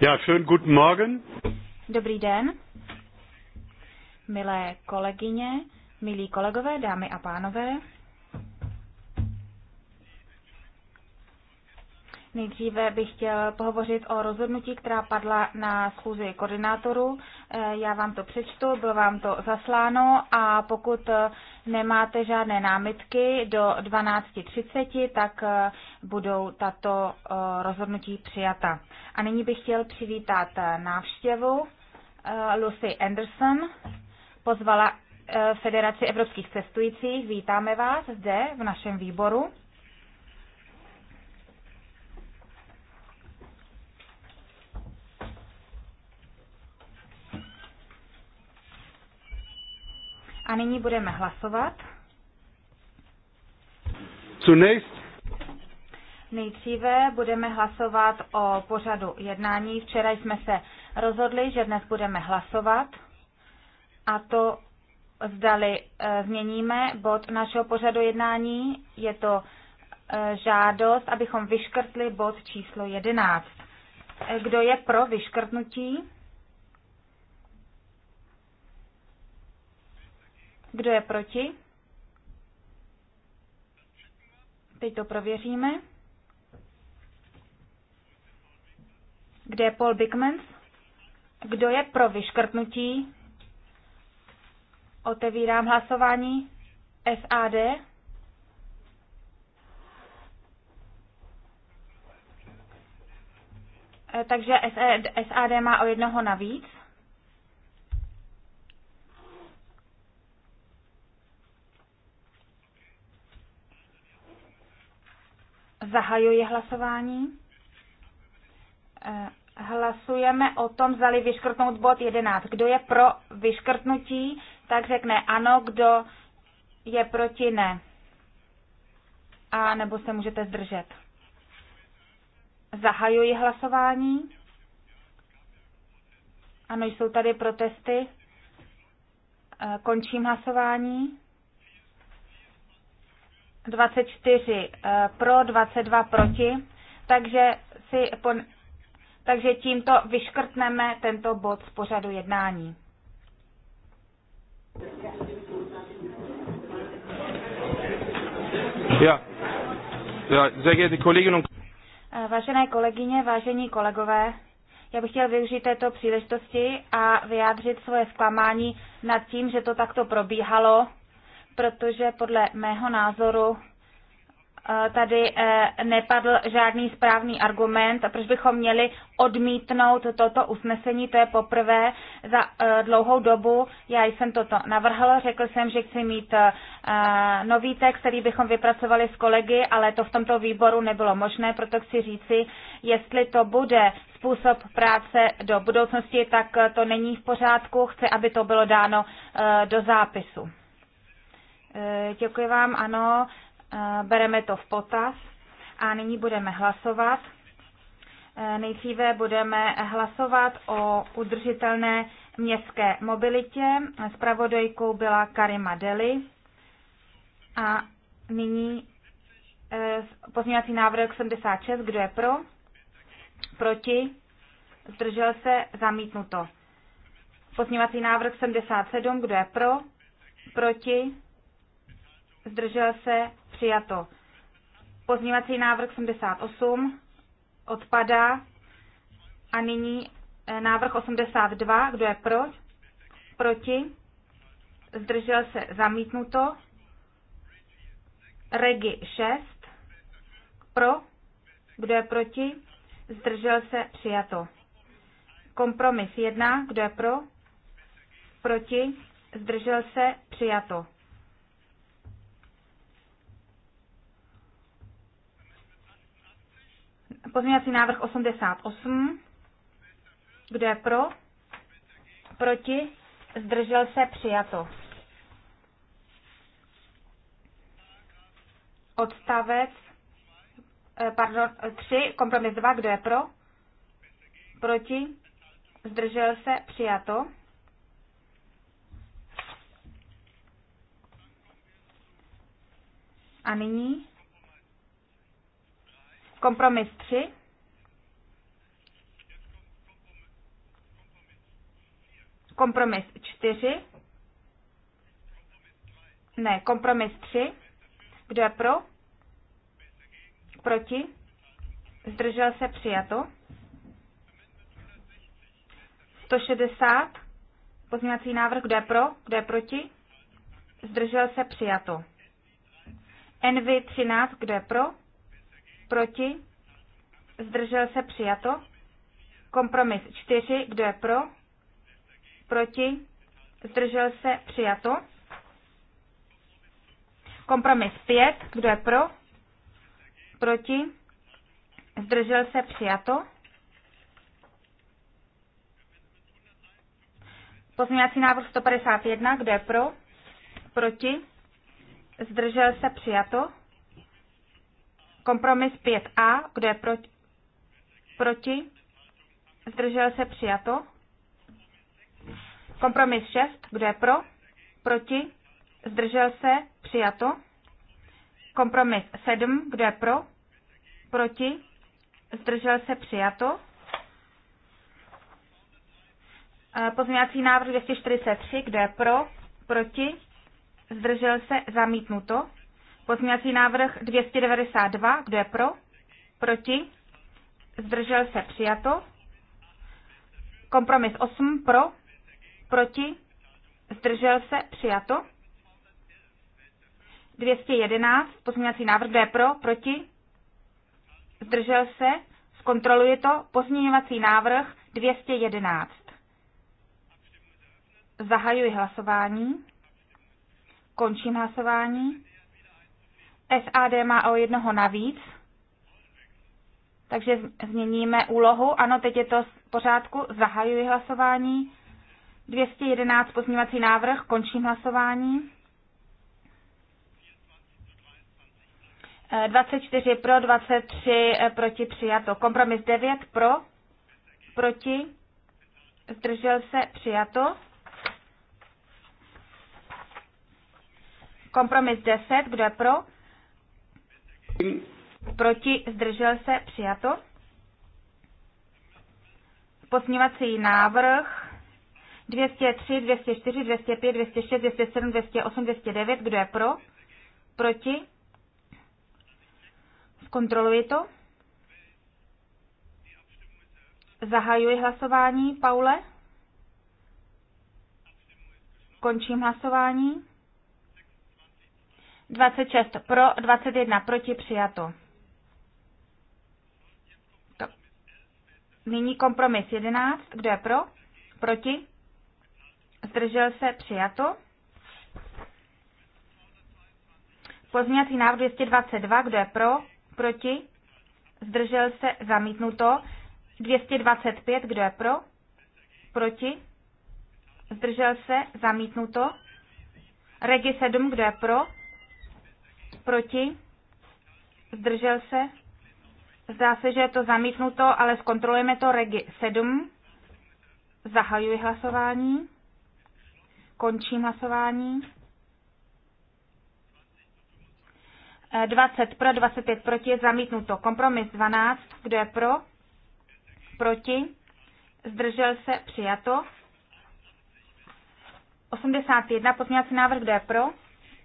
Ja, schönen guten Morgen. Dobrý den. Milé kolegyně, milí kolegové, dámy a pánové. Nejdříve bych chtěl pohovořit o rozhodnutí, která padla na schůzi koordinátorů. Eh, já vám to přečtu, bylo vám to zasláno a pokud eh, nemáte žádné námitky do 12.30, tak eh, budou tato rozhodnutí přijata. A nyní bych chtěl přivítat návštěvu Lucy Anderson. Pozvala Federaci evropských cestujících. Vítáme vás zde v našem výboru. A nyní budeme hlasovat. Zunächst Nejdříve budeme hlasovat o pořadu jednání. Včera jsme se rozhodli, že dnes budeme hlasovat a to zdali e, změníme bod našeho pořadu jednání. Je to e, žádost, abychom vyškrtli bod číslo 11. Eh, kdo je pro vyškrtnutí? Kdo je proti? Teď to prověříme. Kde je Paul Bickmans? Kdo je pro vyškrtnutí? Otevírám hlasování SAD. Eh, takže SAD e- má o jednoho navíc. Zahajuji hlasování. Eh, hlasujeme o tom, zali vyškrtnout bod 11. Kdo je pro vyškrtnutí, tak řekne ano, kdo je proti ne. A nebo se můžete zdržet. Zahajuji hlasování. Ano, jsou tady protesty. Eh, končím hlasování. 24 eh, pro, 22 proti, takže, si, takže tímto vyškrtneme tento bod z pořadu jednání. Ja. Ja, sehr geehrte Kolleginnen und eh, Vážené kolegyně, vážení kolegové, já bych chtěl využít této příležitosti a vyjádřit svoje zklamání nad tím, že to takto probíhalo protože podle mého názoru eh, tady eh, nepadl žádný správný argument, proč bychom měli odmítnout toto usnesení. To je poprvé za eh, dlouhou dobu. Já jsem toto navrhl, řekl jsem, že chci mít nový text, který bychom vypracovali s kolegy, ale to v tomto výboru nebylo možné, proto chci říci, jestli to bude způsob práce do budoucnosti, tak to není v pořádku. Chci, aby to bylo dáno do zápisu. Eh, děkuji vám, ano, eh, bereme to v potaz a nyní budeme hlasovat. Eh, nejdříve budeme hlasovat o udržitelné městské mobilitě. Spravodajkou byla Karima Deli. A nyní pozměňovací návrh 76. Kdo je pro? Proti? Zdržel se? Zamítnuto. Pozměňovací návrh 77. Kdo je pro? Proti? zdržel se, přijato. Pozměňovací návrh 78 odpadá a nyní eh, návrh 82, kdo je pro, proti, zdržel se, zamítnuto. Regi 6, pro, kdo je proti, zdržel se, přijato. Kompromis 1, kdo je pro, proti, zdržel se, přijato. Pozměňovací návrh 88. Kdo je pro? Proti? Zdržel se? Přijato. Odstavec, eh, pardon, 3, kompromis 2, kdo je pro? Proti? Zdržel se? Přijato. A nyní Kompromis 3. Kompromis 4. Ne, kompromis 3. Kdo je pro? Proti? Zdržel se přijato? 160. Pozměňovací návrh, kdo je pro? Kdo je proti? Zdržel se přijato. NV 13, kdo je pro? Proti? Zdržel se přijato. Kompromis 4. Kdo je pro? Proti? Zdržel se přijato. Kompromis 5. Kdo je pro? Proti? Zdržel se přijato. Pozměňovací návrh 151. Kdo je pro? Proti? Zdržel se přijato. Kompromis 5a, kdo je proti? proti? Zdržel se přijato. Kompromis 6, kdo je pro? Proti? Zdržel se přijato. Kompromis 7, kdo je pro? Proti? Zdržel se přijato. Eh, pozměňovací návrh 243, kdo je pro? Proti? Zdržel se zamítnuto. Pozměňovací návrh 292, kdo je pro? Proti? Zdržel se přijato. Kompromis 8 pro? Proti? Zdržel se přijato. 211, pozměňovací návrh, kdo je pro? Proti? Zdržel se? Zkontroluje to pozměňovací návrh 211. Zahajuji hlasování. Končím hlasování. SAD má o jednoho navíc, takže změníme úlohu. Ano, teď je to v pořádku. Zahajuji hlasování. 211 pozměňovací návrh, končím hlasování. 24 eh, pro, 23 eh, proti přijato. Kompromis 9 pro, proti, zdržel se přijato. Kompromis 10, kdo je pro? Proti zdržel se přijato. Pozměňovací návrh 203, 204, 205, 206, 207, 208, 209. Kdo je pro? Proti? Zkontroluji to. Zahajuji hlasování, Paule. Končím hlasování. 26 pro, 21 proti přijato. To. Nyní kompromis 11. Kdo je pro? Proti? Zdržel se přijato. Pozměňovací návrh 222. Kdo je pro? Proti? Zdržel se zamítnuto. 225. Kdo je pro? Proti? Zdržel se zamítnuto. Regi 7. Kdo je pro? Proti? Zdržel se? Zdá se, že je to zamítnuto, ale zkontrolujeme to regi 7. Zahajuji hlasování. Končím hlasování. 20 eh, pro, 25 proti, zamítnuto. Kompromis 12, kdo je pro? Proti? Zdržel se, přijato. 81, pozměňovací návrh, kdo je pro?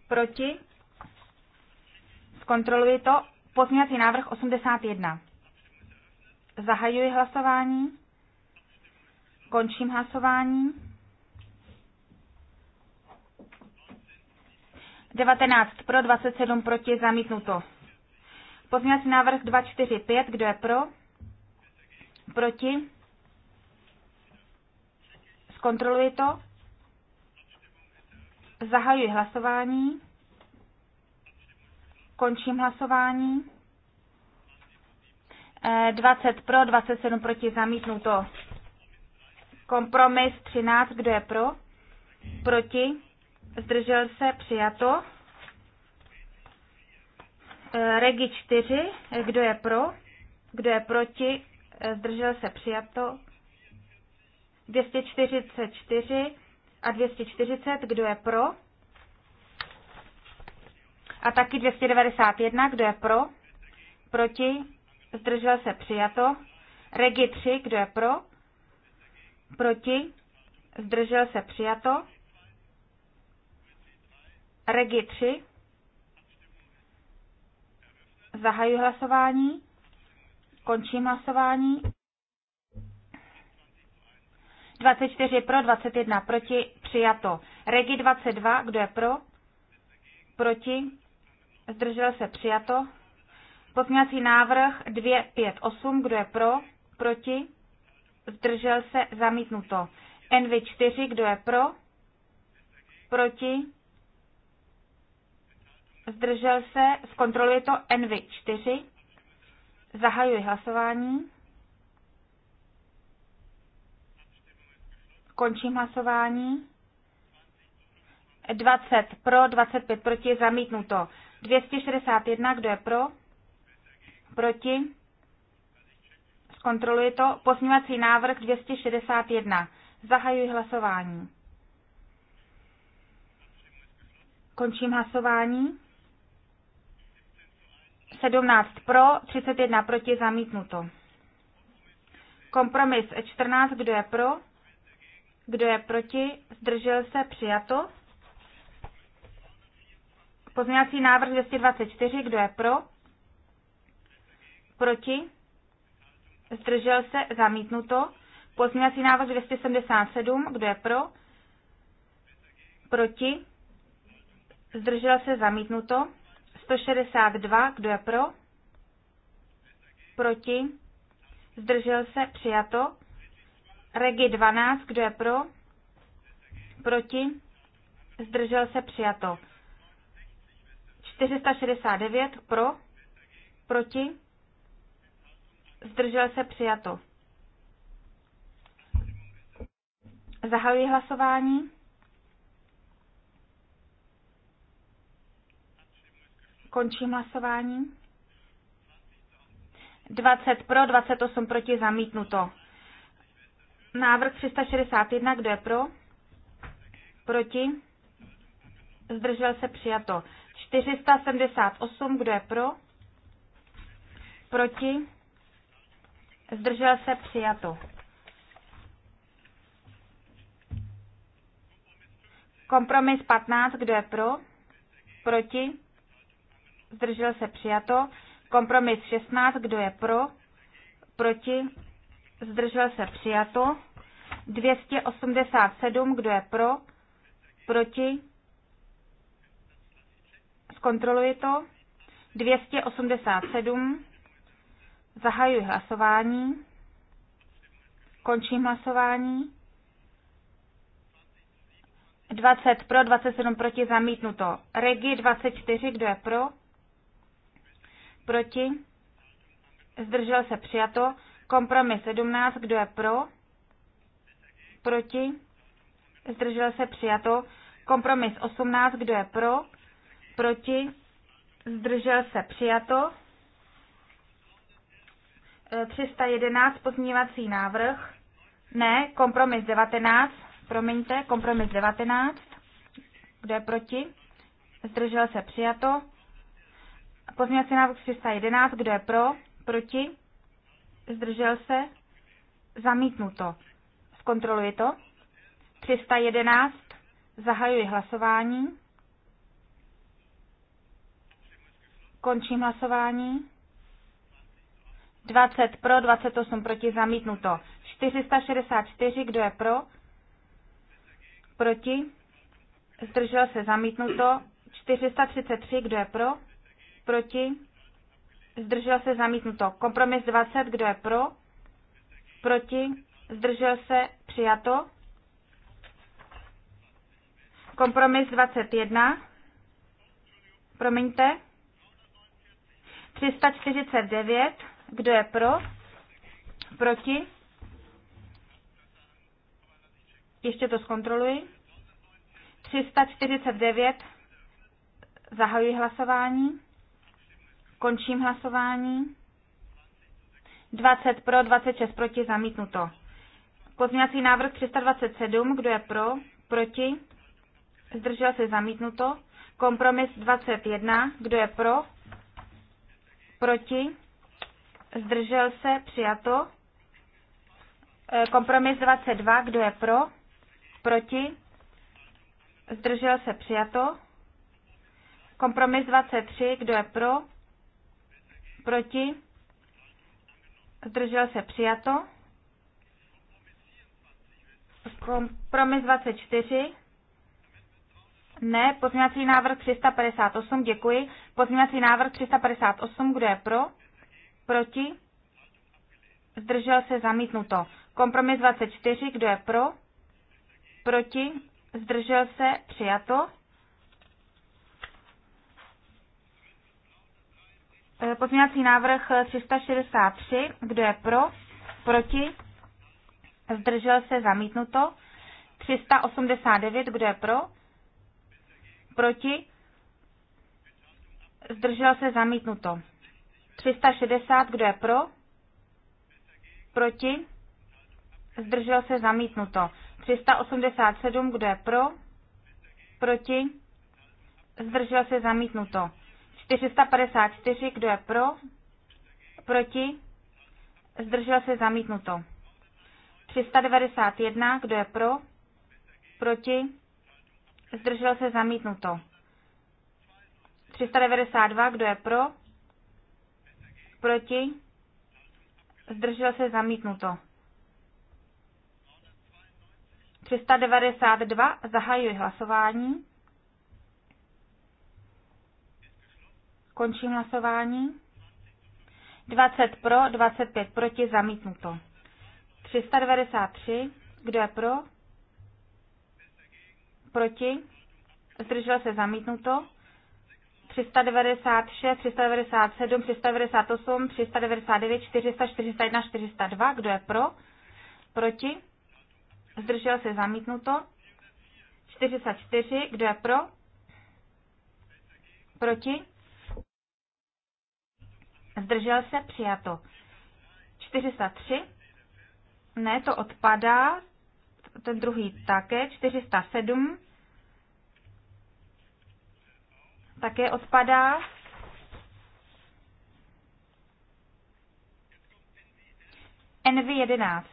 Proti? Zkontroluji to. Pozměňovací návrh 81. Zahajuji hlasování. Končím hlasování. 19 pro, 27 proti, zamítnuto. Pozměňovací návrh 245, kdo je pro? Proti? Zkontroluji to. Zahajuji hlasování. Končím hlasování. 20 eh, pro, 27 proti, zamítnuto. Kompromis 13, kdo je pro? Proti? Zdržel se, přijato. Eh, regi 4, kdo je pro? Kdo je proti? Eh, zdržel se, přijato. 244 a 240, kdo je pro? A taky 291, kdo je pro, proti, zdržel se přijato. Regi 3, kdo je pro, proti, zdržel se přijato. Regi 3, zahajuji hlasování, končím hlasování. 24 pro, 21 proti, přijato. Regi 22, kdo je pro? Proti, zdržel se přijato. Pozměňovací návrh 258, kdo je pro, proti, zdržel se zamítnuto. NV4, kdo je pro, proti, zdržel se, zkontroluje to NV4, zahajuji hlasování, končím hlasování, 20 pro, 25 proti, zamítnuto. 261, kdo je pro? Proti? Zkontroluji to. Pozměňovací návrh 261. Zahajuji hlasování. Končím hlasování. 17 pro, 31 proti, zamítnuto. Kompromis 14, kdo je pro, kdo je proti, zdržel se, přijato. Pozměňovací návrh 224, kdo je pro? Proti? Zdržel se? Zamítnuto. Pozměňovací návrh 277, kdo je pro? Proti? Zdržel se? Zamítnuto. 162, kdo je pro? Proti? Zdržel se? Přijato. Regi 12, kdo je pro? Proti? Zdržel se? Přijato. 469 pro, proti, zdržel se přijato. Zahajuji hlasování. Končím hlasování. 20 pro, 28 proti, zamítnuto. Návrh 361, kdo je pro? Proti? Zdržel se přijato. 478, kdo je pro? Proti? Zdržel se přijato. Kompromis 15, kdo je pro? Proti? Zdržel se přijato. Kompromis 16, kdo je pro? Proti? Zdržel se přijato. 287, kdo je pro? Proti? zkontroluji to. 287. Zahajuji hlasování. Končím hlasování. 20 pro, 27 proti, zamítnuto. Regi 24, kdo je pro? Proti? Zdržel se přijato. Kompromis 17, kdo je pro? Proti? Zdržel se přijato. Kompromis 18, kdo je pro? proti, zdržel se přijato. 311 e, pozměňovací návrh, ne, kompromis 19, promiňte, kompromis 19, kdo je proti, zdržel se přijato. Pozměňovací návrh 311, kdo je pro, proti, zdržel se, zamítnuto. Zkontroluji to. 311, zahajuji hlasování. Končím hlasování. 20 pro, 28 proti, zamítnuto. 464, kdo je pro? Proti? Zdržel se, zamítnuto. 433, kdo je pro? Proti? Zdržel se, zamítnuto. Kompromis 20, kdo je pro? Proti? Zdržel se, přijato. Kompromis 21. Promiňte. 349. Kdo je pro? Proti? Ještě to zkontroluji. 349. Zahajuji hlasování. Končím hlasování. 20 pro, 26 proti, zamítnuto. Pozměňovací návrh 327, kdo je pro, proti, zdržel se zamítnuto. Kompromis 21, kdo je pro, proti, zdržel se, přijato. E, kompromis 22, kdo je pro, proti, zdržel se, přijato. Kompromis 23, kdo je pro, proti, zdržel se, přijato. Kompromis 24, ne, pozměňovací návrh 358, děkuji. Pozměňovací návrh 358, kdo je pro? Proti? Zdržel se zamítnuto. Kompromis 24, kdo je pro? Proti? Zdržel se přijato. Eh, pozměňovací návrh 363, kdo je pro? Proti? Zdržel se zamítnuto. 389, kdo je pro? Proti? Zdržel se zamítnuto. 360, kdo je pro? Proti? Zdržel se zamítnuto. 387, kdo je pro? Proti? Zdržel se zamítnuto. 454, kdo je pro? Proti? Zdržel se zamítnuto. 391, kdo je pro? Proti? Zdržel se zamítnuto. 392, kdo je pro? Proti? Zdržel se zamítnuto. 392, zahajuji hlasování. Končím hlasování. 20 pro, 25 proti, zamítnuto. 393, kdo je pro? proti, zdržel se zamítnuto, 396, 397, 398, 399, 400, 401, 402. Kdo je pro? Proti? Zdržel se zamítnuto. 44. Kdo je pro? Proti? Zdržel se přijato. 403. Ne, to odpadá. Ten druhý také. 407. také odpadá. NV11.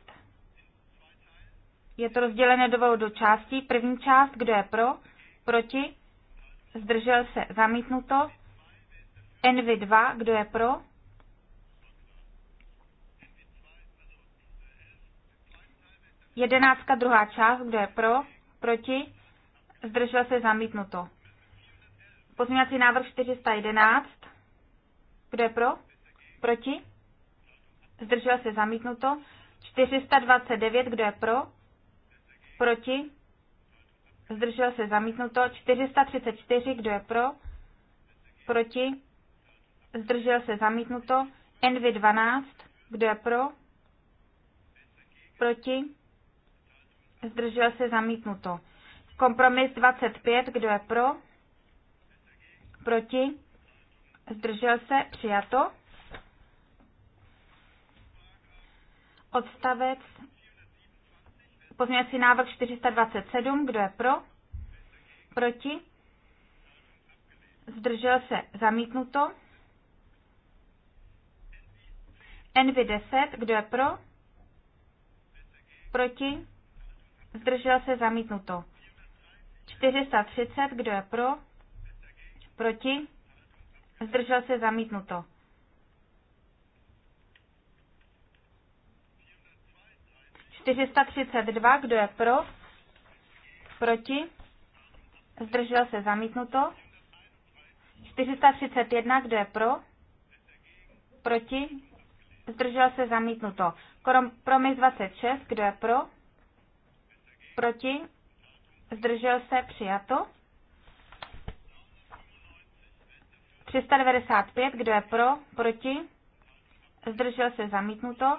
Je to rozdělené do do částí. První část, kdo je pro, proti, zdržel se, zamítnuto. NV2, kdo je pro, Jedenáctka druhá část, kdo je pro, proti, zdržel se zamítnuto. Pozměňovací návrh 411. Kdo je pro? Proti? Zdržel se zamítnuto. 429. Kdo je pro? Proti? Zdržel se zamítnuto. 434. Kdo je pro? Proti? Zdržel se zamítnuto. Envy 12. Kdo je pro? Proti? Zdržel se zamítnuto. Kompromis 25. Kdo je pro? proti, zdržel se, přijato. Odstavec, pozměňovací návrh 427, kdo je pro, proti, zdržel se, zamítnuto. NV10, kdo je pro, proti, zdržel se, zamítnuto. 430, kdo je pro, Proti? Zdržel se zamítnuto. 432, kdo je pro? Proti? Zdržel se zamítnuto. 431, kdo je pro? Proti? Zdržel se zamítnuto. Kompromis 26, kdo je pro? Proti? Zdržel se přijato. 395, kdo je pro, proti, zdržel se zamítnuto.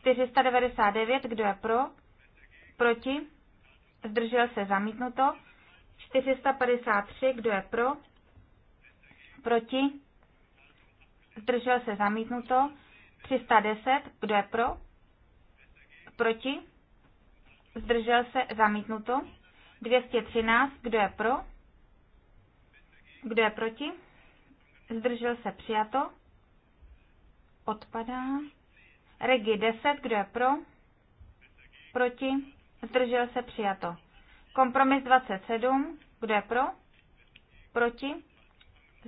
499, kdo je pro, proti, zdržel se zamítnuto. 453, kdo je pro, proti, zdržel se zamítnuto. 310, kdo je pro, proti, zdržel se zamítnuto. 213, kdo je pro, kdo je proti? zdržel se přijato, odpadá. Regi 10, kdo je pro, proti, zdržel se přijato. Kompromis 27, kdo je pro, proti,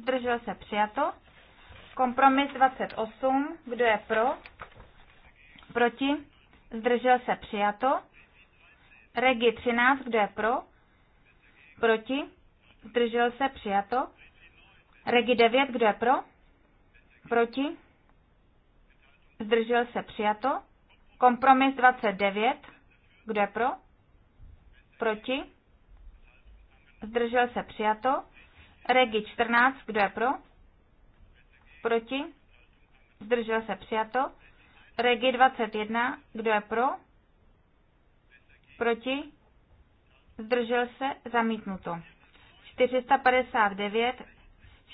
zdržel se přijato. Kompromis 28, kdo je pro, proti, zdržel se přijato. Regi 13, kdo je pro, proti, zdržel se přijato. Regi 9, kdo je pro? Proti? Zdržel se přijato. Kompromis 29, kdo je pro? Proti? Zdržel se přijato. Regi 14, kdo je pro? Proti? Zdržel se přijato. Regi 21, kdo je pro? Proti? Zdržel se zamítnuto. 459,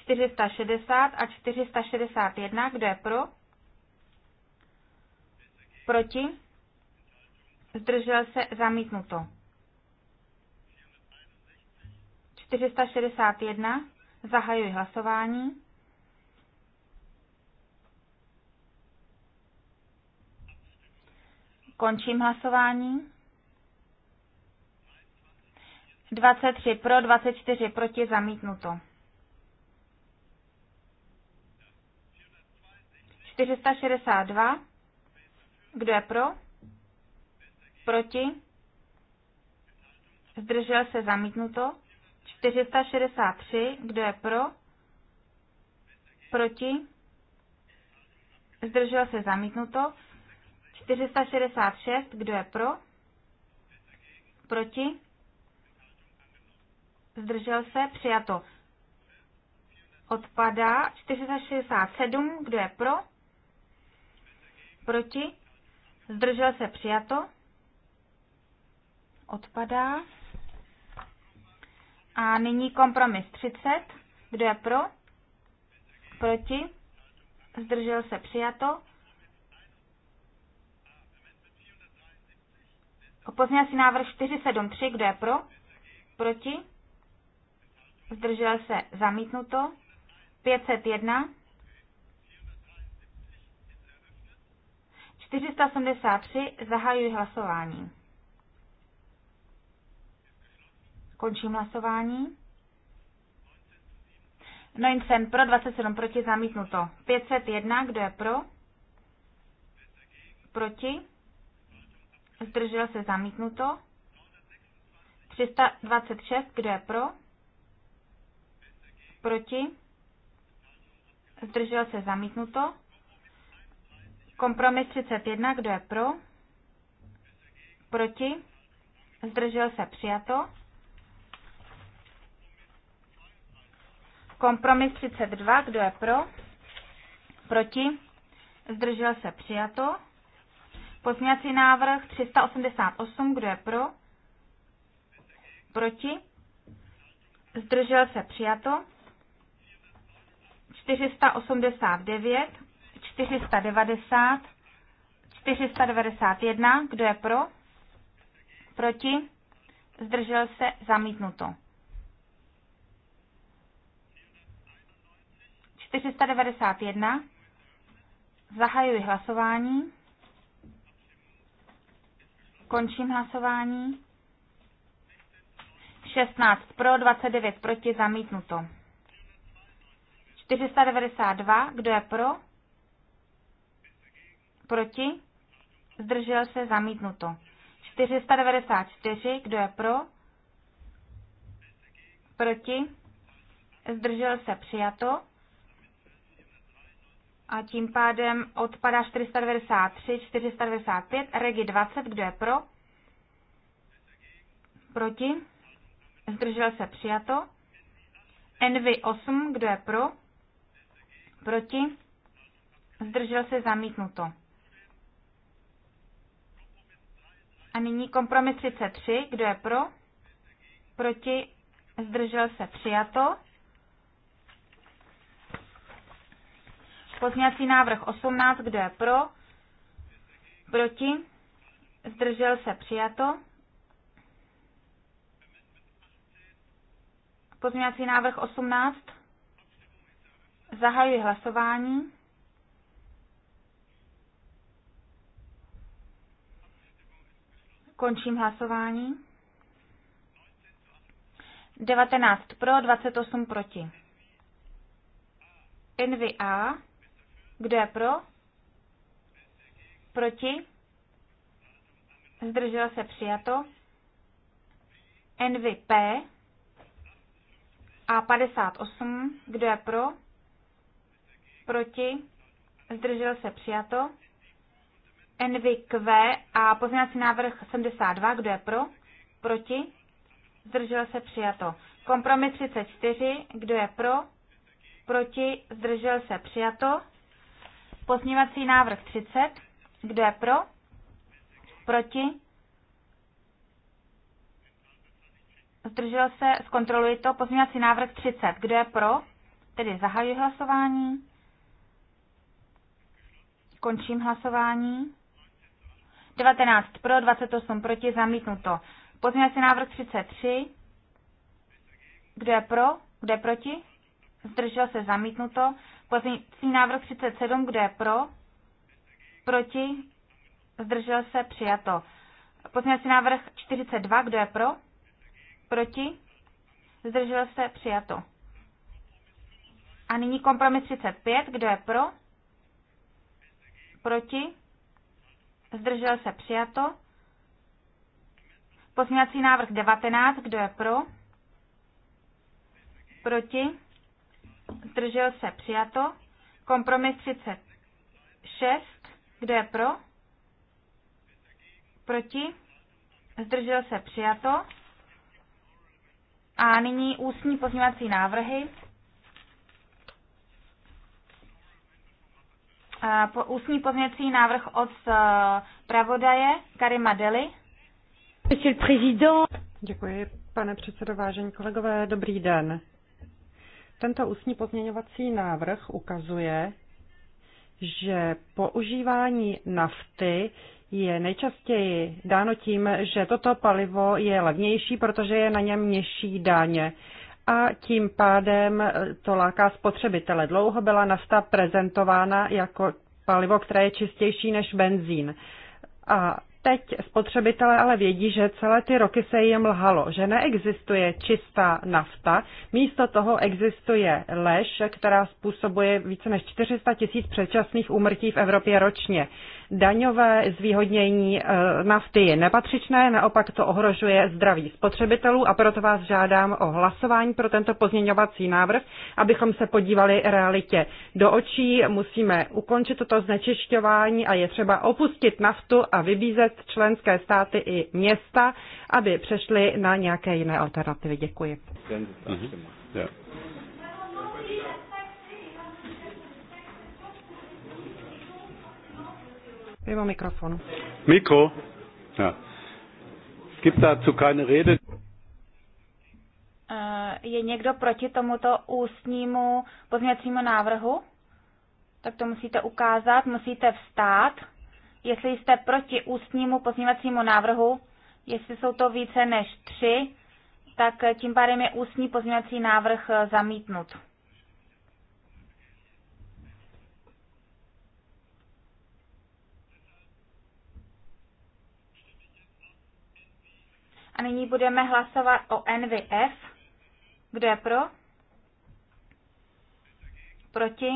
460 a 461. Kdo je pro? Proti? Zdržel se zamítnuto. 461. Zahajuji hlasování. Končím hlasování. 23 pro, 24 proti, zamítnuto. 462. Kdo je pro? Proti? Zdržel se zamítnuto. 463. Kdo je pro? Proti? Zdržel se zamítnuto. 466. Kdo je pro? Proti? Zdržel se. Přijato. Odpadá. 467. Kdo je pro? Proti? Zdržel se přijato? Odpadá. A nyní kompromis 30. Kdo je pro? Proti? Zdržel se přijato? si návrh 473. Kdo je pro? Proti? Zdržel se zamítnuto? 501. 473 zahajuji hlasování. Končím hlasování. No jsem pro, 27 proti, zamítnuto. 501, kdo je pro? Proti? Zdržel se zamítnuto. 326, kdo je pro? Proti? Zdržel se zamítnuto. Kompromis 31, kdo je pro? Proti? Zdržel se přijato. Kompromis 32, kdo je pro? Proti? Zdržel se přijato. Pozměňovací návrh 388, kdo je pro? Proti? Zdržel se přijato. 489, 490, 491, kdo je pro, proti, zdržel se, zamítnuto. 491, zahajuji hlasování, končím hlasování, 16 pro, 29 proti, zamítnuto. 492, kdo je pro? Proti? Zdržel se zamítnuto. 494. Kdo je pro? Proti? Zdržel se přijato. A tím pádem odpadá 493, 495, regi 20, kdo je pro? Proti? Zdržel se přijato. Envy 8, kdo je pro? Proti? Zdržel se zamítnuto. A nyní kompromis 33. Kdo je pro? Proti? Zdržel se? Přijato. Pozměňovací návrh 18. Kdo je pro? Proti? Zdržel se? Přijato. Pozměňovací návrh 18. Zahajuji hlasování. Končím hlasování. 19 pro, 28 proti. Envy A. Kdo je pro? Proti? Zdrželo se přijato. Envy P. A 58. Kdo je pro? Proti? Zdržel se přijato. NVQ a pozměňovací návrh 72, kdo je pro? Proti? Zdržel se přijato. Kompromis 34, kdo je pro? Proti? Zdržel se přijato. Pozměňovací návrh 30, kdo je pro? Proti? Zdržel se, zkontroluji to. Pozměňovací návrh 30, kdo je pro? Tedy zahajuji hlasování. Končím hlasování. 19 pro, 28 proti, zamítnuto. Pozměňovací návrh 33. Kdo je pro? Kdo je proti? Zdržel se zamítnuto. Pozměňovací návrh 37. Kdo je pro? Proti? Zdržel se přijato. Pozměňovací návrh 42. Kdo je pro? Proti? Zdržel se přijato. A nyní kompromis 35. Kdo je pro? Proti? Zdržel se přijato. Pozměňovací návrh 19. Kdo je pro? Proti? Zdržel se přijato. Kompromis 36. Kdo je pro? Proti? Zdržel se přijato. A nyní ústní pozměňovací návrhy. po, ústní pozměcí návrh od eh, pravodaje Karima Deli. Děkuji, pane předsedo, vážení kolegové, dobrý den. Tento ústní pozměňovací návrh ukazuje, že používání nafty je nejčastěji dáno tím, že toto palivo je levnější, protože je na něm nižší daně a tím pádem to láká spotřebitele. Dlouho byla nafta prezentována jako palivo, které je čistější než benzín. A teď spotřebitelé ale vědí, že celé ty roky se jim lhalo, že neexistuje čistá nafta, místo toho existuje lež, která způsobuje více než 400 tisíc předčasných úmrtí v Evropě ročně. Daňové zvýhodnění eh, nafty je nepatřičné, naopak to ohrožuje zdraví spotřebitelů a proto vás žádám o hlasování pro tento pozměňovací návrh, abychom se podívali realitě do očí. Musíme ukončit toto znečišťování a je třeba opustit naftu a vybízet členské státy i města, aby přešly na nějaké jiné alternativy. Děkuji. Mm-hmm. Yeah. Mimo Mikrofon. Mikro? Ja. Gibt dazu keine Rede? Eh, je někdo proti tomuto ústnímu pozměňovacímu návrhu? Tak to musíte ukázat, musíte vstát. Jestli jste proti ústnímu pozměňovacímu návrhu, jestli jsou to více než tři, tak tím pádem je ústní pozměňovací návrh eh, zamítnut. A nyní budeme hlasovat o NVF. Kdo je pro? Proti?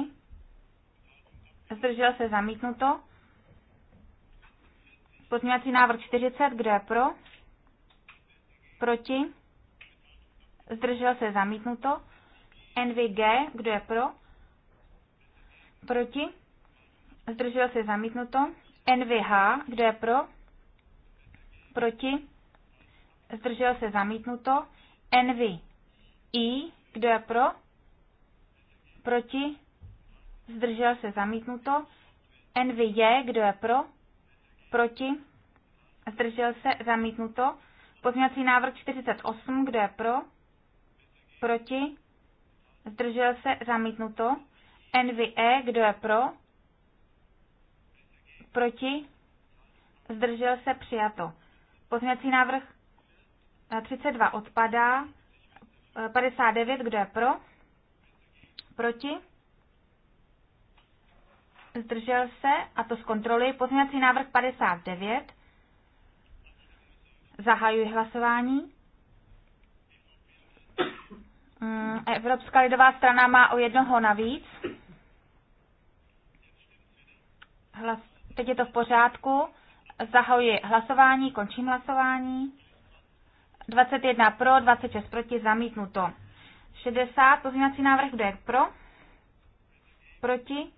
Zdržel se zamítnuto. Pozměňovací návrh 40. Kdo je pro? Proti? Zdržel se zamítnuto. NVG. Kdo je pro? Proti? Zdržel se zamítnuto. NVH. Kdo je pro? Proti? zdržel se zamítnuto. Envy I, kdo je pro, proti, zdržel se zamítnuto. Envy je, kdo je pro, proti, zdržel se zamítnuto. Pozměňovací návrh 48, kdo je pro, proti, zdržel se zamítnuto. Envy E, kdo je pro, proti, zdržel se přijato. Pozměňovací návrh 32 eh, odpadá. 59, eh, kdo je pro? Proti? Zdržel se, a to zkontroluji, pozměňovací návrh 59. Zahajuji hlasování. Mm, Evropská lidová strana má o jednoho navíc. Hlas, teď je to v pořádku. Zahajuji hlasování, končím hlasování. 21 pro, 26 proti, zamítnuto. 60, pozměňovací návrh, kdo je pro? Proti?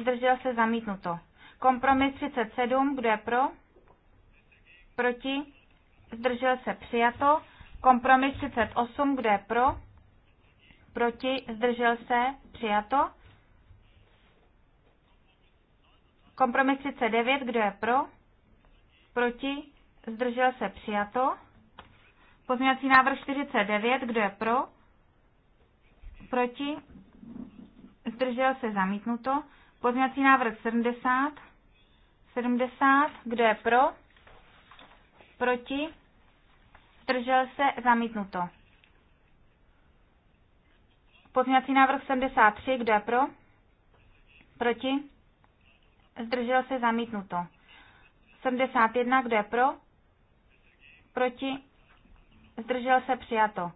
Zdržel se zamítnuto. Kompromis 37, kdo je pro? Proti? Zdržel se přijato. Kompromis 38, kdo je pro? Proti? Zdržel se přijato. Kompromis 39, kdo je pro? Proti? Zdržel se přijato. Pozměňovací návrh 49, kdo je pro? Proti? Zdržel se zamítnuto. Pozměňovací návrh 70. 70, kdo je pro? Proti? Zdržel se zamítnuto. Pozměňovací návrh 73, kdo je pro? Proti? Zdržel se zamítnuto. 71, kdo je pro? Proti? zdržel se přijato.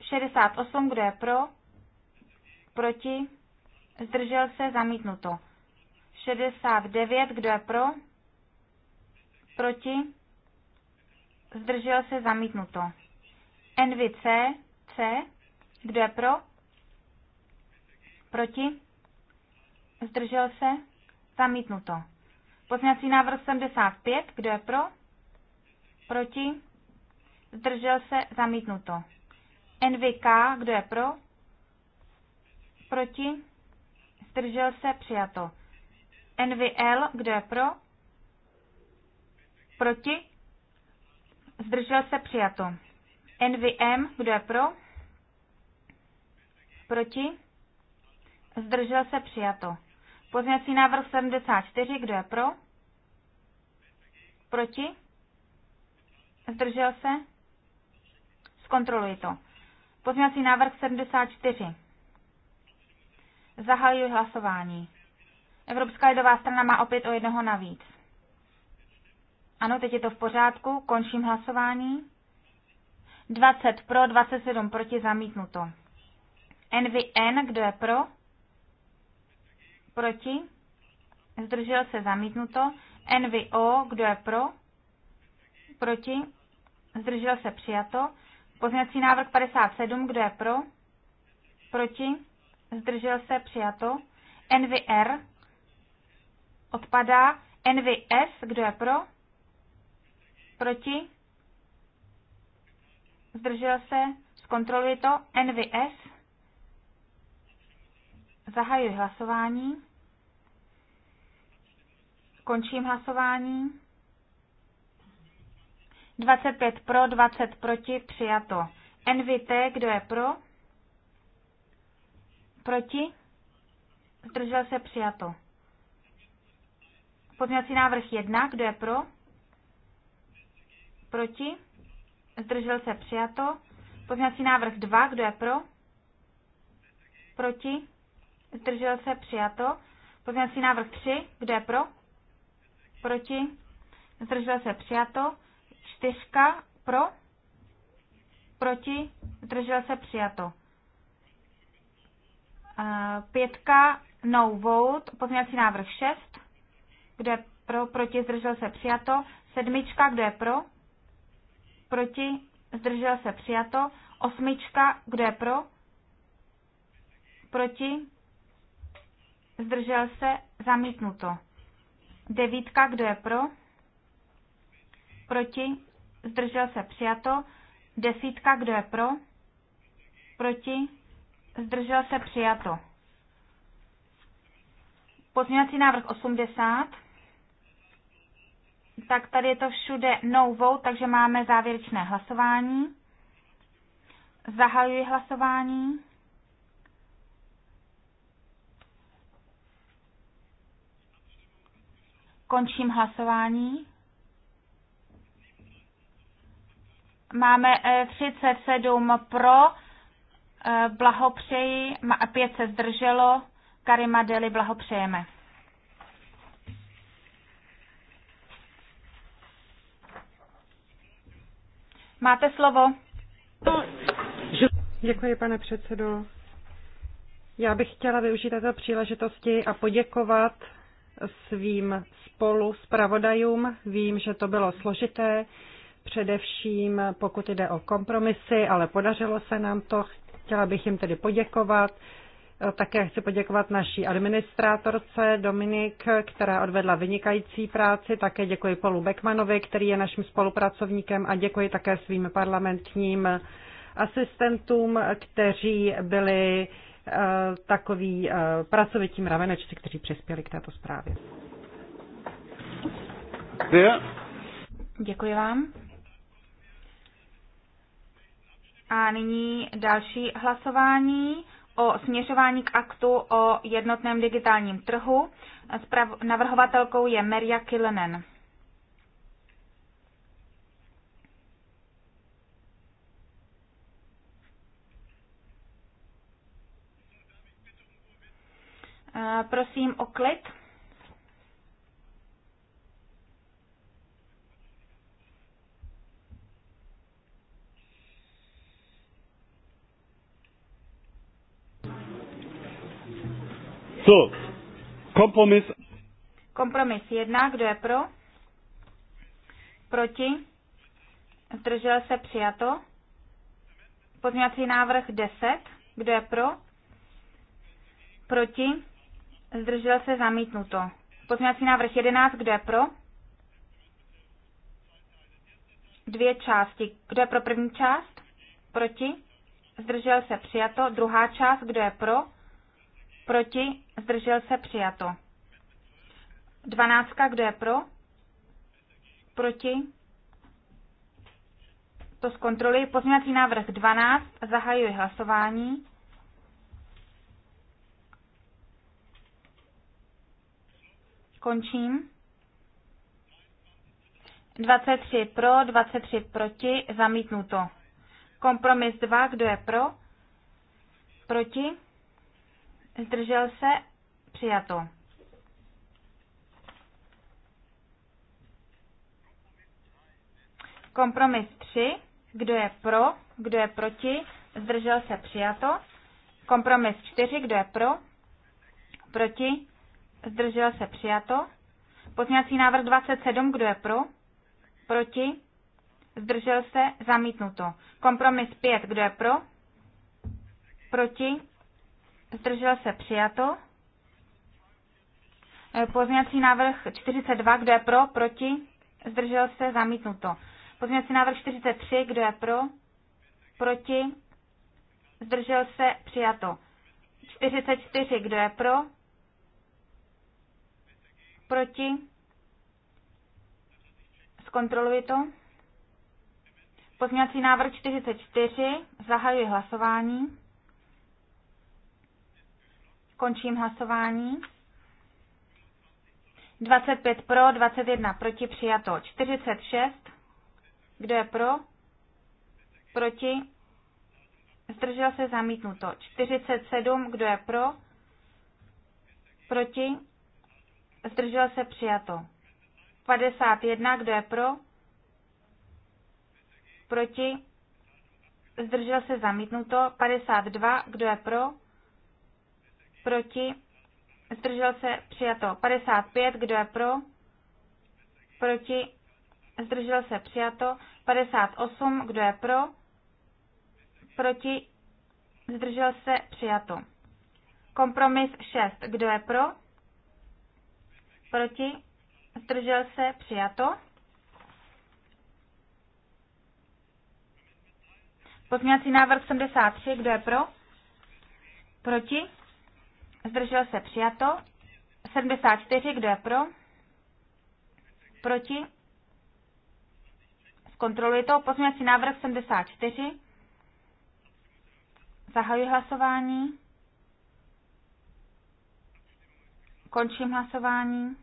68, kdo je pro, proti, zdržel se zamítnuto. 69, kdo je pro, proti, zdržel se zamítnuto. NVC, C, kdo je pro, proti, zdržel se zamítnuto. Pozměňovací návrh 75, kdo je pro, proti, zdržel se, zamítnuto. NVK, kdo je pro, proti, zdržel se, přijato. NVL, kdo je pro, proti, zdržel se, přijato. NVM, kdo je pro, proti, zdržel se, přijato. Pozměňovací návrh 74, kdo je pro? Proti? Zdržel se? Zkontroluji to. Pozměňovací návrh 74. Zahajuji hlasování. Evropská lidová strana má opět o jednoho navíc. Ano, teď je to v pořádku. Končím hlasování. 20 pro, 27 proti, zamítnuto. NVN, kdo je pro? Proti? Zdržel se, zamítnuto. NVO, kdo je pro? Proti? Zdržel se, přijato. Pozměňovací návrh 57, kdo je pro? Proti? Zdržel se? Přijato. NVR odpadá. NVS, kdo je pro? Proti? Zdržel se? Zkontroluji to. NVS. Zahajuji hlasování. Končím hlasování. 25 pro, 20 proti, přijato. NVT, kdo je pro? Proti? Zdržel se přijato. Pozměňovací návrh 1, kdo je pro? Proti? Zdržel se přijato. Pozměňovací návrh 2, kdo je pro? Proti? Zdržel se přijato. Pozměňovací návrh 3, kdo je pro? Proti? Zdržel se přijato čtyřka pro, proti, držel se přijato. Pětka no vote, pozměňovací návrh 6, kdo je pro, proti, zdržel se přijato. Sedmička, kdo je pro, proti, zdržel se přijato. Osmička, kdo je pro, proti, zdržel se zamítnuto. Devítka, kdo je pro, proti, zdržel se přijato, desítka, kdo je pro, proti, zdržel se přijato. Pozměňovací návrh 80, tak tady je to všude no vote, takže máme závěrečné hlasování. Zahajuji hlasování. Končím hlasování. Máme 37 eh, pro, eh, blahopřeji, a 5 se zdrželo, Karima Deli blahopřejeme. Máte slovo. Děkuji, pane předsedo. Já bych chtěla využít této příležitosti a poděkovat svým spolu zpravodajům. Vím, že to bylo složité především pokud jde o kompromisy, ale podařilo se nám to. Chtěla bych jim tedy poděkovat. Také chci poděkovat naší administrátorce Dominik, která odvedla vynikající práci. Také děkuji Polu Beckmanovi, který je naším spolupracovníkem a děkuji také svým parlamentním asistentům, kteří byli eh, takový eh, pracovití mravenečci, kteří přispěli k této zprávě. Děkuji vám. A nyní další hlasování o směřování k aktu o jednotném digitálním trhu. Sprav- navrhovatelkou je Merja Kilenen. Eh, prosím o klid. So, kompromis. Kompromis jedna, kdo je pro? Proti? Zdržel se přijato. Pozměňovací návrh 10. Kdo je pro? Proti? Zdržel se zamítnuto. Pozměňovací návrh 11. Kdo je pro? Dvě části. Kdo je pro první část? Proti? Zdržel se přijato. Druhá část. Kdo je pro? Proti? Zdržel se přijato. Dvanáctka, kdo je pro? Proti? To zkontroluji. Pozměňovací návrh 12. Zahajuji hlasování. Končím. 23 pro, 23 proti, zamítnuto. Kompromis 2, kdo je pro? Proti? Zdržel se? Přijato. Kompromis 3. Kdo je pro? Kdo je proti? Zdržel se? Přijato. Kompromis 4. Kdo je pro? Proti? Zdržel se? Přijato. Pozměňovací návrh 27. Kdo je pro? Proti? Zdržel se? Zamítnuto. Kompromis 5. Kdo je pro? Proti? zdržel se přijato. E, pozměňovací návrh 42, kdo je pro, proti, zdržel se zamítnuto. Pozměňovací návrh 43, kdo je pro, proti, zdržel se přijato. 44, kdo je pro, proti, zkontroluji to. Pozměňovací návrh 44, zahajuji hlasování. Končím hlasování. 25 pro, 21 proti, přijato 46. Kdo je pro? Proti? Zdržel se zamítnuto 47. Kdo je pro? Proti? Zdržel se přijato 51. Kdo je pro? Proti? Zdržel se zamítnuto 52. Kdo je pro? proti, zdržel se, přijato. 55, kdo je pro, proti, zdržel se, přijato. 58, kdo je pro, proti, zdržel se, přijato. Kompromis 6, kdo je pro, proti, zdržel se, přijato. Pozměňovací návrh 73, kdo je pro? Proti? Zdržel se přijato. 74, kdo je pro? Proti? Zkontroluji to. Pozměňovací návrh 74. Zahajuji hlasování. Končím hlasování.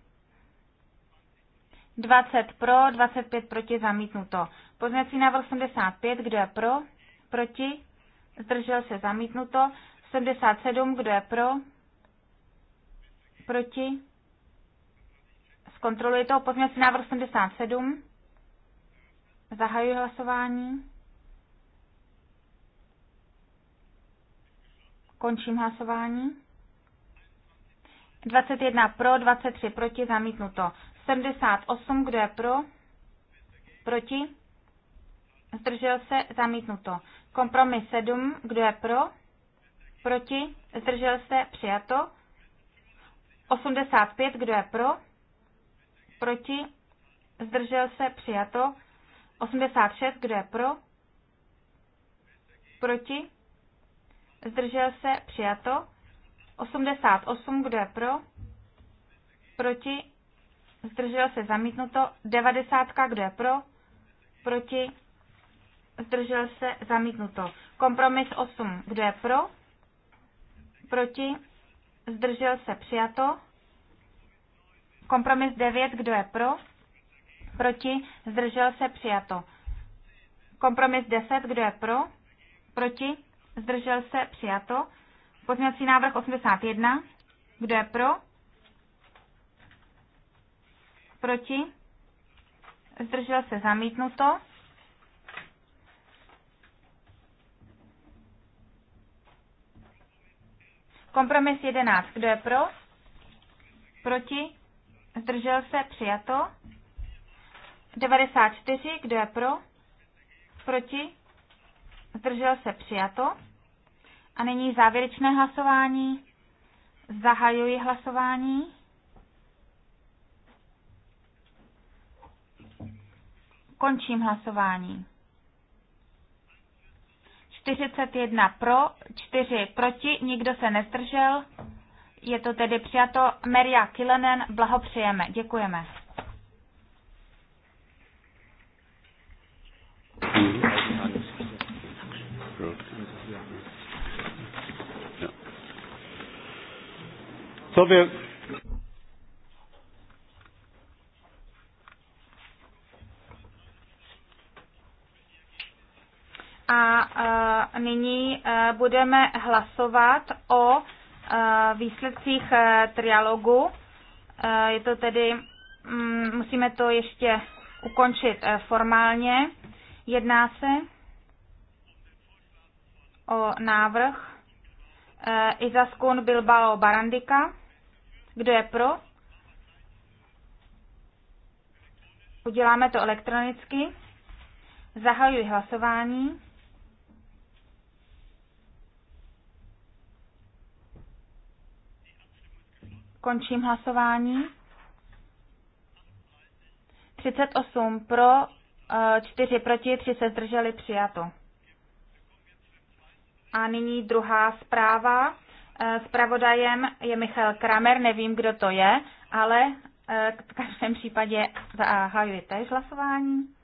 20 pro, 25 proti, zamítnuto. Pozměňovací návrh 75, kdo je pro? Proti? Zdržel se, zamítnuto. 77, kdo je pro? Proti? Zkontroluji to. Pozměňovací návrh 77. Zahajuji hlasování. Končím hlasování. 21 pro, 23 proti, zamítnuto. 78, kdo je pro? Proti? Zdržel se, zamítnuto. Kompromis 7, kdo je pro? Proti? Zdržel se, přijato. 85, kdo je pro? Proti? Zdržel se? Přijato. 86, kdo je pro? Proti? Zdržel se? Přijato. 88, kdo je pro? Proti? Zdržel se? Zamítnuto. 90, kdo je pro? Proti? Zdržel se? Zamítnuto. Kompromis 8, kdo je pro? Proti? zdržel se přijato. Kompromis 9, kdo je pro, proti, zdržel se přijato. Kompromis 10, kdo je pro, proti, zdržel se přijato. Pozměňovací návrh 81, kdo je pro, proti, zdržel se zamítnuto. Kompromis 11. Kdo je pro? Proti? Zdržel se? Přijato. 94. Kdo je pro? Proti? Zdržel se? Přijato. A nyní závěrečné hlasování. Zahajuji hlasování. Končím hlasování. 41 pro, 4 proti, nikdo se nestržel. Je to tedy přijato. Meria Kilenen, blahopřejeme. Děkujeme. So wir a e, nyní e, budeme hlasovat o e, výsledcích trialogu. Je to tedy, mm, musíme to ještě ukončit formálně. Jedná se o návrh Izaskun Bilbao Barandika. Kdo je pro? Uděláme to elektronicky. Zahajuji hlasování. Končím hlasování. 38 pro, 4 eh, proti, 3 se zdrželi, přijato. A nyní druhá zpráva. Eh, zpravodajem je Michal Kramer, nevím, kdo to je, ale eh, v každém případě zahajuji též hlasování.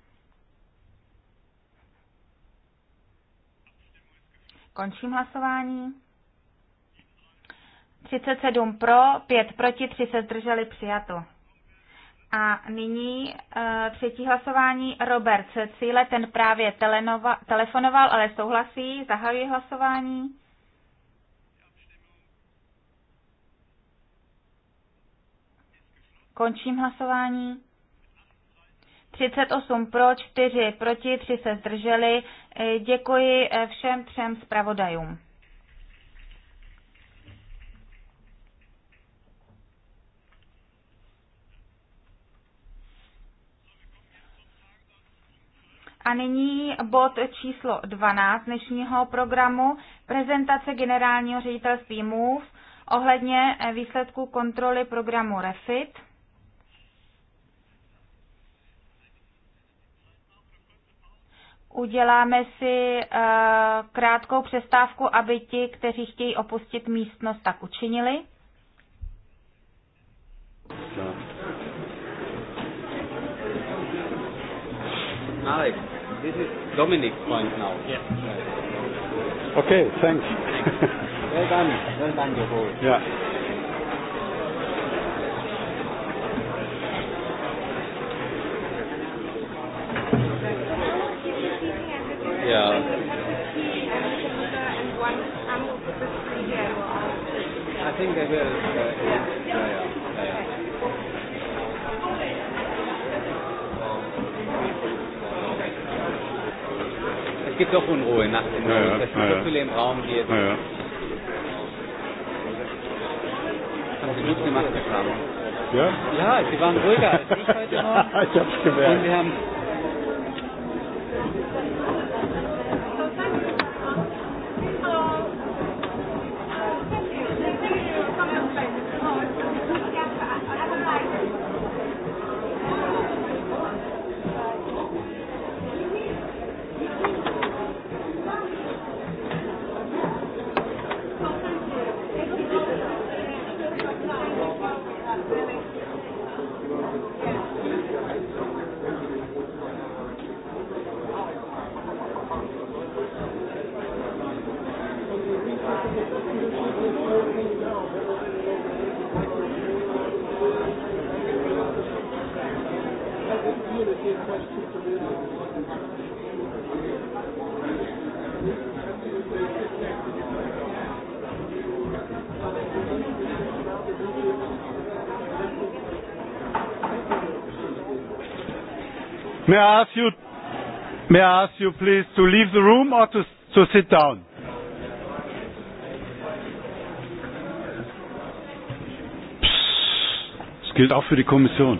Končím hlasování. 37 pro, 5 proti, 3 se zdrželi přijato. A nyní eh, třetí hlasování Robert Cíle, ten právě telenova, telefonoval, ale souhlasí, zahajuje hlasování. Končím hlasování. 38 pro, 4 proti, 3 se zdrželi. Eh, děkuji eh, všem třem zpravodajům. A nyní bod číslo 12 dnešního programu, prezentace generálního ředitelství MOVE ohledně eh, výsledků kontroly programu REFIT. Uděláme si eh, krátkou přestávku, aby ti, kteří chtějí opustit místnost, tak učinili. Alex. This is Dominic's point now. Yeah. Okay, thanks. well done. Well done, your whole. Yeah. Yeah. I think they will. Uh, yeah. es gibt auch Unruhe nach den News. Ja, Das sind ja. so viele im Raum, hier. Ja, ja. Haben Sie gut gemacht, Herr Kramer. Ja? Ja, Sie waren ruhiger als ich heute Morgen. ja, ich hab's gemerkt. Und wir haben May I ask you, may I ask you please to leave the room or to, to sit down? Psst, das gilt auch für die Kommission.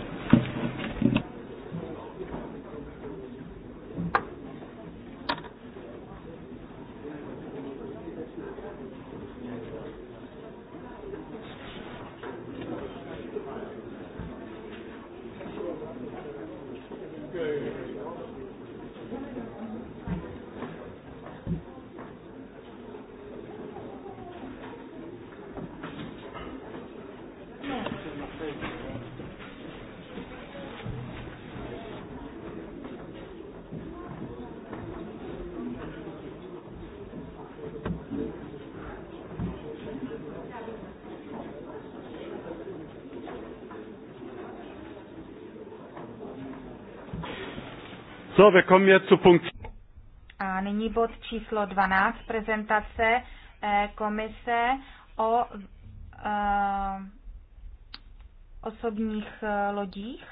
So, wir kommen jetzt zu Punkt. A nyní bod číslo 12, prezentace eh, komise o eh, osobních eh, lodích.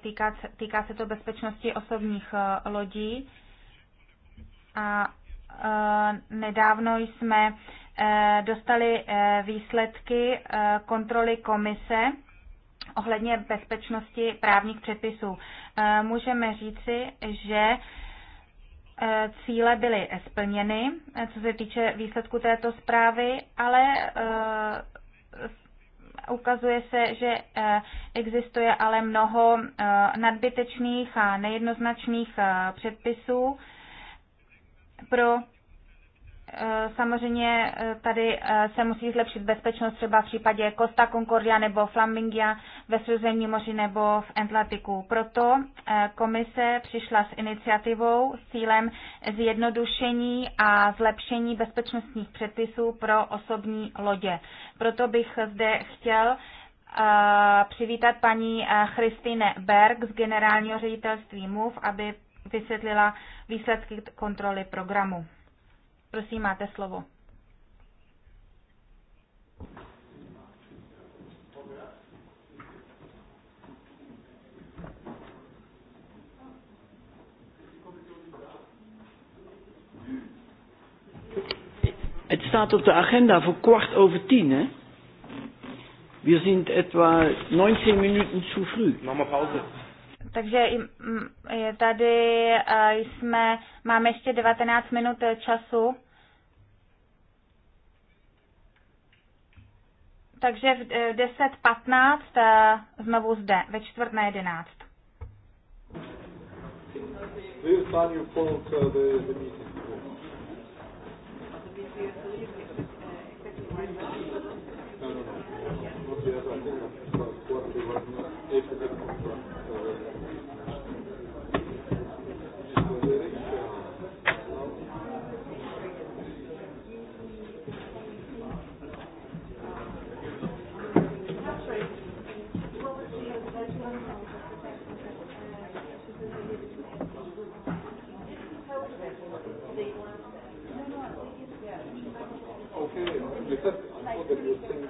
Týká, týká se to bezpečnosti osobních lodí. A nedávno jsme dostali výsledky kontroly komise ohledně bezpečnosti právních předpisů. Eh, můžeme říci, že eh, cíle byly splněny, eh, co se týče výsledku této zprávy, ale ukazuje se, že existuje ale mnoho nadbytečných a nejednoznačných předpisů pro Eh, samozřejmě eh, tady eh, se musí zlepšit bezpečnost třeba v případě Costa Concordia nebo Flamingia ve Středozemním moři nebo v Atlantiku. Proto komise přišla s iniciativou s cílem zjednodušení a zlepšení bezpečnostních předpisů pro osobní lodě. Proto bych zde chtěl přivítat paní Christine Berg z generálního ředitelství MUV, aby vysvětlila výsledky kontroly programu. Prosím, máte slovo. Het staat op de agenda voor kwart over tien, hè? We zijn etwa 19 Minuten zu früh. Machen wir Pause. Takže mm, tady jsme, máme ještě 19 minut eh, času. Takže v 10.15 eh, eh, znovu zde, ve čtvrt na 11. No, بالمسلم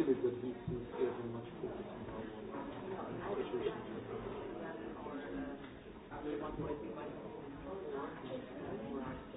feel it that this is very much focused on our situation. Thank you.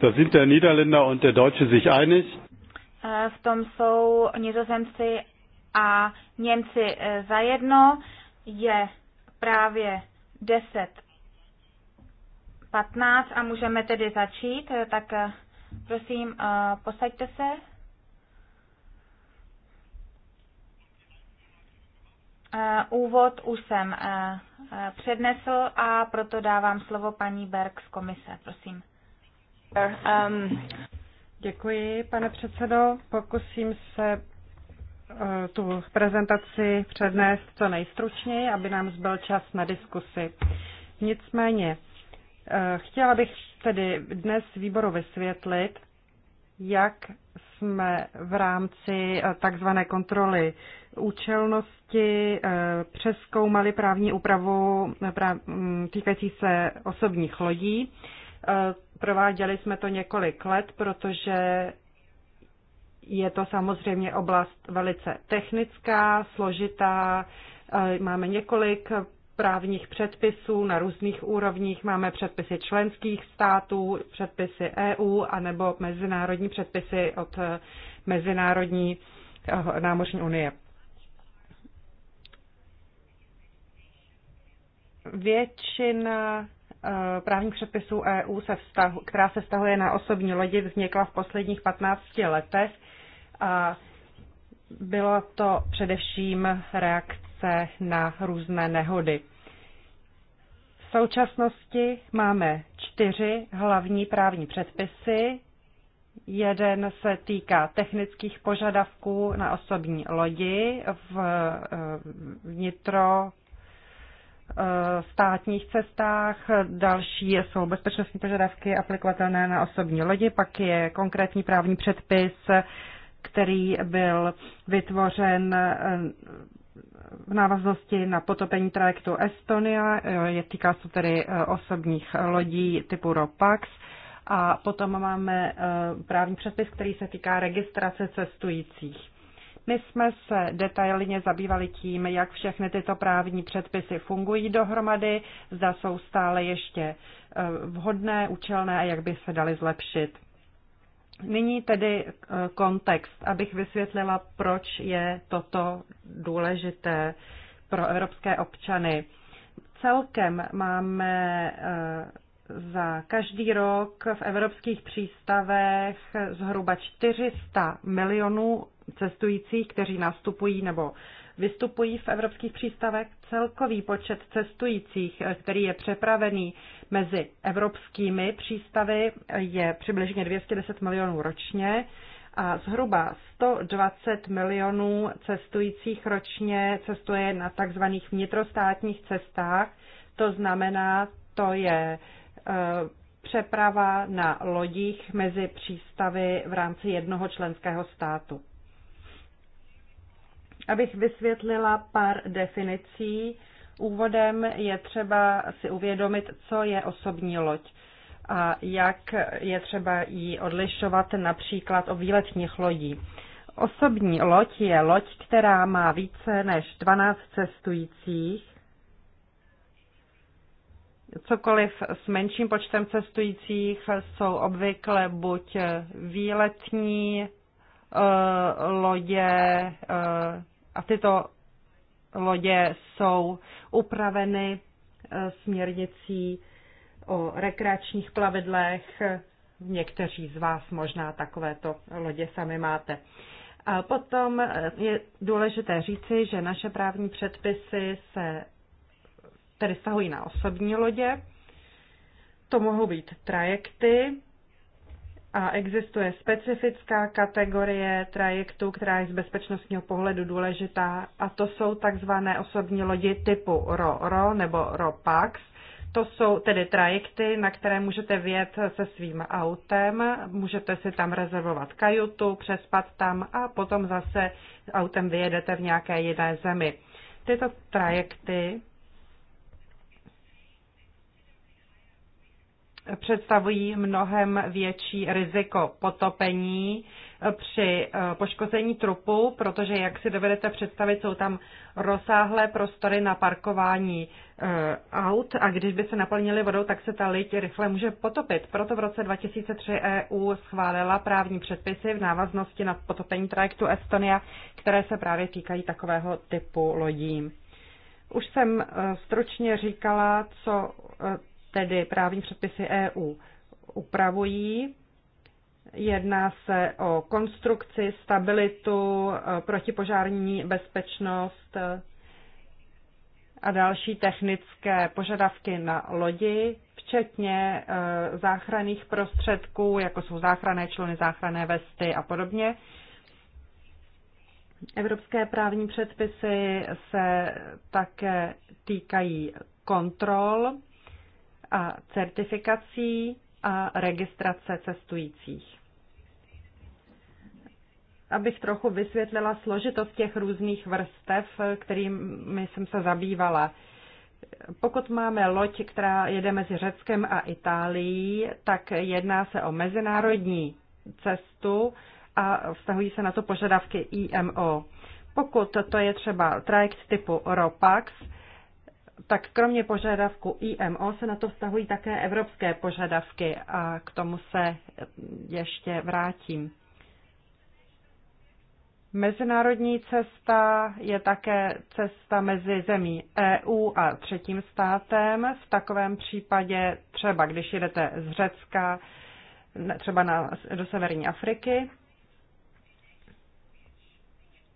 Da sind der Niederländer und der Deutsche sich einig. E, v tom jsou Nizozemci a Němci e, za jedno. Je právě 10.15 a můžeme tedy začít. E, tak prosím, posaďte se. Úvod už jsem přednesl a proto dávám slovo paní Berg z komise. Prosím. Um... Děkuji, pane předsedo. Pokusím se uh, tu prezentaci přednést co nejstručněji, aby nám zbyl čas na diskusi. Nicméně, uh, chtěla bych tedy dnes výboru vysvětlit, jak jsme v rámci uh, takzvané kontroly účelnosti přeskoumali právní úpravu mm, týkající se osobních lodí. Prováděli jsme to několik let, protože je to samozřejmě oblast velice technická, složitá. Eh, máme několik právních předpisů na různých úrovních. Máme předpisy členských států, předpisy EU anebo mezinárodní předpisy od eh, Mezinárodní eh, námořní unie. Většina Eh, právních předpisů EU, se vztahu, která se vztahuje na osobní lodi, vznikla v posledních 15 letech a byla to především reakce na různé nehody. V současnosti máme čtyři hlavní právní předpisy. Jeden se týká technických požadavků na osobní lodi v eh, vnitro Eh, státních cestách, další jsou bezpečnostní požadavky aplikovatelné na osobní lodi, pak je konkrétní právní předpis, který byl vytvořen eh, v návaznosti na potopení trajektu Estonia, eh, je týká se tedy osobních lodí typu ROPAX. A potom máme právní předpis, který se týká registrace cestujících. My jsme se detailně zabývali tím, jak všechny tyto právní předpisy fungují dohromady, zda jsou stále ještě eh, vhodné, účelné a jak by se daly zlepšit. Nyní tedy eh, kontext, abych vysvětlila, proč je toto důležité pro evropské občany. Celkem máme eh, za každý rok v evropských přístavech zhruba 400 milionů cestujících, kteří nastupují nebo vystupují v evropských přístavech. Celkový počet cestujících, který je přepravený mezi evropskými přístavy, je přibližně 210 milionů ročně a zhruba 120 milionů cestujících ročně cestuje na takzvaných vnitrostátních cestách. To znamená, to je přeprava na lodích mezi přístavy v rámci jednoho členského státu. Abych vysvětlila pár definicí, úvodem je třeba si uvědomit, co je osobní loď a jak je třeba ji odlišovat například o výletních lodí. Osobní loď je loď, která má více než 12 cestujících cokoliv s menším počtem cestujících jsou obvykle buď výletní eh, lodě eh, a tyto lodě jsou upraveny eh, směrnicí o rekreačních plavidlech. Někteří z vás možná takovéto lodě sami máte. A potom je důležité říci, že naše právní předpisy se tedy stahují na osobní lodě. To mohou být trajekty a existuje specifická kategorie trajektů, která je z bezpečnostního pohledu důležitá a to jsou takzvané osobní lodi typu RO-RO nebo ROPAX. To jsou tedy trajekty, na které můžete vjet se svým autem, můžete si tam rezervovat kajutu, přespat tam a potom zase autem vyjedete v nějaké jiné zemi. Tyto trajekty představují mnohem větší riziko potopení eh, při eh, poškození trupu, protože, jak si dovedete představit, jsou tam rozsáhlé prostory na parkování eh, aut a když by se naplnili vodou, tak se ta liť rychle může potopit. Proto v roce 2003 EU schválila právní předpisy v návaznosti na potopení trajektu Estonia, které se právě týkají takového typu lodí. Už jsem stručně říkala, co tedy právní předpisy EU upravují. Jedná se o konstrukci, stabilitu, eh, protipožární bezpečnost eh, a další technické požadavky na lodi, včetně eh, záchranných prostředků, jako jsou záchranné člony, záchranné vesty a podobně. Evropské právní předpisy se také týkají kontrol a certifikací a registrace cestujících. Abych trochu vysvětlila složitost těch různých vrstev, kterými jsem se zabývala. Pokud máme loď, která jede mezi Řeckem a Itálií, tak jedná se o mezinárodní cestu a vztahují se na to požadavky IMO. Pokud to je třeba trajekt typu ROPAX, tak kromě požadavku IMO se na to vztahují také evropské požadavky a k tomu se ještě vrátím. Mezinárodní cesta je také cesta mezi zemí EU a třetím státem. V takovém případě třeba, když jedete z Řecka třeba na, do severní Afriky,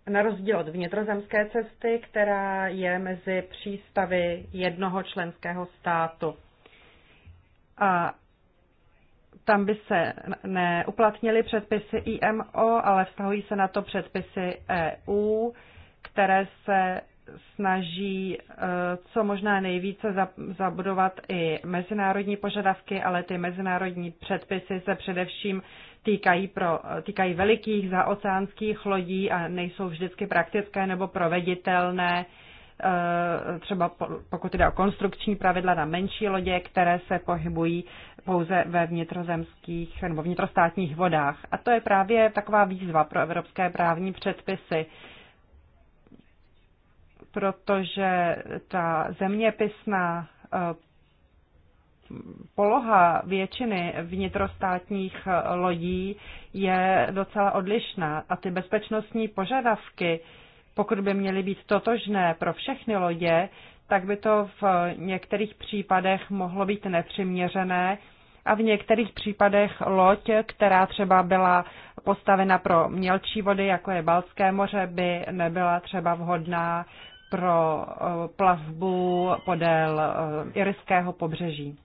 na rozdíl od vnitrozemské cesty, která je mezi přístavy jednoho členského státu. A tam by se neuplatnily předpisy IMO, ale vztahují se na to předpisy EU, které se snaží eh, co možná nejvíce zabudovat i mezinárodní požadavky, ale ty mezinárodní předpisy se především týkají, pro, týkají velikých zaoceánských lodí a nejsou vždycky praktické nebo proveditelné, eh, třeba pokud jde o konstrukční pravidla na menší lodě, které se pohybují pouze ve vnitrozemských nebo vnitrostátních vodách. A to je právě taková výzva pro evropské právní předpisy protože ta zeměpisná eh, poloha většiny vnitrostátních eh, lodí je docela odlišná a ty bezpečnostní požadavky, pokud by měly být totožné pro všechny lodě, tak by to v některých případech mohlo být nepřiměřené a v některých případech loď, která třeba byla postavena pro mělčí vody, jako je Balské moře, by nebyla třeba vhodná pro eh, plavbu podél eh, irského pobřeží.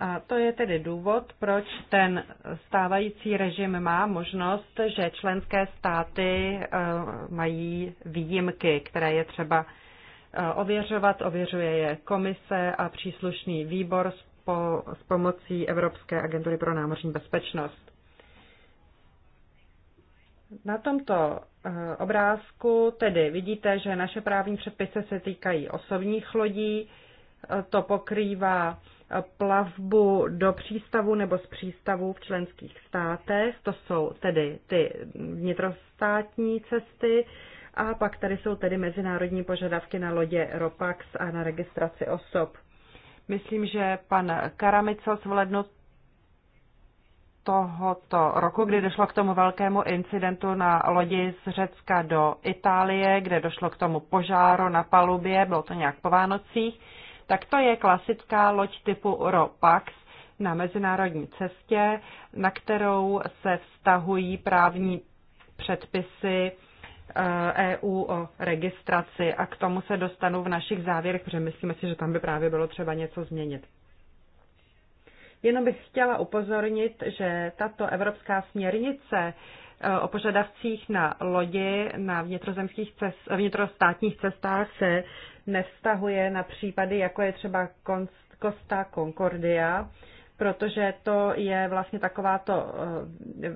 A to je tedy důvod, proč ten stávající režim má možnost, že členské státy eh, mají výjimky, které je třeba ověřovat. Ověřuje je komise a příslušný výbor s, s pomocí Evropské agentury pro námořní bezpečnost. Na tomto eh, obrázku tedy vidíte, že naše právní předpisy se týkají osobních lodí, eh, to pokrývá eh, plavbu do přístavu nebo z přístavu v členských státech, to jsou tedy ty vnitrostátní cesty, a pak tady jsou tedy mezinárodní požadavky na lodě Ropax a na registraci osob. Myslím, že pan Karamicos v lednu tohoto roku, kdy došlo k tomu velkému incidentu na lodi z Řecka do Itálie, kde došlo k tomu požáru na palubě, bylo to nějak po Vánocích, tak to je klasická loď typu Ropax na mezinárodní cestě, na kterou se vztahují právní předpisy EU eh, e o registraci a k tomu se dostanu v našich závěrech, protože myslíme si, že tam by právě bylo třeba něco změnit. Jenom bych chtěla upozornit, že tato evropská směrnice eh, o požadavcích na lodi na vnitrozemských cest, vnitrostátních cestách se nevztahuje na případy, jako je třeba Costa Concordia, protože to je vlastně takováto eh,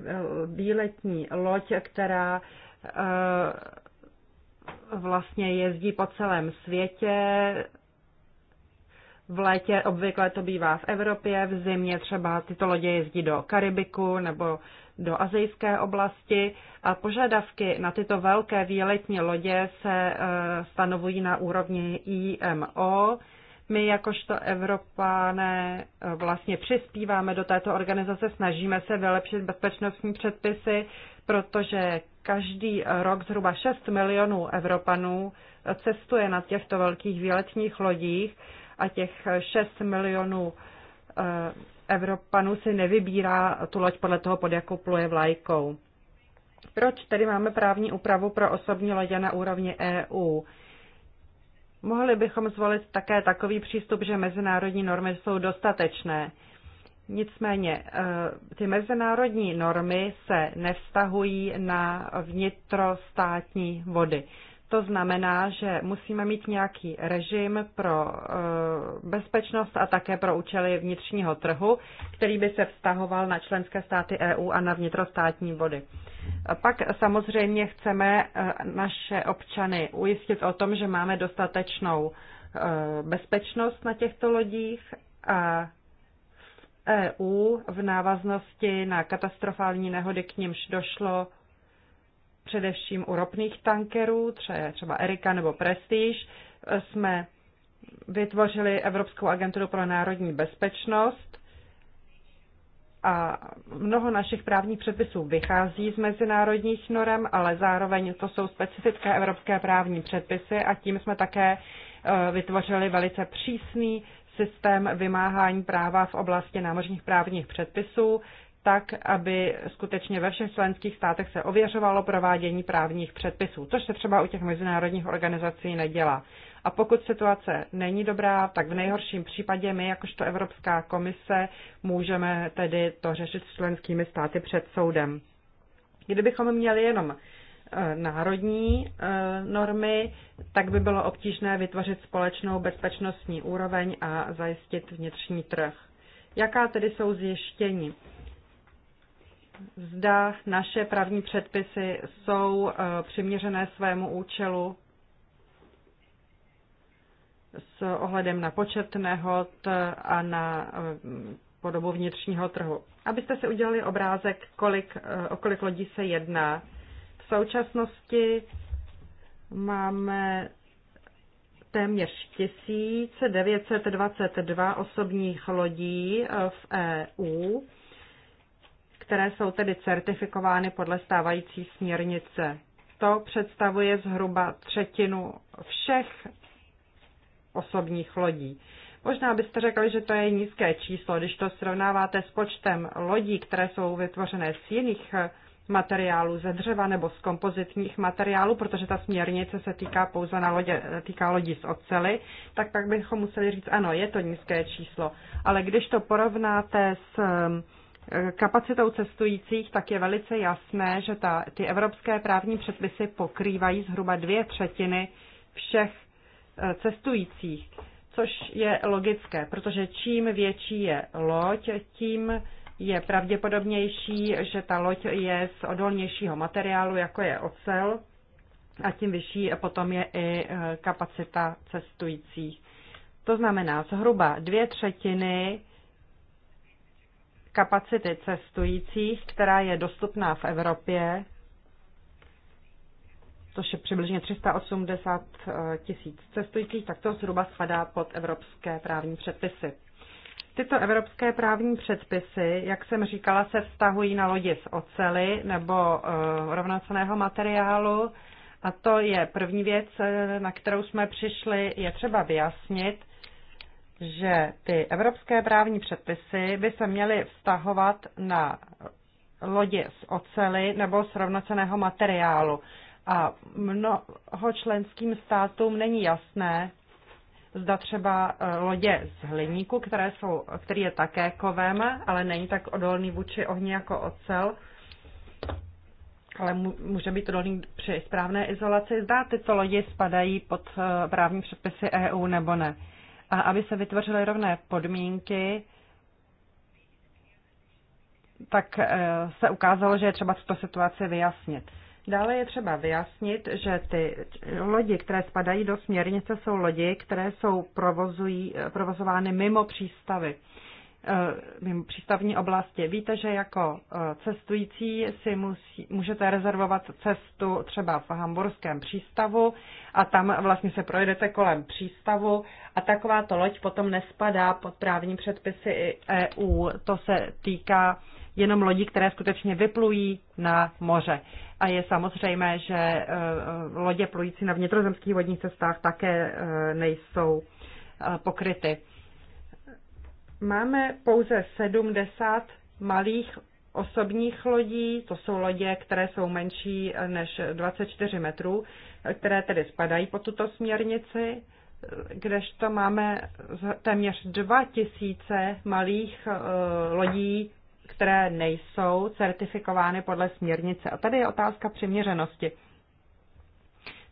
výletní loď, která eh, vlastně jezdí po celém světě, v létě obvykle to bývá v Evropě, v zimě třeba tyto lodě jezdí do Karibiku nebo do azijské oblasti a požadavky na tyto velké výletní lodě se e, stanovují na úrovni IMO. My jakožto Evropané e, vlastně přispíváme do této organizace, snažíme se vylepšit bezpečnostní předpisy, protože každý rok zhruba 6 milionů Evropanů cestuje na těchto velkých výletních lodích a těch 6 milionů eh, Evropanů si nevybírá tu loď podle toho, pod jakou pluje vlajkou. Proč tedy máme právní úpravu pro osobní lodě na úrovni EU? Mohli bychom zvolit také takový přístup, že mezinárodní normy jsou dostatečné. Nicméně eh, ty mezinárodní normy se nevztahují na vnitrostátní vody. To znamená, že musíme mít nějaký režim pro eh, bezpečnost a také pro účely vnitřního trhu, který by se vztahoval na členské státy EU a na vnitrostátní vody. Pak samozřejmě chceme eh, naše občany ujistit o tom, že máme dostatečnou eh, bezpečnost na těchto lodích a EU v návaznosti na katastrofální nehody k nímž došlo především u ropných tankerů, třeba Erika nebo Prestige, jsme vytvořili Evropskou agenturu pro národní bezpečnost a mnoho našich právních předpisů vychází z mezinárodních norem, ale zároveň to jsou specifické evropské právní předpisy a tím jsme také eh, vytvořili velice přísný systém vymáhání práva v oblasti námořních právních předpisů, tak, aby skutečně ve všech členských státech se ověřovalo provádění právních předpisů, což se třeba u těch mezinárodních organizací nedělá. A pokud situace není dobrá, tak v nejhorším případě my, jakožto Evropská komise, můžeme tedy to řešit s členskými státy před soudem. Kdybychom měli jenom eh, národní eh, normy, tak by bylo obtížné vytvořit společnou bezpečnostní úroveň a zajistit vnitřní trh. Jaká tedy jsou zjištění? zda naše právní předpisy jsou eh, přiměřené svému účelu s ohledem na počet nehod a na eh, podobu vnitřního trhu. Abyste si udělali obrázek, kolik, eh, o kolik lodí se jedná. V současnosti máme téměř 1922 osobních lodí v EU které jsou tedy certifikovány podle stávající směrnice. To představuje zhruba třetinu všech osobních lodí. Možná byste řekli, že to je nízké číslo, když to srovnáváte s počtem lodí, které jsou vytvořené z jiných eh, materiálů ze dřeva nebo z kompozitních materiálů, protože ta směrnice se týká pouze na lodě, eh, týká lodí z ocely, tak pak bychom museli říct, ano, je to nízké číslo. Ale když to porovnáte s eh, kapacitou cestujících, tak je velice jasné, že ta, ty evropské právní předpisy pokrývají zhruba dvě třetiny všech eh, cestujících, což je logické, protože čím větší je loď, tím je pravděpodobnější, že ta loď je z odolnějšího materiálu, jako je ocel, a tím vyšší potom je i eh, kapacita cestujících. To znamená, zhruba dvě třetiny kapacity cestujících, která je dostupná v Evropě, což je přibližně 380 eh, tisíc cestujících, tak to zhruba spadá pod evropské právní předpisy. Tyto evropské právní předpisy, jak jsem říkala, se vztahují na lodi z ocely nebo eh, rovnoceného materiálu. A to je první věc, eh, na kterou jsme přišli, je třeba vyjasnit, že ty evropské právní předpisy by se měly vztahovat na lodě z ocely nebo z rovnoceného materiálu. A mnoho členským státům není jasné, zda třeba eh, lodě z hliníku, které jsou, který je také kovem, ale není tak odolný vůči ohni jako ocel, ale může být odolný při správné izolaci, zda tyto lodi spadají pod eh, právní předpisy EU nebo ne a aby se vytvořily rovné podmínky, tak eh, se ukázalo, že je třeba tuto situaci vyjasnit. Dále je třeba vyjasnit, že ty lodi, které spadají do směrnice, jsou lodi, které jsou provozují, eh, provozovány mimo přístavy. Eh, mimo přístavní oblasti. Víte, že jako eh, cestující si musí, můžete rezervovat cestu třeba v hamburském přístavu a tam vlastně se projedete kolem přístavu a takováto loď potom nespadá pod právní předpisy EU. To se týká jenom lodí, které skutečně vyplují na moře. A je samozřejmé, že eh, lodě plující na vnitrozemských vodních cestách také nejsou pokryty. Máme pouze 70 malých osobních lodí, to jsou lodě, které jsou menší než 24 metrů, které tedy spadají pod tuto směrnici, kdežto máme téměř 2000 malých eh, lodí, které nejsou certifikovány podle směrnice. A tady je otázka přiměřenosti.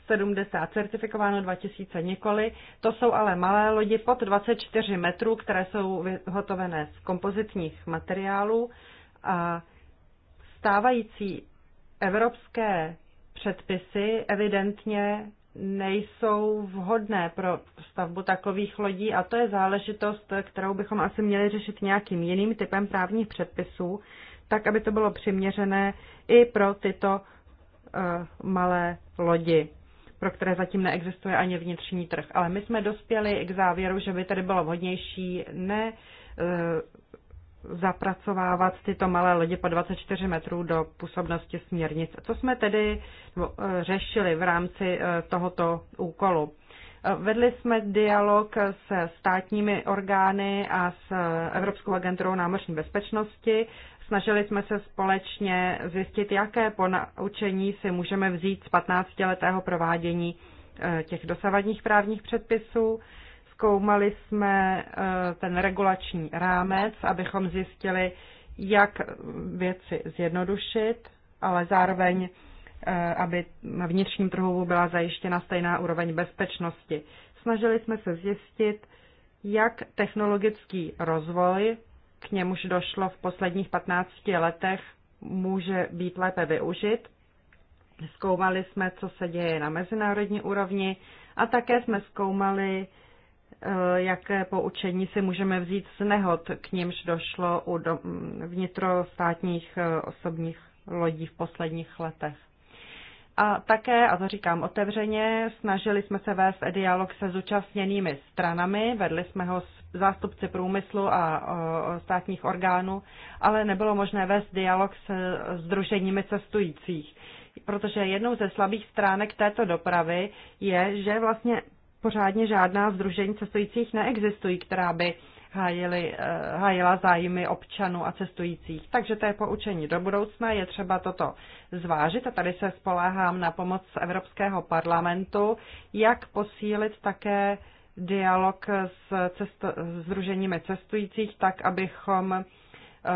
70 certifikováno 2000 nikoli. To jsou ale malé lodi pod 24 metrů, které jsou vyhotovené z kompozitních materiálů a stávající evropské předpisy evidentně nejsou vhodné pro stavbu takových lodí a to je záležitost, kterou bychom asi měli řešit nějakým jiným typem právních předpisů, tak aby to bylo přiměřené i pro tyto uh, malé lodi pro které zatím neexistuje ani vnitřní trh. Ale my jsme dospěli k závěru, že by tedy bylo vhodnější ne e, zapracovávat tyto malé lodi po 24 metrů do působnosti směrnic. Co jsme tedy e, řešili v rámci e, tohoto úkolu? Vedli jsme dialog se státními orgány a s Evropskou agenturou námořní bezpečnosti Snažili jsme se společně zjistit, jaké ponaučení si můžeme vzít z 15-letého provádění eh, těch dosavadních právních předpisů. Zkoumali jsme eh, ten regulační rámec, abychom zjistili, jak věci zjednodušit, ale zároveň, eh, aby na vnitřním trhu byla zajištěna stejná úroveň bezpečnosti. Snažili jsme se zjistit, jak technologický rozvoj k němuž došlo v posledních 15 letech, může být lépe využit. Zkoumali jsme, co se děje na mezinárodní úrovni a také jsme zkoumali, eh, jaké poučení si můžeme vzít z nehod, k němž došlo u vnitrostátních eh, osobních lodí v posledních letech. A také, a to říkám otevřeně, snažili jsme se vést dialog se zúčastněnými stranami, vedli jsme ho s zástupci průmyslu a státních orgánů, ale nebylo možné vést dialog s združeními cestujících, protože jednou ze slabých stránek této dopravy je, že vlastně pořádně žádná združení cestujících neexistují, která by hájili, eh, hájila zájmy občanů a cestujících. Takže to je poučení do budoucna, je třeba toto zvážit a tady se spoléhám na pomoc Evropského parlamentu, jak posílit také dialog s cesto- združeními cestujících, tak abychom eh,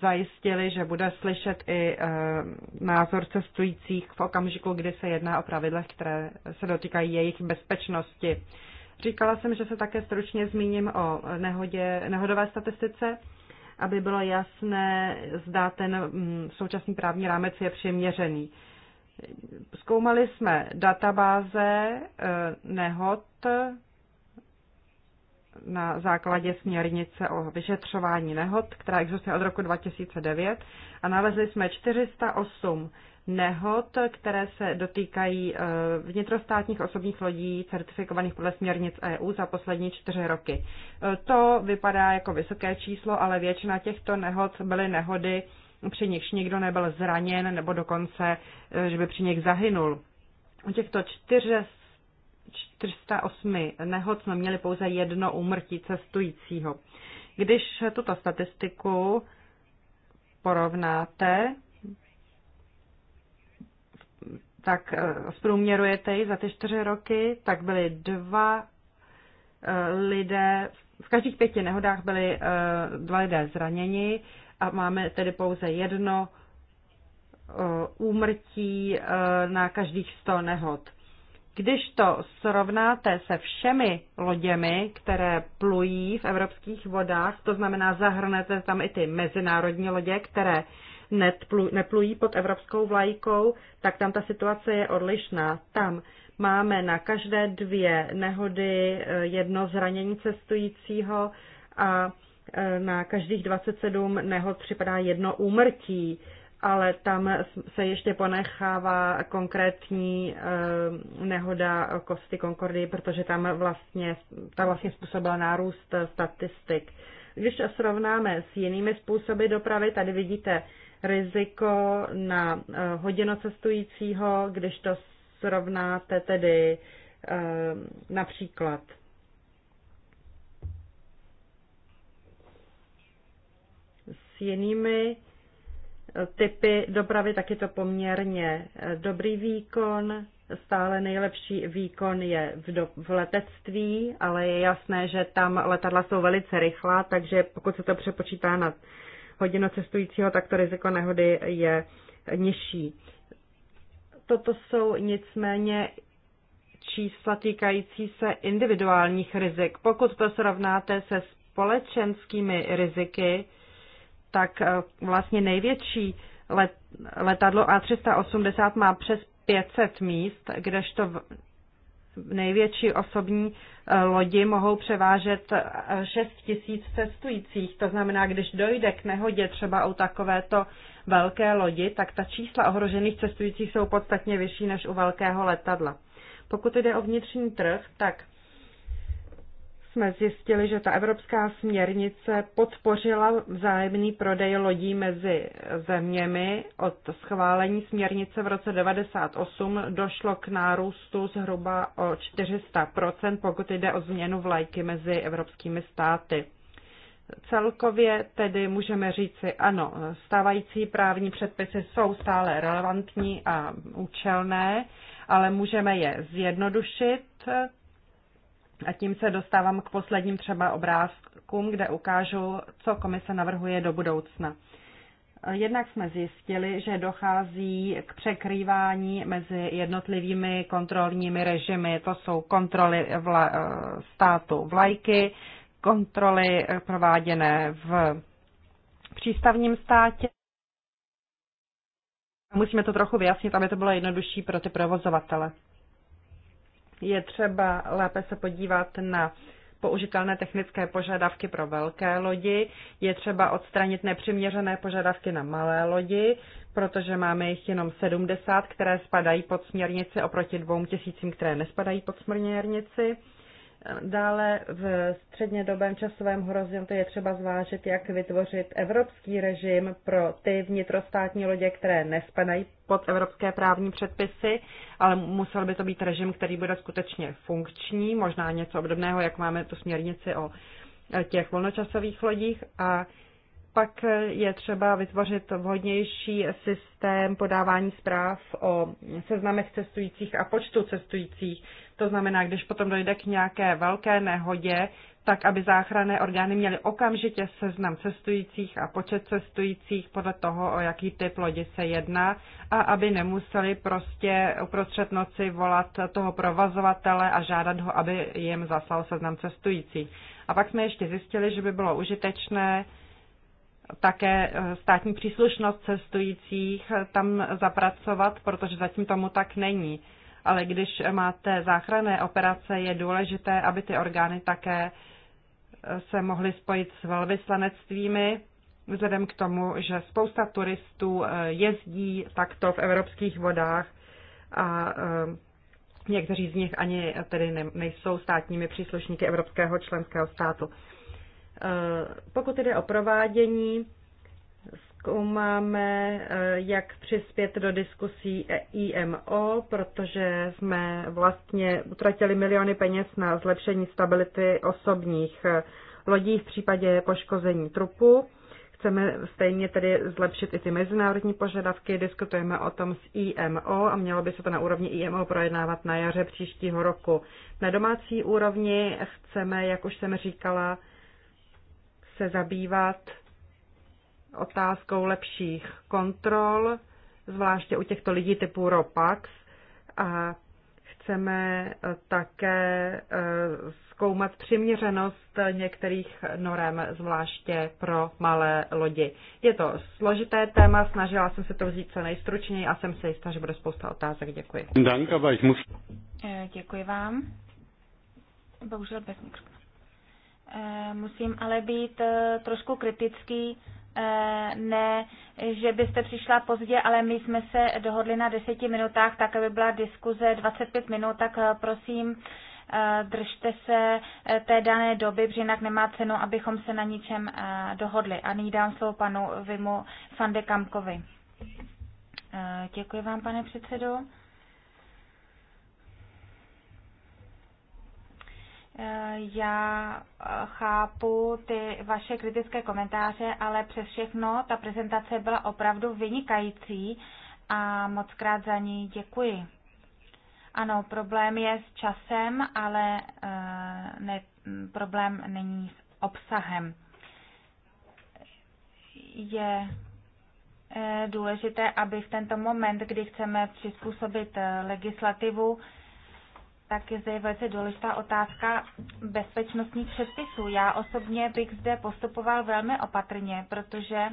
zajistili, že bude slyšet i eh, názor cestujících v okamžiku, kdy se jedná o pravidlech, které se dotýkají jejich bezpečnosti. Říkala jsem, že se také stručně zmíním o nehodě, nehodové statistice, aby bylo jasné, zda ten mm, současný právní rámec je přiměřený. Zkoumali jsme databáze eh, nehod na základě směrnice o vyšetřování nehod, která existuje od roku 2009 a nalezli jsme 408 nehod, které se dotýkají eh, vnitrostátních osobních lodí certifikovaných podle směrnic EU za poslední čtyři roky. Eh, to vypadá jako vysoké číslo, ale většina těchto nehod byly nehody, při nichž nikdo nebyl zraněn nebo dokonce, eh, že by při nich zahynul. U těchto 408 nehod jsme měli pouze jedno úmrtí cestujícího. Když tuto statistiku porovnáte tak eh, zprůměrujete ji za ty čtyři roky, tak byly dva eh, lidé, v každých pěti nehodách byly eh, dva lidé zraněni a máme tedy pouze jedno úmrtí na každých sto nehod. Když to srovnáte se všemi loděmi, které plují v evropských vodách, to znamená zahrnete tam i ty mezinárodní lodě, které neplují pod evropskou vlajkou, tak tam ta situace je odlišná. Tam máme na každé dvě nehody eh, jedno zranění cestujícího a eh, na každých 27 nehod připadá jedno úmrtí, ale tam se ještě ponechává konkrétní eh, nehoda kosti Concordy, protože tam vlastně, ta vlastně způsobila nárůst statistik. Když to srovnáme s jinými způsoby dopravy, tady vidíte riziko na eh, hodinu cestujícího, když to srovnáte tedy eh, například s jinými eh, typy dopravy, tak je to poměrně dobrý výkon. Stále nejlepší výkon je v, do, v letectví, ale je jasné, že tam letadla jsou velice rychlá, takže pokud se to přepočítá na hodin na cestujícího, tak to riziko nehody je nižší. Toto jsou nicméně čísla týkající se individuálních rizik. Pokud to srovnáte se společenskými riziky, tak eh, vlastně největší letadlo A380 má přes 500 míst, kdežto největší osobní eh, lodi mohou převážet 6 eh, tisíc cestujících. To znamená, když dojde k nehodě třeba u takovéto velké lodi, tak ta čísla ohrožených cestujících jsou podstatně vyšší než u velkého letadla. Pokud jde o vnitřní trh, tak jsme zjistili, že ta evropská směrnice podpořila vzájemný prodej lodí mezi zeměmi. Od schválení směrnice v roce 1998 došlo k nárůstu zhruba o 400%, pokud jde o změnu vlajky mezi evropskými státy. Celkově tedy můžeme říci, ano, stávající právní předpisy jsou stále relevantní a účelné, ale můžeme je zjednodušit a tím se dostávám k posledním třeba obrázkům, kde ukážu, co komise navrhuje do budoucna. Jednak jsme zjistili, že dochází k překrývání mezi jednotlivými kontrolními režimy. To jsou kontroly vla, eh, státu vlajky, kontroly prováděné v přístavním státě. Musíme to trochu vyjasnit, aby to bylo jednodušší pro ty provozovatele. Je třeba lépe se podívat na použitelné technické požadavky pro velké lodi, je třeba odstranit nepřiměřené požadavky na malé lodi, protože máme jich jenom 70, které spadají pod směrnici oproti dvou tisícím, které nespadají pod směrnici. Dále v střednědobém časovém horizontu je třeba zvážit, jak vytvořit evropský režim pro ty vnitrostátní lodě, které nespadají pod evropské právní předpisy, ale musel by to být režim, který bude skutečně funkční, možná něco obdobného, jak máme tu směrnici o eh, těch volnočasových lodích a pak je třeba vytvořit vhodnější systém podávání zpráv o seznamech cestujících a počtu cestujících. To znamená, když potom dojde k nějaké velké nehodě, tak aby záchranné orgány měly okamžitě seznam cestujících a počet cestujících podle toho, o jaký typ lodi se jedná a aby nemuseli prostě uprostřed noci volat toho provazovatele a žádat ho, aby jim zaslal seznam cestujících. A pak jsme ještě zjistili, že by bylo užitečné také eh, státní příslušnost cestujících eh, tam zapracovat, protože zatím tomu tak není. Ale když máte záchranné operace, je důležité, aby ty orgány také eh, se mohly spojit s velvyslanectvími, vzhledem k tomu, že spousta turistů jezdí takto v evropských vodách a někteří z nich ani tedy nejsou státními příslušníky evropského členského státu. Eh, pokud jde o provádění, zkoumáme, eh, jak přispět do diskusí e IMO, protože jsme vlastně utratili miliony peněz na zlepšení stability osobních eh, lodí v případě poškození trupu. Chceme stejně tedy zlepšit i ty mezinárodní požadavky, diskutujeme o tom s IMO a mělo by se to na úrovni IMO projednávat na jaře příštího roku. Na domácí úrovni chceme, jak už jsem říkala, se zabývat otázkou lepších kontrol, zvláště u těchto lidí typu ROPAX a chceme eh, také eh, zkoumat přiměřenost některých norem, zvláště pro malé lodi. Je to složité téma, snažila jsem se to vzít co nejstručněji a jsem se jistá, že bude spousta otázek. Děkuji. Eh, děkuji vám. Bohužel bez mikrofonu. Eh, musím ale být eh, trošku kritický. Eh, ne, že byste přišla pozdě, ale my jsme se dohodli na deseti minutách, tak aby byla diskuze 25 minut, tak prosím, držte se té dané doby, protože jinak nemá cenu, abychom se na ničem dohodli. A nyní dám slovo panu Vimu Fandekamkovi. Děkuji vám, pane předsedo. Já eh, chápu ty vaše kritické komentáře, ale přes všechno ta prezentace byla opravdu vynikající a moc krát za ní děkuji. Ano, problém je s časem, ale eh, ne, problém není s obsahem. Je eh, důležité, aby v tento moment, kdy chceme přizpůsobit legislativu, tak je zde velice důležitá otázka bezpečnostních předpisů. Já osobně bych zde postupoval velmi opatrně, protože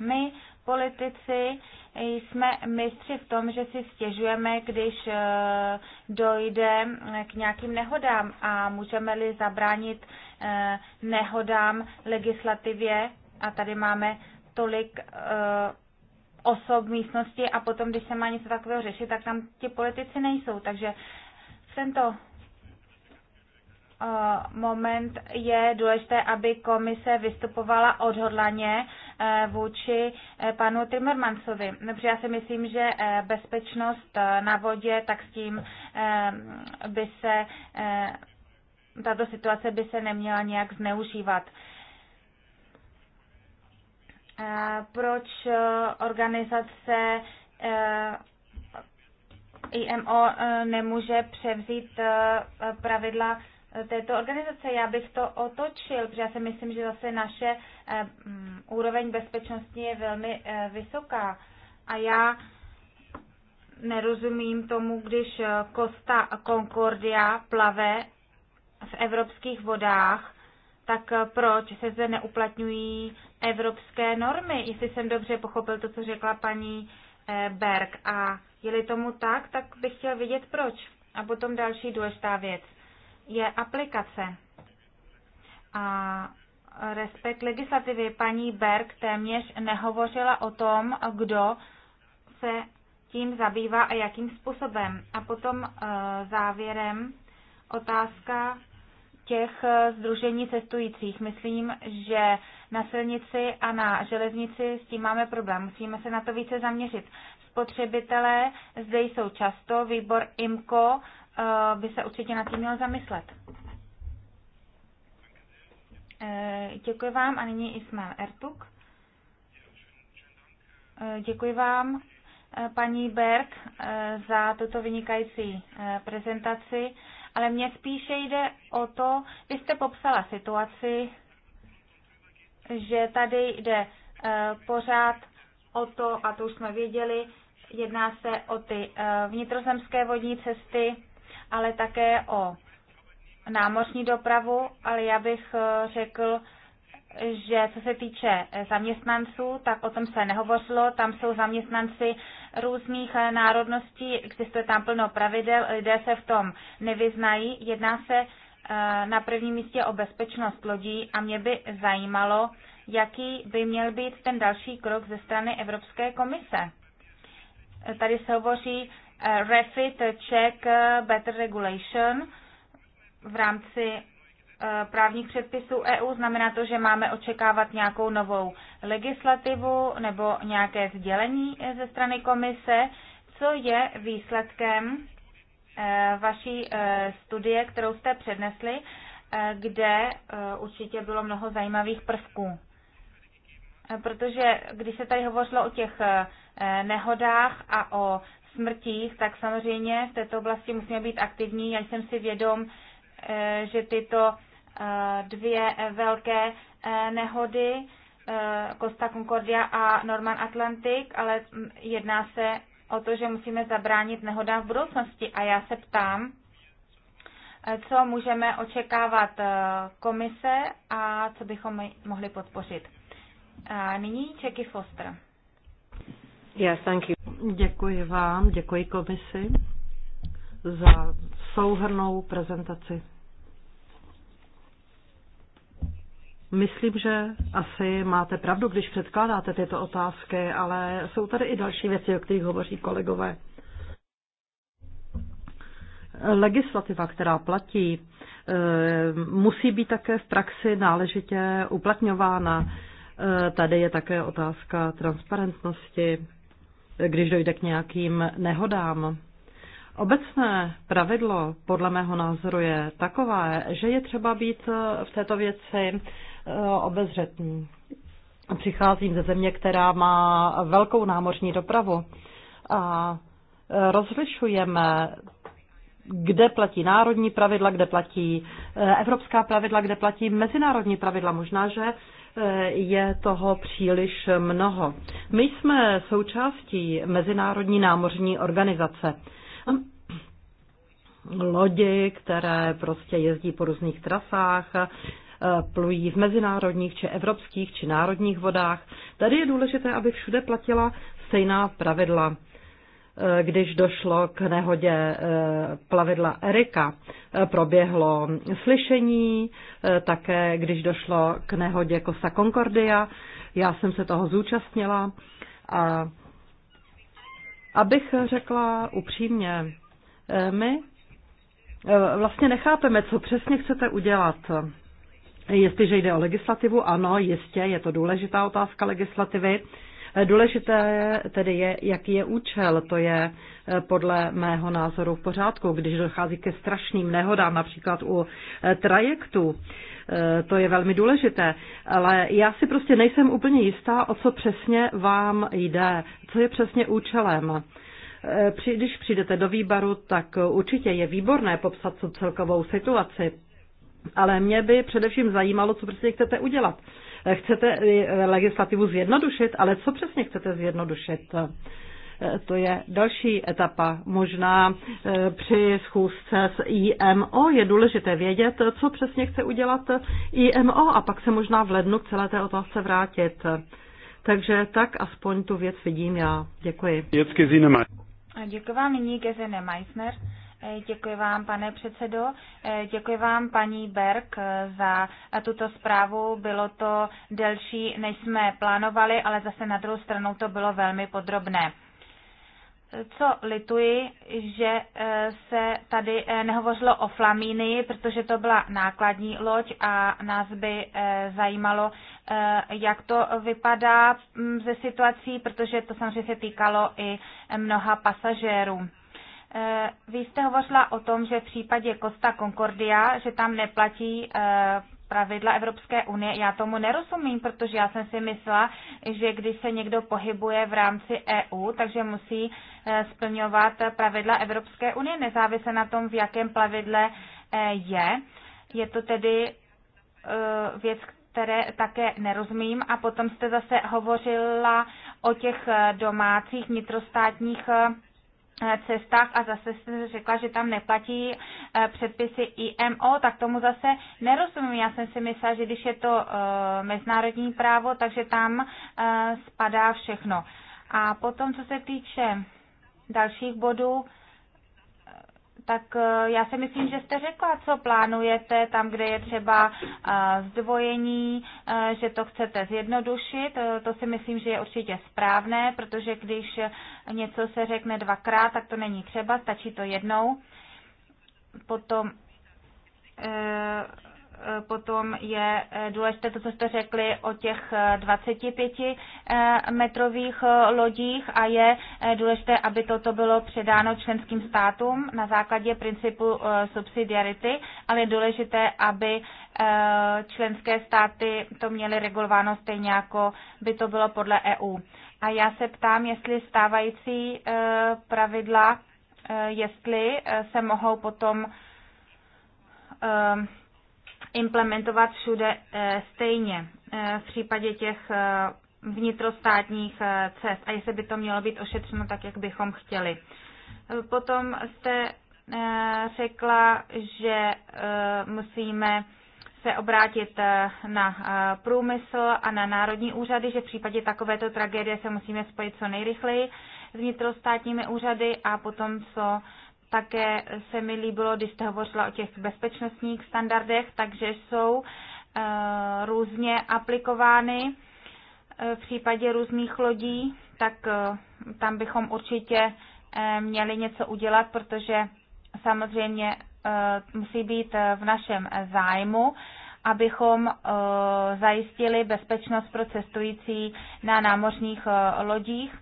my, politici, jsme mistři v tom, že si stěžujeme, když eh, dojde eh, k nějakým nehodám a můžeme-li zabránit eh, nehodám legislativě. A tady máme tolik osob v místnosti a potom, když se má něco takového řešit, tak tam ti politici nejsou. Takže tento eh, moment je důležité, aby komise vystupovala odhodlaně eh, vůči eh, panu Timmermansovi. Protože já si myslím, že bezpečnost na vodě, tak s tím by se tato situace by se neměla nějak zneužívat. Proč organizace IMO eh, nemůže převzít eh, pravidla eh, této organizace. Já bych to otočil, protože já si myslím, že zase naše mm, úroveň bezpečnosti je velmi vysoká. A já nerozumím tomu, když Costa Concordia plave v evropských vodách, tak proč se zde neuplatňují evropské normy, jestli jsem dobře pochopil to, co řekla paní Eh, Berg. A je-li tomu tak, tak bych chtěl vědět proč. A potom další důležitá věc je aplikace a respekt legislativy. Paní Berg téměř nehovořila o tom, kdo se tím zabývá a jakým způsobem. A potom eh, závěrem otázka těch združení eh, cestujících. Myslím, že na silnici a na železnici s tím máme problém. Musíme se na to více zaměřit. Spotřebitelé zde jsou často, výbor IMCO eh, by se určitě nad tím měl zamyslet. Eh, děkuji vám a nyní Ismail Ertuk. Děkuji vám, paní Berg, za tuto vynikající prezentaci ale mně spíše jde o to, vy jste popsala situaci, že tady jde eh, pořád o to, a to už jsme věděli, jedná se o ty eh, vnitrozemské vodní cesty, ale také o námořní dopravu, ale já bych eh, řekl, že co se týče eh, zaměstnanců, tak o tom se nehovořilo. Tam jsou zaměstnanci různých eh, národností, existuje tam plno pravidel, lidé se v tom nevyznají. Jedná se eh, na prvním místě o bezpečnost lodí a mě by zajímalo, jaký by měl být ten další krok ze strany Evropské komise. Tady se hovoří refit, check, better regulation v rámci Eh, právních předpisů EU? Znamená to, že máme očekávat nějakou novou legislativu nebo nějaké sdělení eh, ze strany komise? Co je výsledkem eh, vaší studie, kterou jste přednesli, kde určitě bylo mnoho zajímavých prvků? Protože když se tady hovořilo o těch nehodách a o smrtích, tak samozřejmě v této oblasti musíme být aktivní. Já jsem si vědom, že tyto Eh, dvě velké eh, nehody, eh, Costa Concordia a Norman Atlantic, ale mm, jedná se o to, že musíme zabránit nehodám v budoucnosti. A já se ptám, co můžeme očekávat komise a co bychom mohli podpořit. A nyní Čeky Foster. Yes, thank you. Děkuji vám, děkuji komisi za souhrnou prezentaci. Myslím, že asi máte pravdu, když předkládáte tyto otázky, ale jsou tady i další věci, o kterých hovoří kolegové. Legislativa, která platí, eh, musí být také v praxi náležitě uplatňována. Eh, tady je také otázka transparentnosti, když dojde k nějakým nehodám. Obecné pravidlo podle mého názoru je takové, že je třeba být v této věci Eh, obezřetní. Přicházím ze země, která má velkou námořní dopravu a eh, rozlišujeme kde platí národní pravidla, kde platí eh, evropská pravidla, kde platí mezinárodní pravidla. Možná, že je toho příliš mnoho. My jsme součástí Mezinárodní námořní organizace. Lodi, které prostě jezdí po různých trasách, plují v mezinárodních či evropských či národních vodách. Tady je důležité, aby všude platila stejná pravidla. Eh, když došlo k nehodě eh, plavidla Erika, eh, proběhlo slyšení, také když došlo k nehodě Kosa Concordia, já jsem se toho zúčastnila a abych řekla upřímně, my vlastně nechápeme, co přesně chcete udělat. Jestliže jde o legislativu, ano, jistě, je to důležitá otázka legislativy. Důležité tedy je, jaký je účel. To je eh, podle mého názoru v pořádku, když dochází ke strašným nehodám, například u eh, trajektů. Eh, to je velmi důležité, ale já si prostě nejsem úplně jistá, o co přesně vám jde, co je přesně účelem. Když přijdete do výbaru, tak určitě je výborné popsat celkovou situaci, ale mě by především zajímalo, co přesně chcete udělat. Eh, chcete eh, legislativu zjednodušit, ale co přesně chcete zjednodušit? Eh, to je další etapa. Možná při schůzce s IMO je důležité vědět, co přesně chce udělat IMO a pak se možná v lednu k celé té otázce vrátit. Takže tak aspoň tu věc vidím já. Děkuji. Děkuji vám nyní Gesine Meissner. Děkuji vám, pane předsedo. Děkuji vám, paní Berg, za tuto zprávu. Bylo to delší, než jsme plánovali, ale zase na druhou stranu to bylo velmi podrobné co lituji, že eh, se tady eh, nehovořilo o Flamínii, protože to byla nákladní loď a nás by eh, zajímalo, jak to vypadá mm, ze situací, protože to samozřejmě se týkalo i mnoha pasažérů. Vy jste hovořila o tom, že v případě Costa Concordia, že tam neplatí eh, pravidla Evropské unie. Já tomu nerozumím, protože já jsem si myslela, že když se někdo pohybuje v rámci EU, takže musí eh, splňovat pravidla Evropské unie, nezávisle na tom, v jakém plavidle eh, je. Je to tedy věc, které také nerozumím. A potom jste zase hovořila o těch domácích vnitrostátních Eh, cestách a zase jste řekla, že tam neplatí eh, předpisy IMO, tak tomu zase nerozumím. Já jsem si myslela, že když je to eh, mezinárodní právo, takže tam spadá všechno. A potom, co se týče dalších bodů, tak eh, já si myslím, že jste řekla, co plánujete tam, kde je třeba eh, zdvojení, eh, že to chcete zjednodušit. To si myslím, že je určitě správné, protože když něco se řekne dvakrát, tak to není třeba, stačí to jednou. Potom Eh, potom je eh, důležité to, co jste řekli o těch 25 eh, metrových lodích a je důležité, aby toto bylo předáno členským státům na základě principu subsidiarity, ale je důležité, aby členské státy to měly regulováno stejně, jako by to bylo podle EU. A já se ptám, jestli stávající pravidla, jestli se mohou potom implementovat všude eh, stejně eh, v případě těch eh, vnitrostátních cest a jestli by to mělo být ošetřeno tak, jak bychom chtěli. Potom jste řekla, že musíme se obrátit na průmysl a na národní úřady, že v případě takovéto tragédie se musíme spojit co nejrychleji s vnitrostátními úřady a potom co také se mi líbilo, když jste hovořila o těch bezpečnostních standardech, takže jsou eh, různě aplikovány eh, v případě různých lodí, tak eh, tam bychom určitě měli něco udělat, protože samozřejmě musí být v našem zájmu, abychom zajistili bezpečnost pro cestující na námořních lodích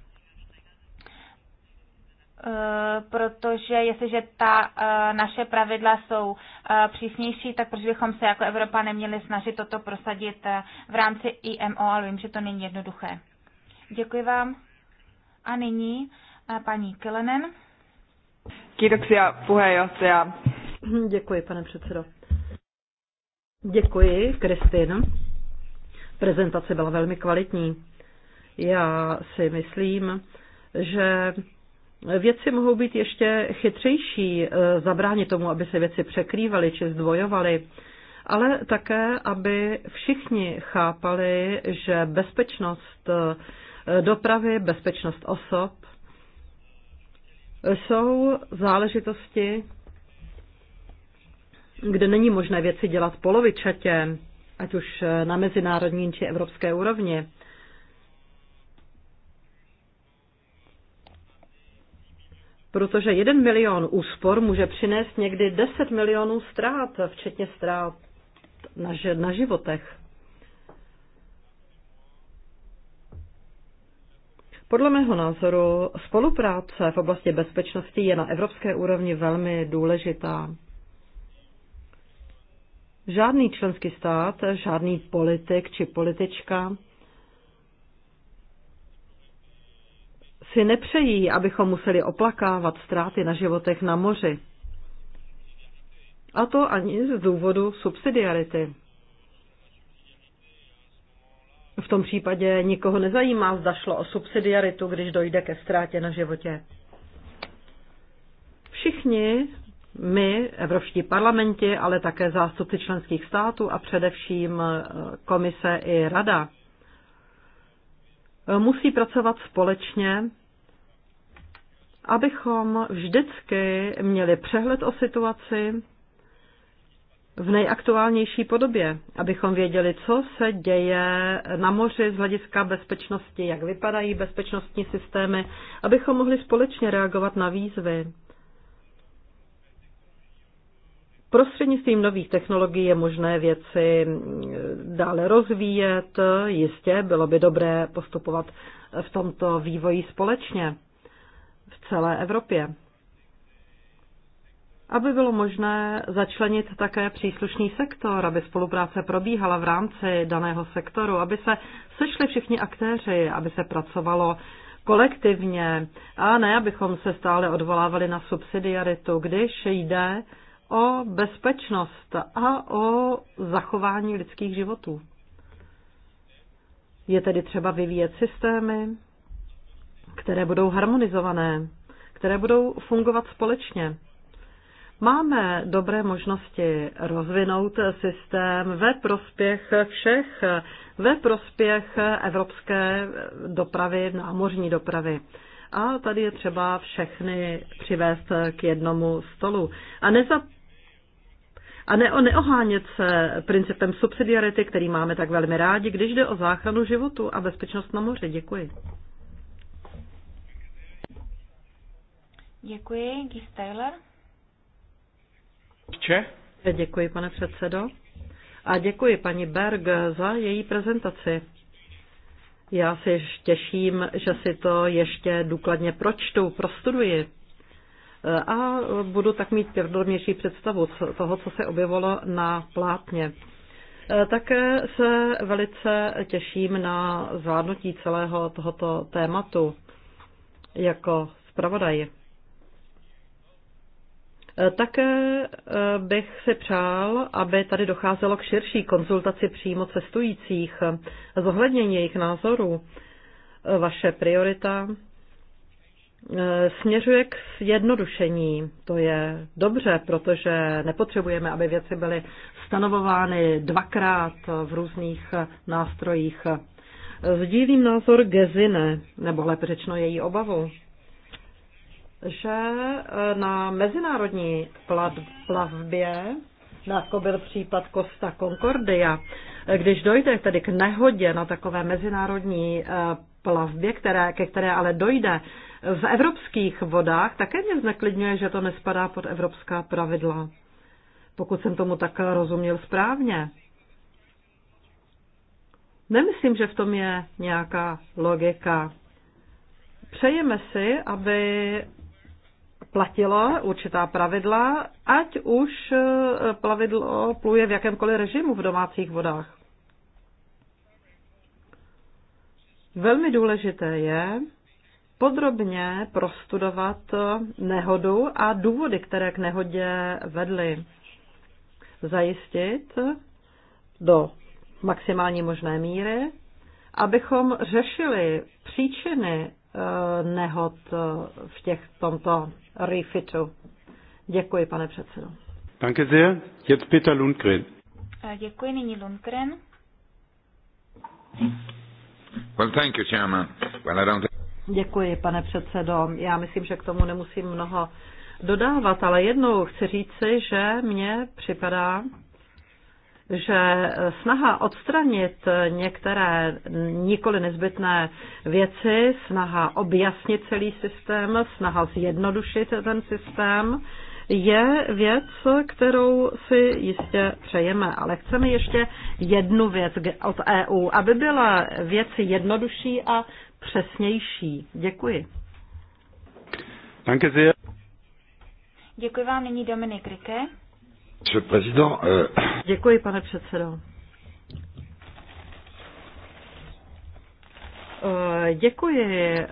Eh, protože jestliže ta eh, naše pravidla jsou eh, přísnější, tak proč bychom se jako Evropa neměli snažit toto prosadit v rámci IMO, ale vím, že to není jednoduché. Děkuji vám. A nyní paní Kelenen. Kiitoksia puheenjohtaja. Mhm, děkuji, pane předsedo. Děkuji, Kristýn. Prezentace byla velmi kvalitní. Já si myslím, že Věci mohou být ještě chytřejší, eh, zabránit tomu, aby se věci překrývaly či zdvojovaly, ale také, aby všichni chápali, že bezpečnost eh, dopravy, bezpečnost osob jsou záležitosti, kde není možné věci dělat polovičatě, ať už eh, na mezinárodní či evropské úrovni. protože jeden milion úspor může přinést někdy 10 milionů ztrát, včetně ztrát na, na životech. Podle mého názoru spolupráce v oblasti bezpečnosti je na evropské úrovni velmi důležitá. Žádný členský stát, žádný politik či politička si nepřejí, abychom museli oplakávat ztráty na životech na moři. A to ani z důvodu subsidiarity. V tom případě nikoho nezajímá, zda šlo o subsidiaritu, když dojde ke ztrátě na životě. Všichni my, evropští parlamenti, ale také zástupci členských států a především eh, komise i rada, eh, musí pracovat společně abychom vždycky měli přehled o situaci v nejaktuálnější podobě, abychom věděli, co se děje na moři z hlediska bezpečnosti, jak vypadají bezpečnostní systémy, abychom mohli společně reagovat na výzvy. Prostřednictvím nových technologií je možné věci dále rozvíjet. Jistě bylo by dobré postupovat v tomto vývoji společně celé Evropě. Aby bylo možné začlenit také příslušný sektor, aby spolupráce probíhala v rámci daného sektoru, aby se sešli všichni aktéři, aby se pracovalo kolektivně a ne, abychom se stále odvolávali na subsidiaritu, když jde o bezpečnost a o zachování lidských životů. Je tedy třeba vyvíjet systémy, které budou harmonizované, které budou fungovat společně. Máme dobré možnosti rozvinout systém ve prospěch všech, ve prospěch evropské dopravy, námořní dopravy. A tady je třeba všechny přivést k jednomu stolu. A neza... a ne, neohánět se principem subsidiarity, který máme tak velmi rádi, když jde o záchranu životu a bezpečnost na moři. Děkuji. Děkuji. Gis Taylor. Če? Děkuji, pane předsedo. A děkuji paní Berg za její prezentaci. Já si těším, že si to ještě důkladně pročtu, prostuduji a budu tak mít vědomější představu toho, co se objevilo na plátně. Také se velice těším na zvládnutí celého tohoto tématu jako zpravodaj. Eh, také eh, bych si přál, aby tady docházelo k širší konzultaci přímo cestujících, zohlednění jejich názorů. Eh, vaše priorita směřuje k zjednodušení. To je dobře, protože nepotřebujeme, aby věci byly stanovovány dvakrát v různých nástrojích. Sdílím názor Gezine, nebo lépe řečeno její obavu že e, na mezinárodní plavbě, jako byl případ Costa Concordia, e, když dojde tedy k nehodě na takové mezinárodní e, plavbě, které, ke které ale dojde v evropských vodách, také mě zneklidňuje, že to nespadá pod evropská pravidla. Pokud jsem tomu tak rozuměl správně. Nemyslím, že v tom je nějaká logika. Přejeme si, aby platila určitá pravidla, ať už e, plavidlo pluje v jakémkoliv režimu v domácích vodách. Velmi důležité je podrobně prostudovat nehodu a důvody, které k nehodě vedly. Zajistit do maximální možné míry, abychom řešili příčiny Eh, nehod eh, v těch tomto refitu. Děkuji, pane předsedo. Danke sehr. Jetzt Peter Lundgren. Eh, děkuji, nyní Lundgren. Well, thank you, Chairman. Well, I don't... Děkuji, pane předsedo. Já myslím, že k tomu nemusím mnoho dodávat, ale jednou chci říci, že mně připadá, že snaha odstranit některé nikoli nezbytné věci, snaha objasnit celý systém, snaha zjednodušit ten systém, je věc, kterou si jistě přejeme. Ale chceme ještě jednu věc od EU, aby byla věc jednodušší a přesnější. Děkuji. Děkuji vám nyní Dominik Rike. Euh, děkuji, pane předsedo. Eh, děkuji, eh,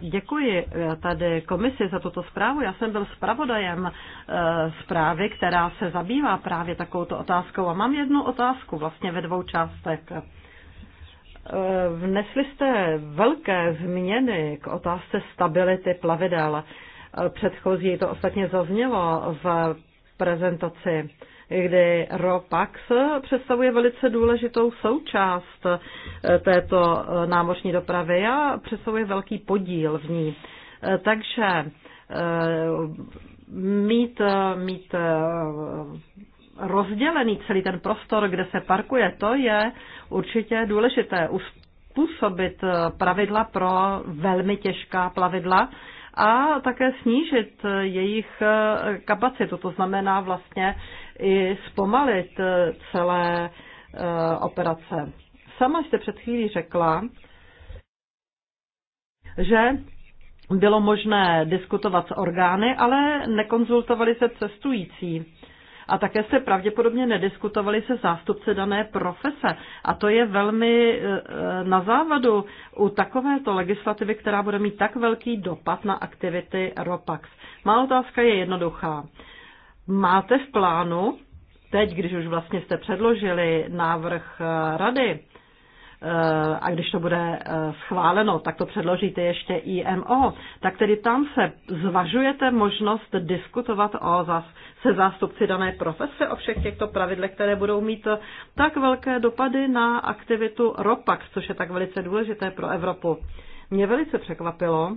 děkuji eh, tady komisi za tuto zprávu. Já jsem byl zpravodajem zprávy, která se zabývá právě takovouto otázkou a mám jednu otázku vlastně ve dvou částech. Vnesli jste velké změny k otázce stability plavidel. Předchozí to ostatně zaznělo v prezentaci, kdy ROPAX představuje velice důležitou součást eh, této eh, námořní dopravy a představuje velký podíl v ní. Eh, takže mít, mít rozdělený celý ten prostor, kde se parkuje, to je určitě důležité. Uspůsobit pravidla pro velmi těžká plavidla, a také snížit jejich kapacitu. To znamená vlastně i zpomalit celé eh, operace. Sama jste před chvílí řekla, že bylo možné diskutovat s orgány, ale nekonzultovali se cestující a také se pravděpodobně nediskutovali se zástupce dané profese. A to je velmi e, e, na závadu u takovéto legislativy, která bude mít tak velký dopad na aktivity ROPAX. Má otázka je jednoduchá. Máte v plánu, teď, když už vlastně jste předložili návrh e, rady, Eh, a když to bude eh, schváleno, tak to předložíte ještě IMO, tak tedy tam se zvažujete možnost diskutovat o zas, se zástupci dané profese o všech těchto pravidlech, které budou mít eh, tak velké dopady na aktivitu ROPAX, což je tak velice důležité pro Evropu. Mě velice překvapilo,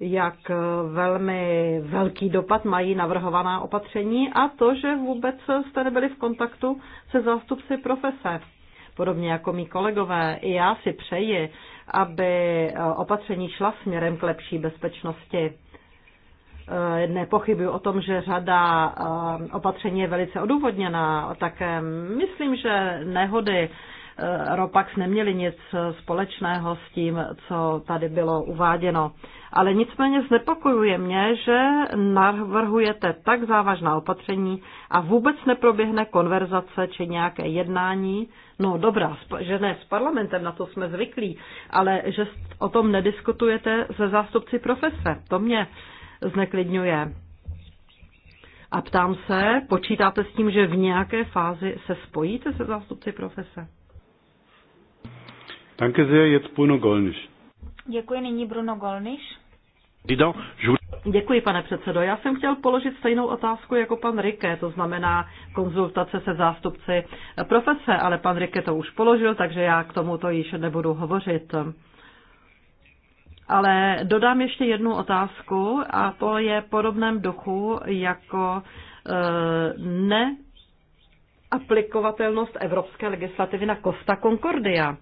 jak velmi velký dopad mají navrhovaná opatření a to, že vůbec jste nebyli v kontaktu se zástupci profese. Podobně jako mý kolegové, i já si přeji, aby eh, opatření šla směrem k lepší bezpečnosti. Eh, nepochybuji o tom, že řada eh, opatření je velice odůvodněná. Také myslím, že nehody Ropax neměly nic společného s tím, co tady bylo uváděno. Ale nicméně znepokojuje mě, že navrhujete tak závažná opatření a vůbec neproběhne konverzace či nějaké jednání No dobrá, že ne s parlamentem, na to jsme zvyklí, ale že o tom nediskutujete se zástupci profese, to mě zneklidňuje. A ptám se, počítáte s tím, že v nějaké fázi se spojíte se zástupci profese? Danke sehr, jetzt Bruno Golniš. Děkuji, nyní Bruno Golniš. Děkuji, pane předsedo. Já jsem chtěl položit stejnou otázku jako pan Rike, to znamená konzultace se zástupci profese, ale pan Rike to už položil, takže já k tomu to již nebudu hovořit. Ale dodám ještě jednu otázku a to je podobném duchu jako e, eh, neaplikovatelnost evropské legislativy na Costa Concordia.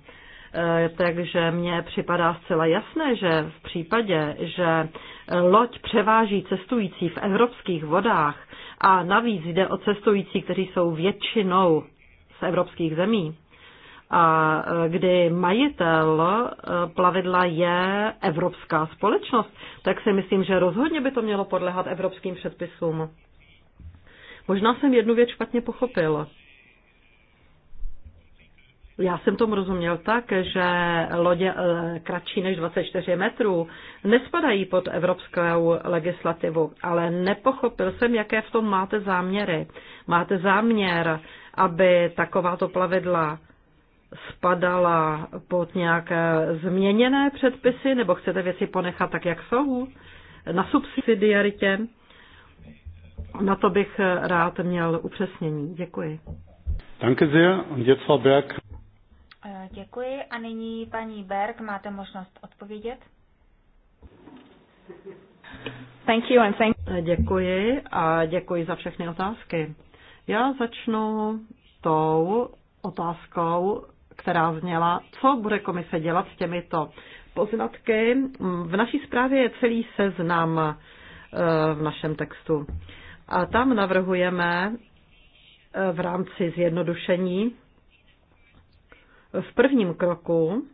Eh, takže mně připadá zcela jasné, že v případě, že loď převáží cestující v evropských vodách a navíc jde o cestující, kteří jsou většinou z evropských zemí, a e, kdy majitel e, plavidla je evropská společnost, tak si myslím, že rozhodně by to mělo podlehat evropským předpisům. Možná jsem jednu věc špatně pochopil. Já jsem tomu rozuměl tak, že lodě eh, kratší než 24 metrů nespadají pod evropskou legislativu, ale nepochopil jsem, jaké v tom máte záměry. Máte záměr, aby takováto plavidla spadala pod nějaké změněné předpisy, nebo chcete věci ponechat tak, jak jsou, na subsidiaritě? Na to bych rád měl upřesnění. Děkuji. Danke sehr. Und jetzt Frau Berg. Eh, děkuji. A nyní paní Berg, máte možnost odpovědět. Thank you and thank eh, děkuji a děkuji za všechny otázky. Já začnu tou otázkou, která zněla, co bude komise dělat s těmito poznatky. V naší zprávě je celý seznam eh, v našem textu. A tam navrhujeme v rámci zjednodušení v prvním kroku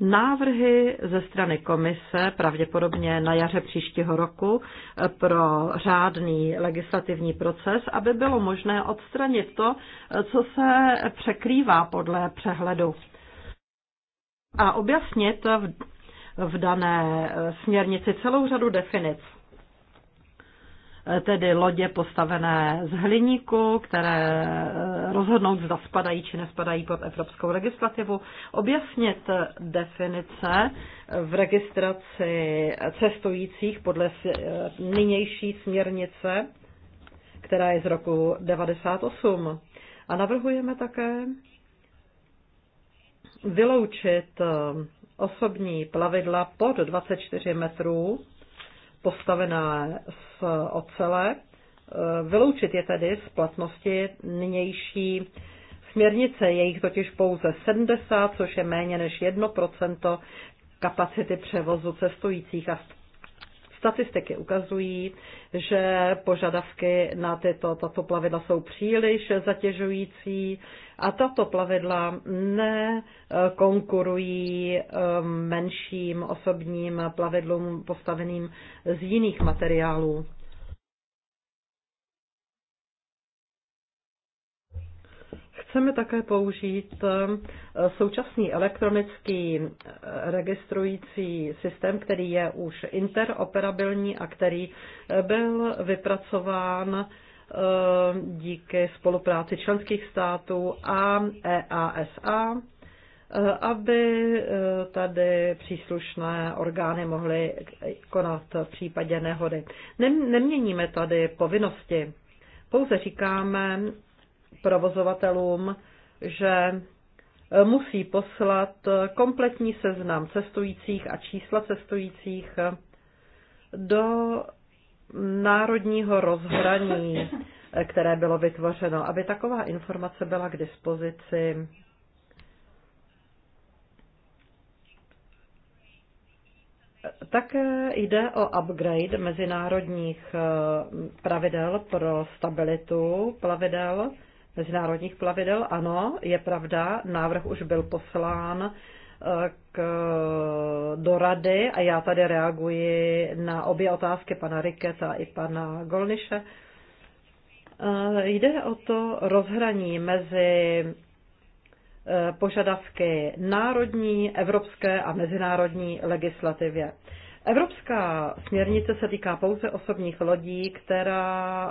návrhy ze strany komise, pravděpodobně na jaře příštího roku, pro řádný legislativní proces, aby bylo možné odstranit to, co se překrývá podle přehledu. A objasnit v, v dané směrnici celou řadu definic tedy lodě postavené z hliníku, které eh, rozhodnout, zda spadají či nespadají pod evropskou legislativu, objasnit definice v registraci cestujících podle eh, nynější směrnice, která je z roku 98. A navrhujeme také vyloučit eh, osobní plavidla pod 24 metrů postavené z ocele, e, vyloučit je tedy z platnosti nynější směrnice. Je jich totiž pouze 70, což je méně než 1% kapacity převozu cestujících a Statistiky ukazují, že požadavky na tyto, tato plavidla jsou příliš zatěžující a tato plavidla nekonkurují eh, menším osobním plavidlům postaveným z jiných materiálů. Chceme také použít eh, současný elektronický eh, registrující systém, který je už interoperabilní a který eh, byl vypracován díky spolupráci členských států a EASA, aby tady příslušné orgány mohly konat v případě nehody. Neměníme tady povinnosti, pouze říkáme, provozovatelům, že e, musí poslat kompletní seznam cestujících a čísla cestujících e, do národního rozhraní, e, které bylo vytvořeno, aby taková informace byla k dispozici Také jde o upgrade mezinárodních pravidel pro stabilitu plavidel mezinárodních plavidel. Ano, je pravda, návrh už byl poslán eh, k, do rady a já tady reaguji na obě otázky pana Riketa i pana Golniše. Eh, jde o to rozhraní mezi eh, požadavky národní, evropské a mezinárodní legislativě. Evropská směrnice se týká pouze osobních lodí, která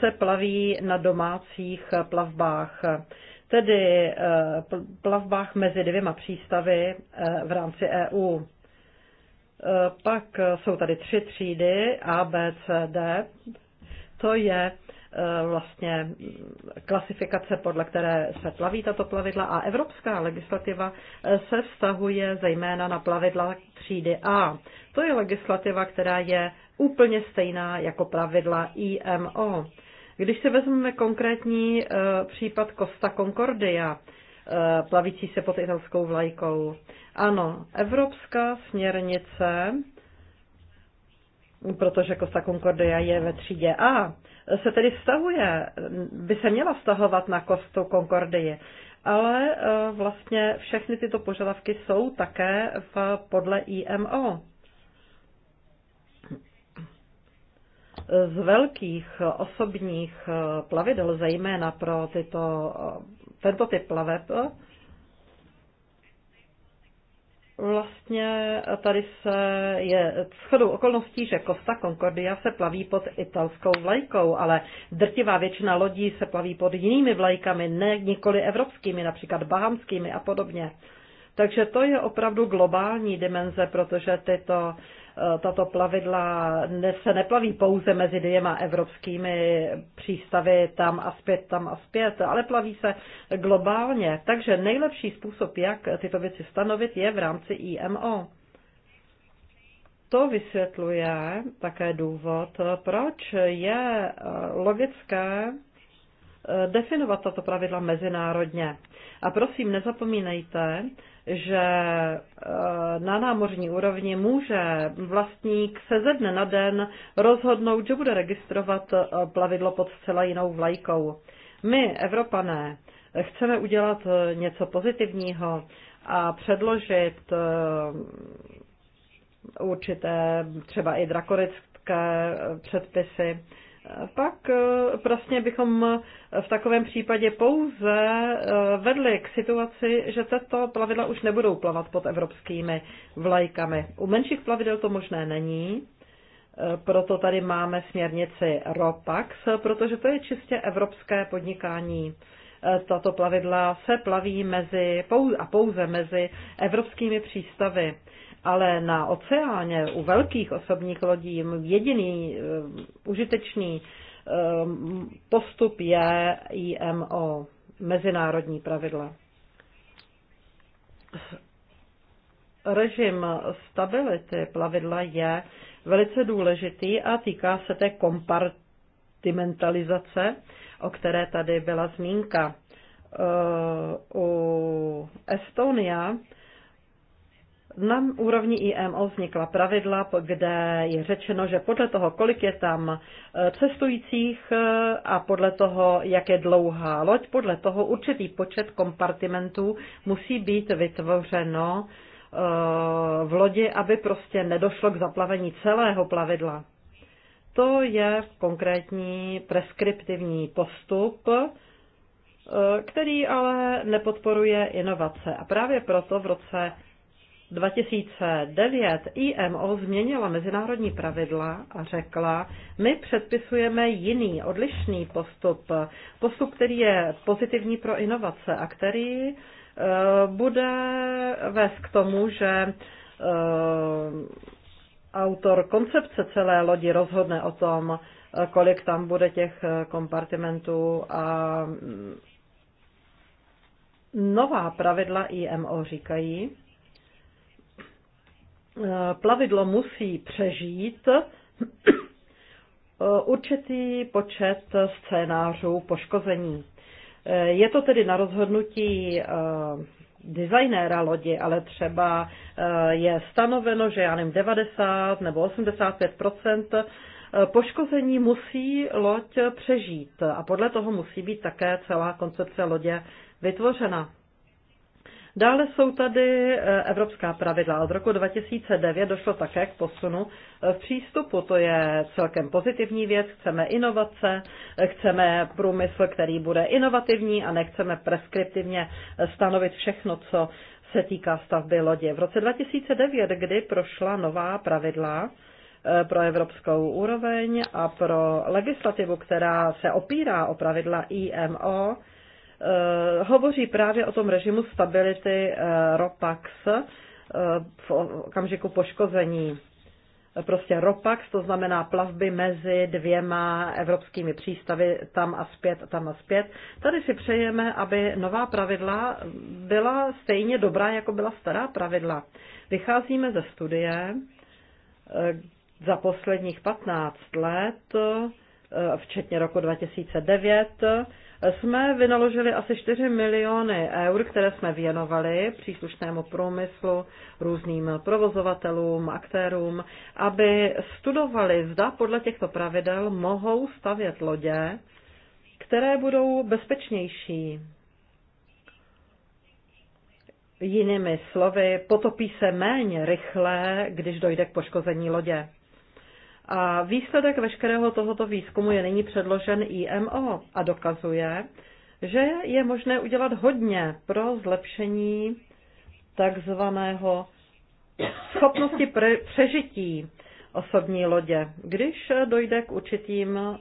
se plaví na domácích plavbách, tedy eh, plavbách mezi dvěma přístavy eh, v rámci EU. Eh, pak jsou tady tři třídy A, B, C, D. To je vlastně klasifikace, podle které se plaví tato plavidla a evropská legislativa se vztahuje zejména na plavidla třídy A. To je legislativa, která je úplně stejná jako pravidla IMO. Když se vezmeme konkrétní eh, případ Costa Concordia, eh, plavící se pod italskou vlajkou. Ano, evropská směrnice, protože Costa Concordia je ve třídě A, se tedy vztahuje, by se měla vztahovat na Costa Concordii, ale eh, vlastně všechny tyto požadavky jsou také v, podle IMO. z velkých osobních eh, plavidel, zejména pro tyto, eh, tento typ plaveb, vlastně tady se je shodou okolností, že Costa Concordia se plaví pod italskou vlajkou, ale drtivá většina lodí se plaví pod jinými vlajkami, ne nikoli evropskými, například bahamskými a podobně. Takže to je opravdu globální dimenze, protože tyto Eh, tato plavidla se neplaví pouze mezi dvěma evropskými přístavy tam a zpět, tam a zpět, ale plaví se globálně. Takže nejlepší způsob, jak tyto věci stanovit, je v rámci IMO. To vysvětluje také důvod, proč je eh, logické eh, definovat tato pravidla mezinárodně. A prosím, nezapomínejte, že eh, na námořní úrovni může vlastník se ze dne na den rozhodnout, že bude registrovat eh, plavidlo pod zcela jinou vlajkou. My, Evropané, chceme udělat eh, něco pozitivního a předložit určité třeba i drakonické předpisy, pak vlastně bychom v takovém případě pouze eh, vedli k situaci, že tato plavidla už nebudou plavat pod evropskými vlajkami. U menších plavidel to možné není, eh, proto tady máme směrnici ROPAX, protože to je čistě evropské podnikání. Tato plavidla se plaví mezi, a pouze mezi evropskými přístavy ale na oceáně u velkých osobních lodí jediný uh, užitečný eh, postup je IMO, mezinárodní pravidla. Režim stability plavidla je velice důležitý a týká se té kompartimentalizace, o které tady byla zmínka. Eh, u Estonia na úrovni IMO vznikla pravidla, kde je řečeno, že podle toho, kolik je tam e, cestujících e, a podle toho, jak je dlouhá loď, podle toho určitý počet kompartimentů musí být vytvořeno e, v lodi, aby prostě nedošlo k zaplavení celého plavidla. To je konkrétní preskriptivní postup, který ale nepodporuje inovace. A právě proto v roce 2009 IMO změnila mezinárodní pravidla a řekla, my předpisujeme jiný, odlišný postup, postup, který je pozitivní pro inovace a který e, bude vést k tomu, že e, autor koncepce celé lodi rozhodne o tom, e, kolik tam bude těch kompartimentů a mm, nová pravidla IMO říkají, Eh, plavidlo musí přežít eh, určitý počet scénářů poškození. Eh, je to tedy na rozhodnutí designéra lodi, ale třeba je stanoveno, že já nevím, 90 nebo 85 poškození musí loď přežít a podle toho musí být také celá koncepce lodě vytvořena. Dále jsou tady e, evropská pravidla. Od roku 2009 došlo také k posunu e, v přístupu. To je celkem pozitivní věc. Chceme inovace, e, chceme průmysl, který bude inovativní a nechceme preskriptivně stanovit všechno, co se týká stavby lodě. V roce 2009, kdy prošla nová pravidla, pro evropskou úroveň a pro legislativu, která se opírá o pravidla IMO, Eh, hovoří právě o tom režimu stability eh, ROPAX eh, v okamžiku poškození. Prostě ROPAX, to znamená plavby mezi dvěma evropskými přístavy tam a zpět, tam a zpět. Tady si přejeme, aby nová pravidla byla stejně dobrá, jako byla stará pravidla. Vycházíme ze studie za posledních 15 let, včetně roku 2009, jsme vynaložili asi 4 miliony eur, které jsme věnovali příslušnému průmyslu, různým provozovatelům, aktérům, aby studovali, zda podle těchto pravidel mohou stavět lodě, které budou bezpečnější. Jinými slovy, potopí se méně rychle, když dojde k poškození lodě. A výsledek veškerého tohoto výzkumu je nyní předložen IMO a dokazuje, že je možné udělat hodně pro zlepšení takzvaného schopnosti pre- přežití osobní lodě, když dojde k určitým eh,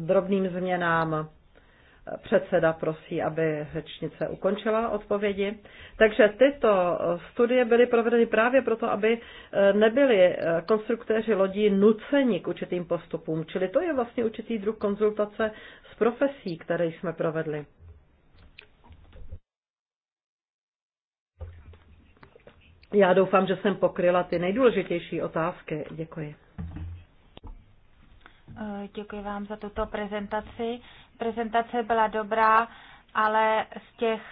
drobným změnám. Předseda prosí, aby řečnice ukončila odpovědi. Takže tyto studie byly provedeny právě proto, aby e, nebyli e, konstruktéři lodí nuceni k určitým postupům. Čili to je vlastně určitý druh konzultace s profesí, které jsme provedli. Já doufám, že jsem pokryla ty nejdůležitější otázky. Děkuji. Děkuji vám za tuto prezentaci. Prezentace byla dobrá, ale z těch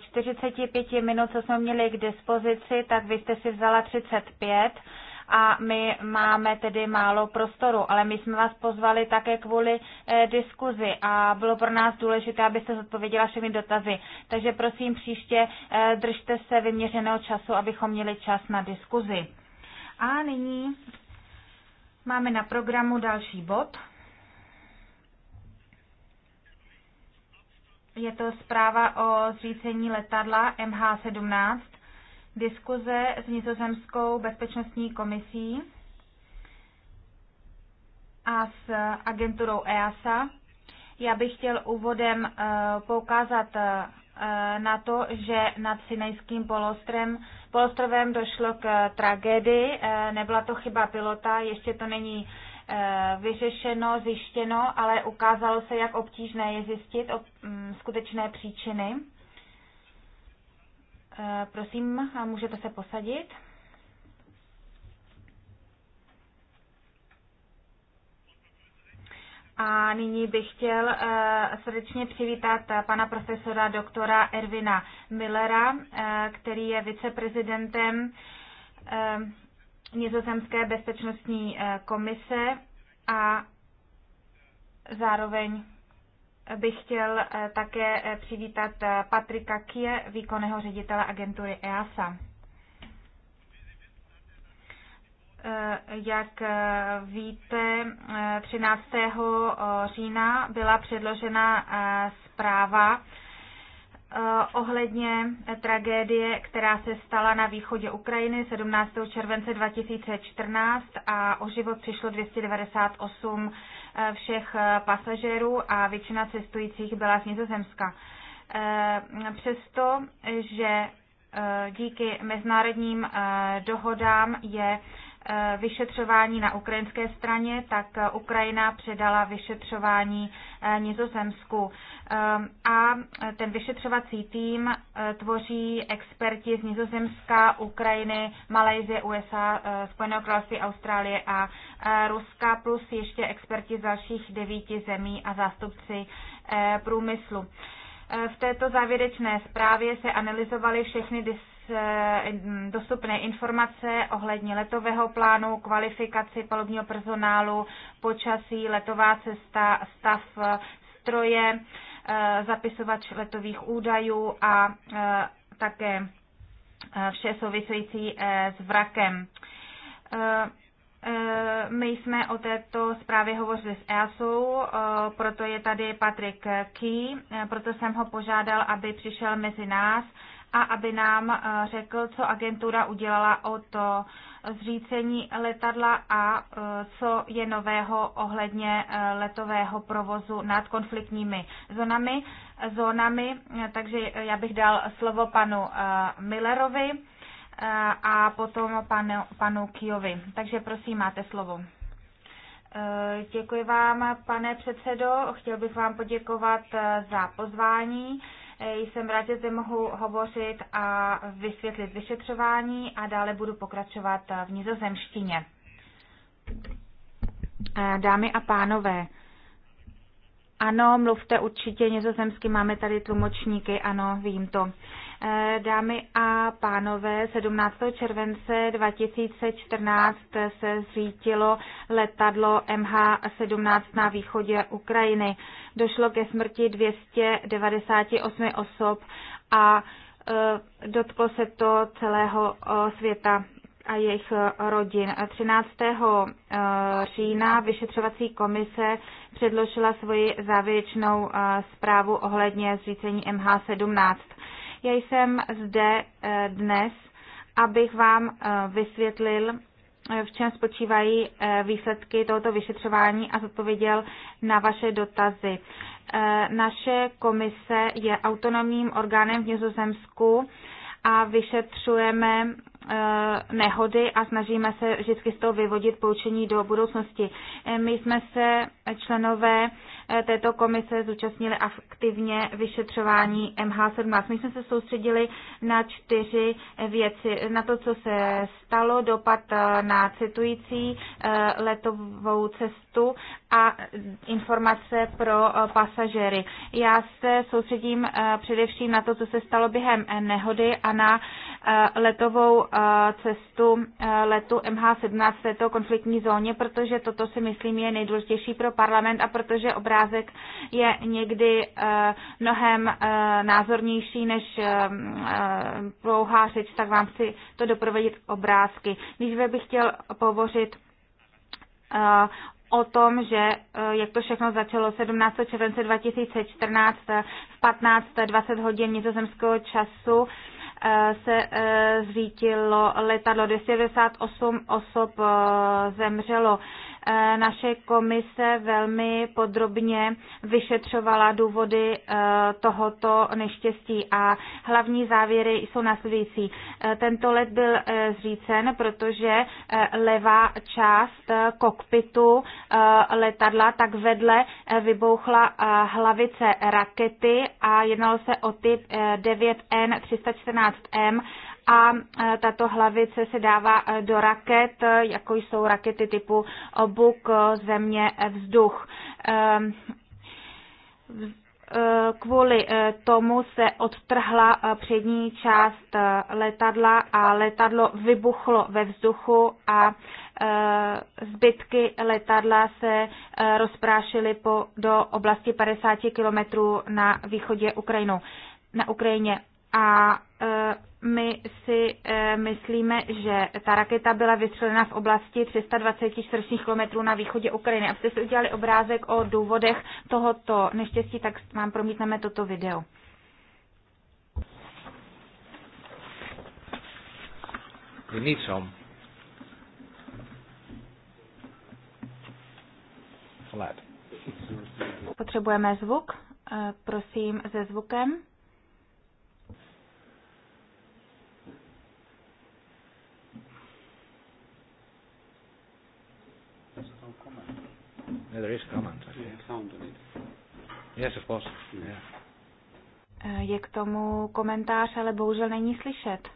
45 eh, minut, co jsme měli k dispozici, tak vy jste si vzala 35 a my máme tedy málo prostoru, ale my jsme vás pozvali také kvůli eh, diskuzi a bylo pro nás důležité, abyste zodpověděla všemi dotazy. Takže prosím příště eh, držte se vyměřeného času, abychom měli čas na diskuzi. A nyní Máme na programu další bod. Je to zpráva o zřícení letadla MH17, diskuze s Nizozemskou bezpečnostní komisí a s agenturou EASA. Já bych chtěl úvodem eh, poukázat eh, Eh, na to, že nad Sinajským polostrem, polostrovem došlo k tragédii. Eh, nebyla to chyba pilota, ještě to není eh, vyřešeno, zjištěno, ale ukázalo se, jak obtížné je zjistit o mm, skutečné příčiny. Prosím, můžete se posadit. A nyní bych chtěl eh, srdečně přivítat eh, pana profesora doktora Ervina Millera, eh, který je viceprezidentem Nizozemské bezpečnostní komise a zároveň bych chtěl také přivítat Patrika Kie, výkonného ředitele agentury EASA. Eh, jak eh, víte, 13. Eh, října byla předložena zpráva ohledně tragédie, která se stala na východě Ukrajiny 17. července 2014 a o život přišlo 298 všech pasažérů a většina cestujících byla z Nizozemska. Přesto, že díky mezinárodním dohodám je Eh, vyšetřování na ukrajinské straně, tak eh, Ukrajina předala vyšetřování eh, Nizozemsku. A ten vyšetřovací tým tvoří experti z Nizozemska, Ukrajiny, Malajzie, USA, Spojeného království, Austrálie a Ruska, plus ještě experti z dalších devíti zemí a zástupci průmyslu. V této závěrečné zprávě se analyzovaly všechny dis- Eh, dostupné informace ohledně letového plánu, kvalifikaci palubního personálu, počasí, letová cesta, stav stroje, eh, zapisovač letových údajů a eh, také vše související s vrakem. My jsme o této zprávě hovořili s EASO, proto je tady Patrik Key, proto jsem ho požádal, aby přišel mezi nás a aby nám eh, řekl, co agentura udělala o to zřícení letadla a eh, co je nového ohledně eh, letového provozu nad konfliktními zónami. zónami. Takže já bych dal slovo panu Millerovi a potom panu, panu Kijovi. Takže prosím, máte slovo. Děkuji vám, pane předsedo. Chtěl bych vám poděkovat za pozvání Eh, jsem rád, že zde mohu hovořit a vysvětlit vyšetřování a dále budu pokračovat eh, v nizozemštině. Eh, dámy a pánové, ano, mluvte určitě nizozemsky, máme tady tlumočníky, ano, vím to. Eh, dámy a pánové, 17. července 2014 se zřítilo letadlo MH17 na východě Ukrajiny. Došlo ke smrti 298 osob a eh, dotklo se to celého eh, světa a jejich rodin. 13. října vyšetřovací komise předložila svoji závěrečnou zprávu ohledně zřícení MH17. Já jsem zde eh, dnes, abych vám eh, vysvětlil, eh, v čem spočívají výsledky tohoto vyšetřování a zodpověděl na vaše dotazy. Naše komise je autonomním orgánem v Nizozemsku a vyšetřujeme nehody a snažíme se vždycky z toho vyvodit poučení do budoucnosti. My jsme se členové Eh, této komise zúčastnili aktivně vyšetřování MH17. My jsme se soustředili na čtyři věci. Na to, co se stalo, dopad eh, na citující eh, letovou cestu a informace pro pasažéry. Já se soustředím především na to, co se stalo během nehody a na letovou cestu letu MH17 v této konfliktní zóně, protože toto si myslím je nejdůležitější pro parlament a protože obrátil obrázek je někdy eh, mnohem eh, názornější než eh, dlouhá řeč, tak vám chci to doprovodit obrázky. Když bych chtěl povořit o tom, že jak to všechno začalo 17. července 2014 v 15-20 hodin nizozemského času se zřítilo letadlo. 298 osob zemřelo. Eh, naše komise velmi podrobně vyšetřovala důvody eh, tohoto neštěstí a hlavní závěry jsou následující. Eh, tento let byl zřícen, protože levá část kokpitu letadla tak vedle vybouchla hlavice rakety a jednalo se o typ 9N314M a e, tato hlavice se dává e, do raket, e, jako jsou rakety typu obuk, země, vzduch. Kvůli tomu se odtrhla přední část letadla a letadlo vybuchlo ve vzduchu a zbytky letadla se rozprášily po, do oblasti 50 kilometrů na východě Ukrajinu, na Ukrajině. A Eh, my si eh, myslíme, že ta raketa byla vystřelena v oblasti 320 čtvrtních kilometrů na východě Ukrajiny. Abyste si udělali obrázek o důvodech tohoto neštěstí, tak vám promítneme toto video. We need some. Potřebujeme zvuk. Eh, prosím se zvukem. Yes, of course. Yeah. Eh, je k tomu komentář, ale bohužel není slyšet.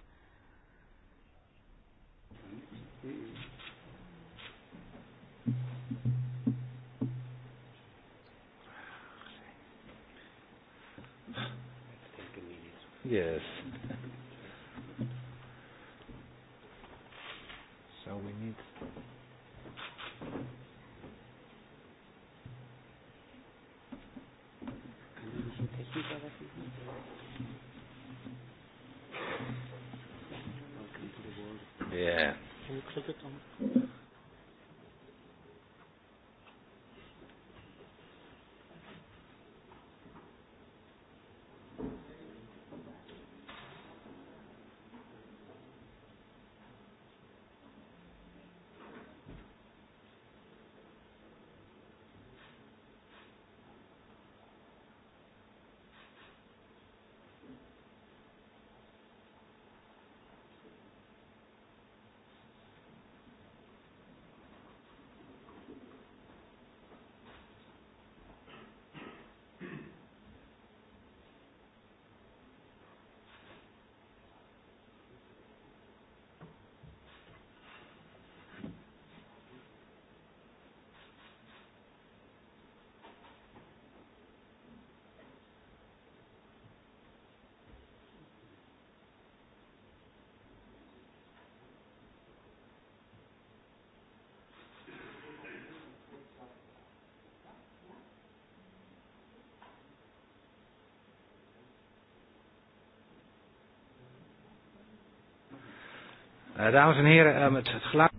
Eh, dames en heren, eh, het geluid.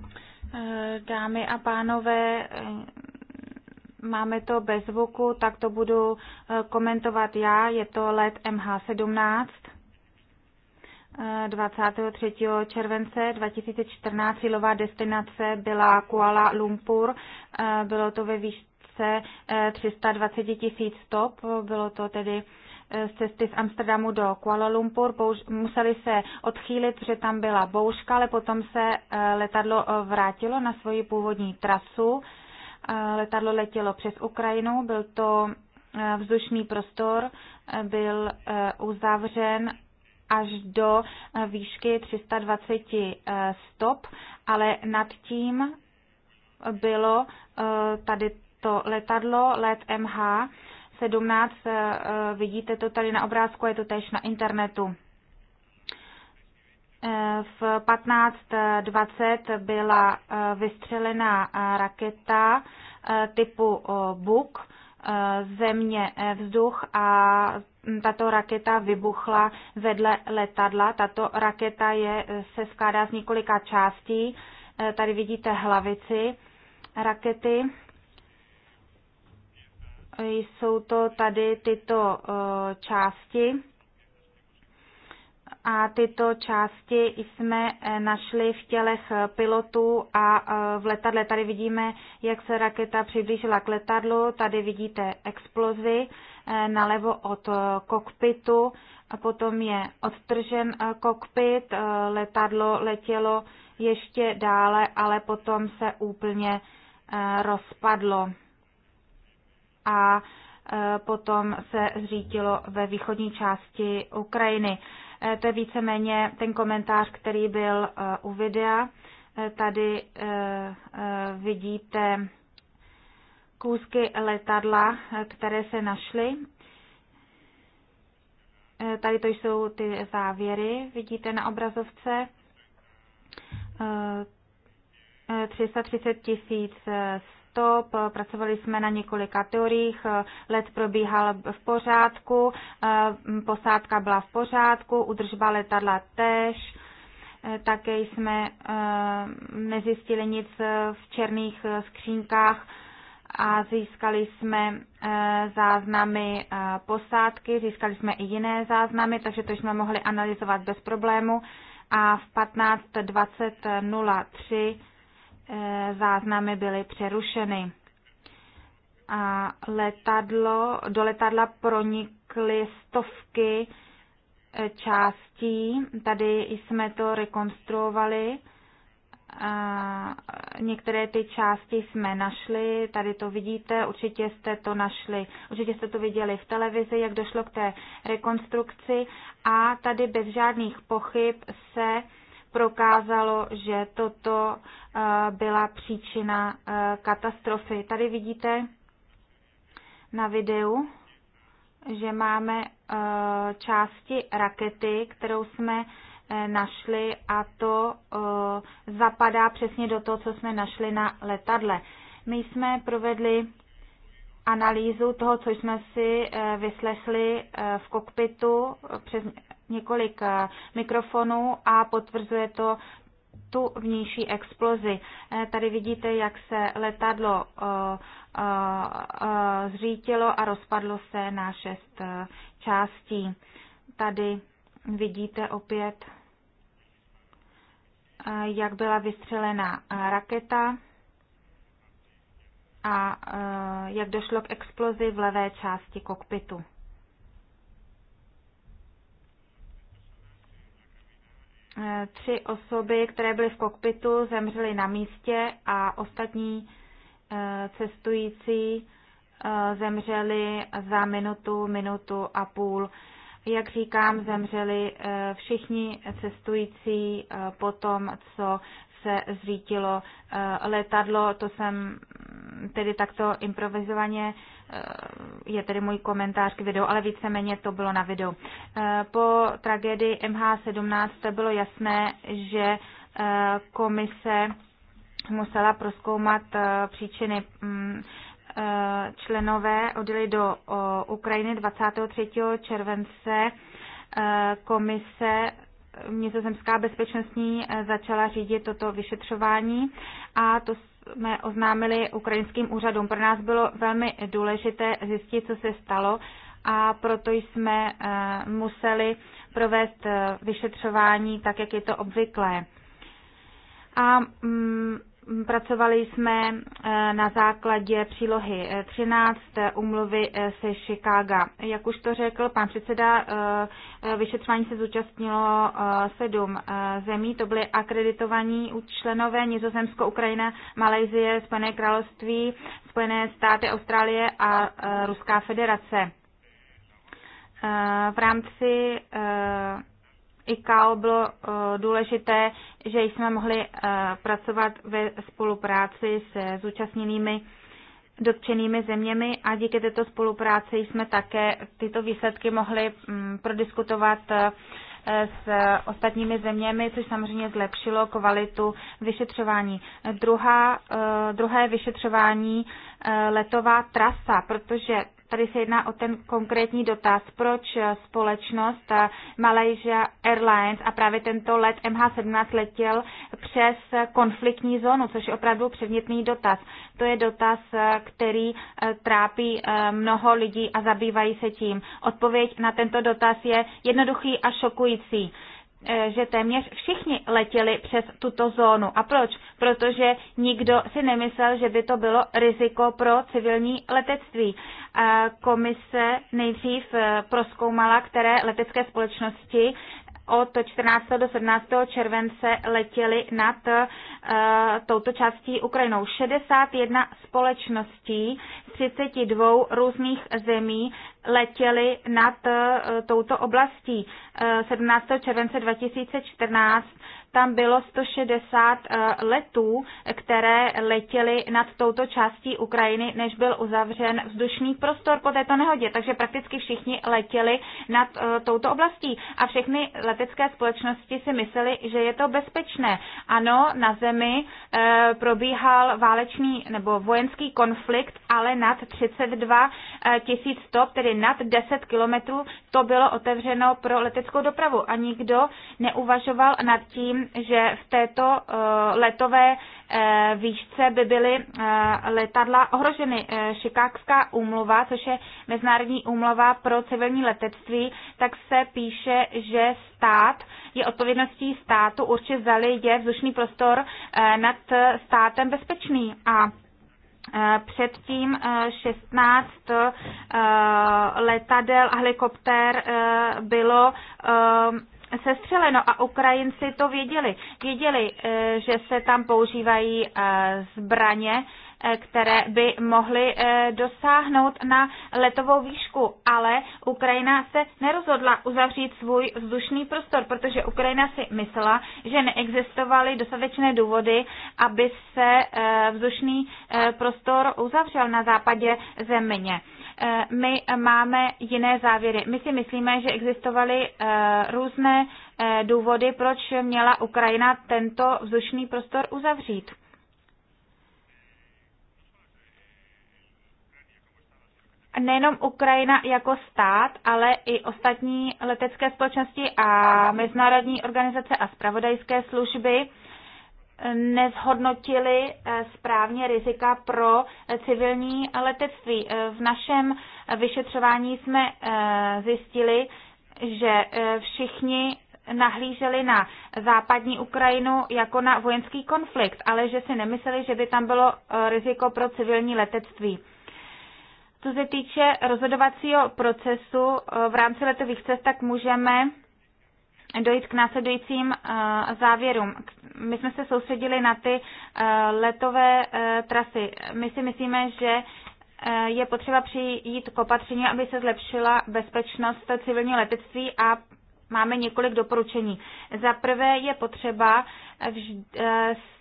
Eh, dámy a pánové, máme to bez zvuku, tak to budu komentovat já. Je to let MH17 23. července 2014 cílová destinace byla Kuala Lumpur. Bylo to ve výšce 320 tisíc stop, bylo to tedy Eh, z cesty z Amsterdamu do Kuala Lumpur. Museli se odchýlit, protože tam byla bouška, ale potom se eh, letadlo eh, vrátilo na svoji původní trasu. Letadlo letělo přes Ukrajinu, byl to vzdušný prostor, byl uzavřen až do výšky 320 stop, ale nad tím bylo tady to letadlo, let MH, 17. Eh, eh, vidíte to tady na obrázku, je to též na internetu. Eh, v 15.20 byla vystřelená raketa typu Buk, země vzduch a hm, tato raketa vybuchla vedle letadla. Tato raketa je, se skládá z několika částí. Tady vidíte hlavici rakety jsou to tady tyto eh, části. A tyto části jsme eh, našli v tělech eh, pilotů a v letadle. Tady vidíme, jak se raketa přiblížila k letadlu. Tady vidíte explozi nalevo od kokpitu. A potom je odtržen kokpit. Letadlo letělo ještě dále, ale potom se úplně rozpadlo a e, potom se zřítilo ve východní části Ukrajiny. E, to je víceméně ten komentář, který byl e, u videa. Tady vidíte kousky letadla, které se našly. Tady to jsou ty závěry, vidíte na obrazovce. 330 tisíc laptop, pracovali jsme na několika teoriích, let probíhal v pořádku, eh, posádka byla v pořádku, udržba letadla tež, eh, také jsme eh, nezjistili nic v černých skřínkách a získali jsme záznamy posádky, získali jsme i jiné záznamy, takže to jsme mohli analyzovat bez problému a v 15.20.03 záznamy byly přerušeny. A letadlo, do letadla pronikly stovky eh, částí. Tady jsme to rekonstruovali. A některé ty části jsme našli, tady to vidíte, určitě jste to našli, určitě jste to viděli v televizi, jak došlo k té rekonstrukci a tady bez žádných pochyb se prokázalo, že toto eh, byla příčina eh, katastrofy. Tady vidíte na videu, že máme eh, části rakety, kterou jsme našli a to zapadá přesně do toho, co jsme našli na letadle. My jsme provedli analýzu toho, co jsme si vyslechli v kokpitu několik eh, mikrofonů a potvrzuje to tu vnější explozi. Eh, tady vidíte, jak se letadlo eh, zřítilo a rozpadlo se na šest částí. Tady vidíte opět, jak byla vystřelena raketa a jak došlo k explozi v levé části kokpitu. Eh, tři osoby, které byly v kokpitu, zemřely na místě a ostatní eh, cestující eh, zemřeli za minutu, minutu a půl. Jak říkám, zemřeli všichni cestující po tom, co se zřítilo letadlo. To jsem mm, tedy takto improvizovaně Eh, je tedy můj komentář k videu, ale víceméně to bylo na videu. Eh, po tragédii MH17 bylo jasné, že eh, komise musela proskoumat příčiny mm, členové odjeli do Ukrajiny 23. července. Komise Nizozemská bezpečnostní začala řídit toto vyšetřování a to jsme oznámili ukrajinským úřadům. Pro nás bylo velmi důležité zjistit, co se stalo a proto jsme eh, museli provést eh, vyšetřování tak, jak je to obvyklé. A mm, Pracovali jsme eh, na základě přílohy 13 eh, eh, umluvy se Chicago. Jak už to řekl pan předseda, vyšetřování se zúčastnilo sedm zemí. To byly akreditovaní členové Nizozemsko, Ukrajina, Malajzie, Spojené království, Spojené státy, Austrálie a Ruská federace. V rámci ICAO bylo eh, důležité, že jsme mohli eh, pracovat ve spolupráci se zúčastněnými dotčenými zeměmi a díky této spolupráci jsme také tyto výsledky mohli mm, prodiskutovat eh, s ostatními zeměmi, což samozřejmě zlepšilo kvalitu vyšetřování. Druhá, druhé vyšetřování letová trasa, protože tady se jedná o ten konkrétní dotaz, proč společnost Malaysia Airlines a právě tento let MH17 letěl přes konfliktní zónu, což je opravdu předmětný dotaz. To je dotaz, který eh, trápí eh, mnoho lidí a zabývají se tím. Odpověď na tento dotaz je jednoduchý a šokující. Eh, že téměř všichni letěli přes tuto zónu. A proč? Protože nikdo si nemyslel, že by to bylo riziko pro civilní letectví. komise nejdřív eh, proskoumala, které letecké společnosti od 14. do 17. července letěly nad eh, touto částí Ukrajinou. 61 společností 32 různých zemí letěly nad eh, touto oblastí. 17. Eh, července 2014 tam bylo 160 eh, letů, které letěly nad touto částí Ukrajiny, než byl uzavřen vzdušný prostor po této nehodě. Takže prakticky všichni letěli nad eh, touto oblastí. A všechny letecké společnosti si mysleli, že je to bezpečné. Ano, na zemi eh, probíhal válečný nebo vojenský konflikt, ale nad 32 tisíc stop, tedy nad 10 kilometrů, to bylo otevřeno pro leteckou dopravu. A nikdo neuvažoval nad tím, že v této eh, letové eh, výšce by byly eh, letadla ohroženy. Šikákská úmluva, což je Mezinárodní úmluva pro civilní letectví, tak se píše, že stát je odpovědností státu určit, zali je vzdušný prostor nad státem bezpečný. A Předtím 16 letadel a helikoptér bylo sestřeleno a Ukrajinci to věděli. Věděli, eh, že se tam používají eh, zbraně, eh, které by mohly dosáhnout na letovou výšku, ale Ukrajina se nerozhodla uzavřít svůj vzdušný prostor, protože Ukrajina si myslela, že neexistovaly dostatečné důvody, aby se vzdušný prostor uzavřel na západě země. Eh, my máme jiné závěry. My si myslíme, že existovaly eh, různé eh, důvody, proč měla Ukrajina tento vzdušný prostor uzavřít. nejenom Ukrajina jako stát, ale i ostatní letecké společnosti a mezinárodní organizace a spravodajské služby nezhodnotili eh, správně rizika pro eh, civilní letectví. Eh, v našem vyšetřování jsme zjistili, že všichni nahlíželi na západní Ukrajinu jako na vojenský konflikt, ale že si nemysleli, že by tam bylo riziko pro civilní letectví. Co se týče rozhodovacího procesu v rámci letových cest, tak můžeme dojít k následujícím eh, závěrům. My jsme se soustředili na ty eh, letové eh, trasy. My si myslíme, že je potřeba přijít k opatření, aby se zlepšila bezpečnost civilního letectví a máme několik doporučení. Za prvé je potřeba vždy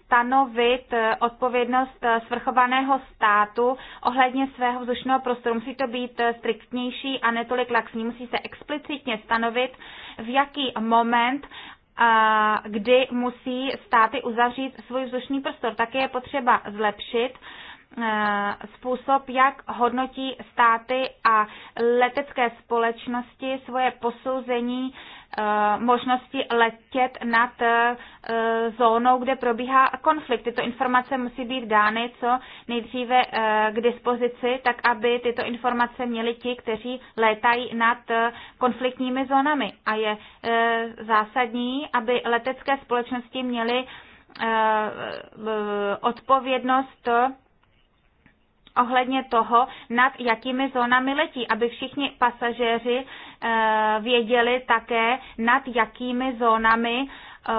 stanovit eh, odpovědnost eh, svrchovaného státu ohledně svého vzdušného prostoru. Musí to být eh, striktnější a netolik laxní. Musí se explicitně stanovit, v jaký moment kdy musí státy uzavřít svůj vzdušný prostor. Také je potřeba zlepšit Eh, způsob, jak hodnotí státy a letecké společnosti svoje posouzení eh, možnosti letět nad eh, zónou, kde probíhá konflikt. Tyto informace musí být dány co nejdříve k dispozici, tak aby tyto informace měli ti, kteří létají nad konfliktními zónami. A je zásadní, aby letecké společnosti měly odpovědnost ohledně toho, nad jakými zónami letí, aby všichni pasažéři eh, věděli také, nad jakými zónami eh,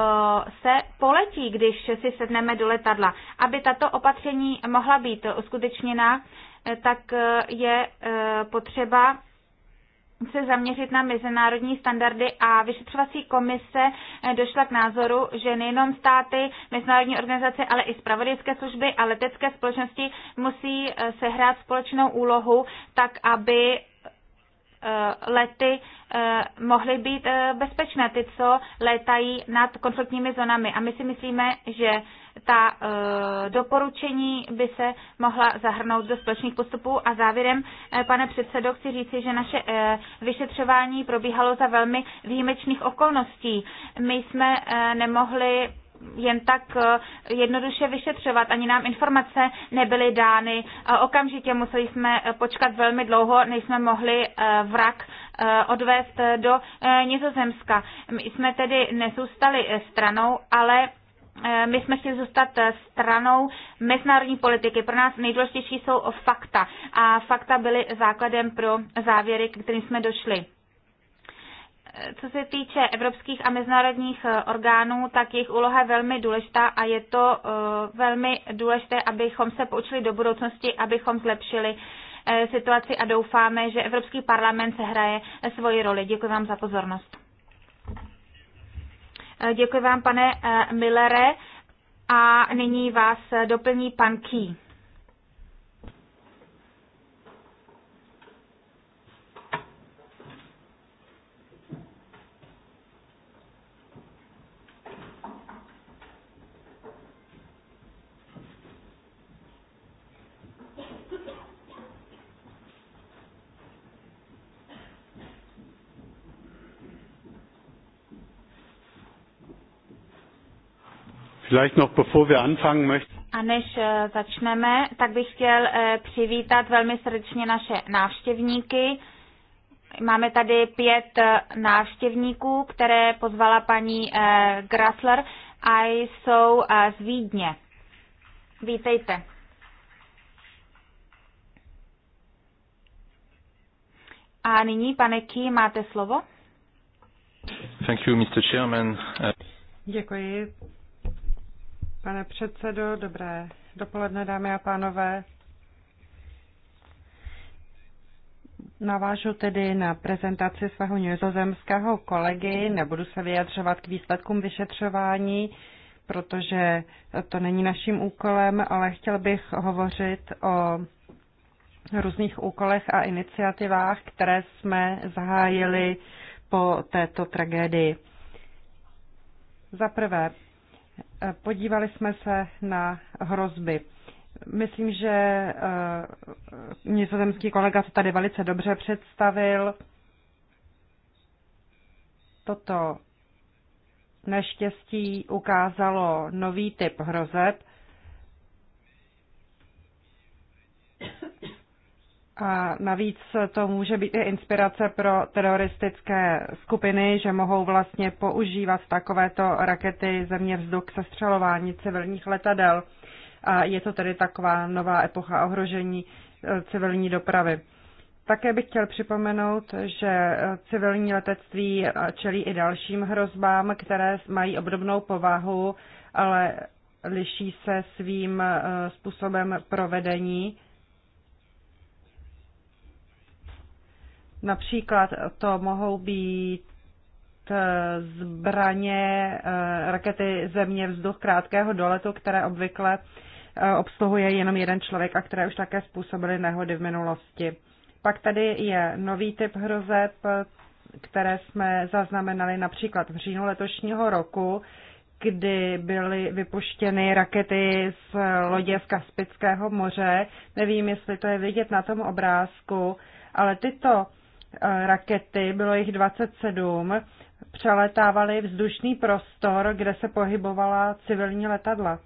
se poletí, když si sedneme do letadla. Aby tato opatření mohla být uskutečněna, eh, tak je potřeba se zaměřit na mezinárodní standardy a vyšetřovací komise eh, došla k názoru, že nejenom státy, mezinárodní organizace, ale i zpravodajské služby a letecké společnosti musí eh, sehrát společnou úlohu, tak aby Eh, lety eh, mohly být eh, bezpečné, ty, co létají nad konfliktními zónami. A my si myslíme, že ta doporučení by se mohla zahrnout do společných postupů. A závěrem, pane předsedo, chci říci, že naše vyšetřování probíhalo za velmi výjimečných okolností. My jsme nemohli jen tak eh, jednoduše vyšetřovat. Ani nám informace nebyly dány. Eh, okamžitě museli jsme eh, počkat velmi dlouho, než jsme mohli vrak odvést do Nizozemska. My jsme tedy nezůstali stranou, ale my jsme chtěli zůstat stranou mezinárodní politiky. Pro nás nejdůležitější jsou fakta. A fakta byly základem pro závěry, k kterým jsme došli co se týče evropských a mezinárodních eh, orgánů, tak jejich úloha je velmi důležitá a je to eh, velmi důležité, abychom se poučili do budoucnosti, abychom zlepšili eh, situaci a doufáme, že Evropský parlament se hraje svoji roli. Děkuji vám za pozornost. Děkuji vám, pane Millere. A nyní vás doplní pan Key. A než eh, začneme, tak bych chtěl eh, přivítat velmi srdečně naše návštěvníky. Máme tady pět eh, návštěvníků, které pozvala paní Grassler a jsou z Vídně. Vítejte. A nyní, pane Ký, máte slovo. Thank you, Mr. Chairman. Děkuji, pane předsedo. Dobré dopoledne, dámy a pánové. Navážu tedy na prezentaci svého nizozemského kolegy. Nebudu se vyjadřovat k výsledkům vyšetřování, protože to není naším úkolem, ale chtěl bych hovořit o různých úkolech a iniciativách, které jsme zahájili po této tragédii. Za prvé, Podívali jsme se na hrozby. Myslím, že eh, nizozemský kolega to tady velice dobře představil. Toto neštěstí ukázalo nový typ hrozeb, A navíc to může být i inspirace pro teroristické skupiny, že mohou vlastně používat takovéto rakety země vzduch k sestřelování civilních letadel. A je to tedy taková nová epocha ohrožení e, civilní dopravy. Také bych chtěl připomenout, že e, civilní letectví e, čelí i dalším hrozbám, které mají obdobnou povahu, ale liší se svým způsobem provedení Například to mohou být eh, zbraně, eh, rakety země, vzduch krátkého doletu, které obvykle eh, obsluhuje jenom jeden člověk a které už také způsobily nehody v minulosti. Pak tady je nový typ hrozeb, které jsme zaznamenali například v říjnu letošního roku, kdy byly vypuštěny rakety z lodě z Kaspického moře. Nevím, jestli to je vidět na tom obrázku, ale tyto Eh, rakety, bylo jich 27, přeletávaly vzdušný prostor, kde se pohybovala civilní letadla.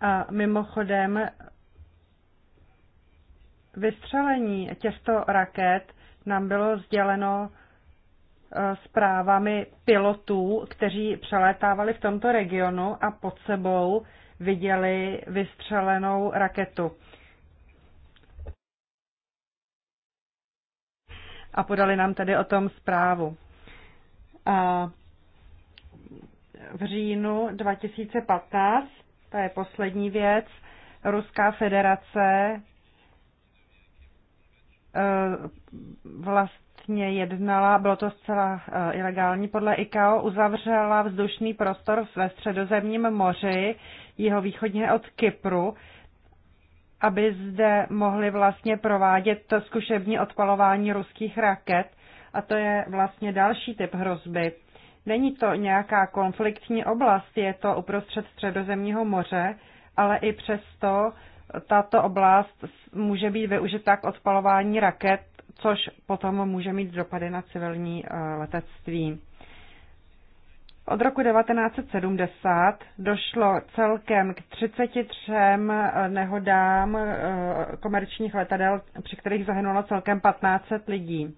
A mimochodem vystřelení těchto raket nám bylo sděleno eh, zprávami pilotů, kteří přelétávali v tomto regionu a pod sebou viděli vystřelenou raketu. a podali nám tady o tom zprávu. A v říjnu 2015, to je poslední věc, Ruská federace eh, vlastně jednala, bylo to zcela eh, ilegální podle ICAO, uzavřela vzdušný prostor ve středozemním moři, jeho východně od Kypru, aby zde mohli vlastně provádět to zkušební odpalování ruských raket. A to je vlastně další typ hrozby. Není to nějaká konfliktní oblast, je to uprostřed středozemního moře, ale i přesto tato oblast může být využita k odpalování raket, což potom může mít dopady na civilní eh, letectví. Od roku 1970 došlo celkem k 33 eh, nehodám eh, komerčních letadel, při kterých zahynulo celkem 1500 lidí.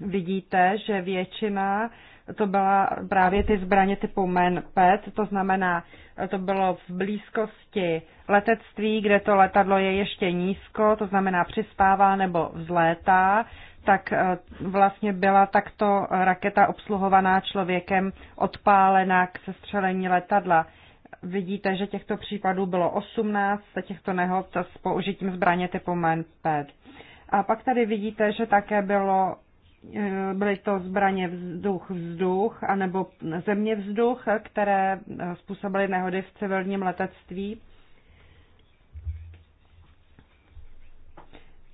Vidíte, že většina to byla právě ty zbraně typu MEN-5, to znamená, eh, to bylo v blízkosti letectví, kde to letadlo je ještě nízko, to znamená přispává nebo vzlétá tak e, vlastně byla takto raketa obsluhovaná člověkem odpálená k sestřelení letadla. Vidíte, že těchto případů bylo 18, těchto nehod s použitím zbraně typu Manpad. A pak tady vidíte, že také bylo, e, byly to zbraně vzduch-vzduch anebo země-vzduch, které e, způsobily nehody v civilním letectví.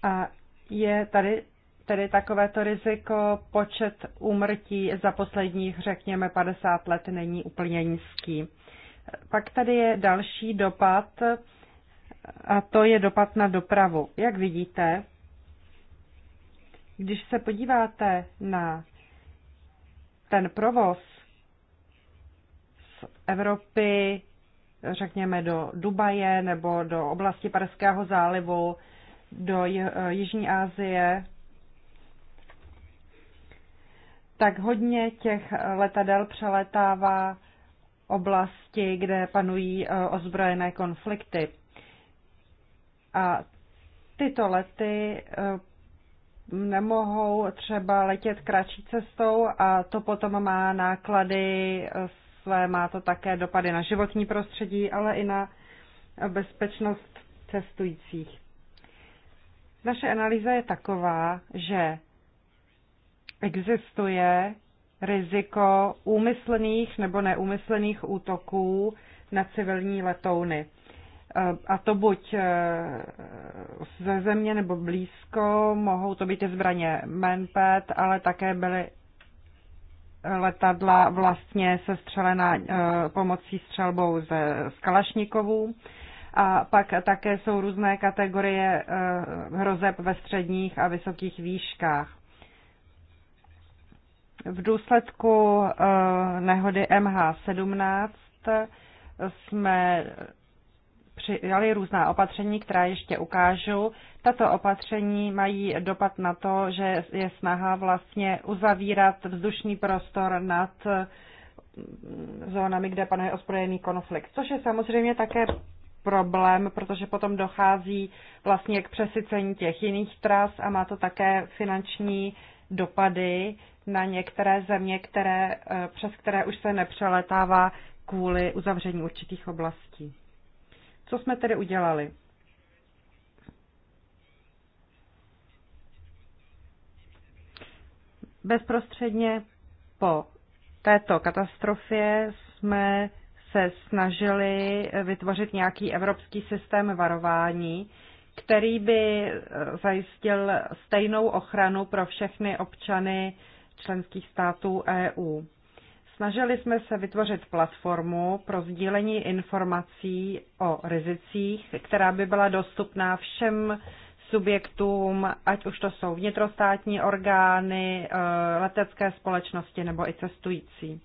A je tady tedy takovéto riziko, počet úmrtí za posledních, řekněme, 50 let není úplně nízký. Pak tady je další dopad, a to je dopad na dopravu. Jak vidíte, když se podíváte na ten provoz z Evropy, řekněme, do Dubaje nebo do oblasti Perského zálivu, do Jižní Asie, tak hodně těch eh, letadel přelétává oblasti, kde panují eh, ozbrojené konflikty. A tyto lety eh, nemohou třeba letět kratší cestou a to potom má náklady své, má to také dopady na životní prostředí, ale i na bezpečnost cestujících. Naše analýza je taková, že existuje riziko úmyslných nebo neúmyslných útoků na civilní letouny. Eh, a to buď eh, ze země nebo blízko, mohou to být i zbraně Manpad, ale také byly letadla vlastně sestřelená eh, pomocí střelbou ze skalašnikovů. A pak také jsou různé kategorie hrozeb ve středních a vysokých výškách. V důsledku eh, nehody MH17 jsme přijali různá opatření, která ještě ukážu. Tato opatření mají dopad na to, že je snaha vlastně uzavírat vzdušný prostor nad mm, zónami, kde panuje ozbrojený konflikt, což je samozřejmě také problém, protože potom dochází vlastně k přesycení těch jiných tras a má to také finanční dopady na některé země, které, eh, přes které už se nepřeletává kvůli uzavření určitých oblastí. Co jsme tedy udělali? Bezprostředně po této katastrofě jsme se snažili vytvořit nějaký evropský systém varování, který by eh, zajistil stejnou ochranu pro všechny občany členských států EU. Snažili jsme se vytvořit platformu pro sdílení informací o rizicích, která by byla dostupná všem subjektům, ať už to jsou vnitrostátní orgány, eh, letecké společnosti nebo i cestující.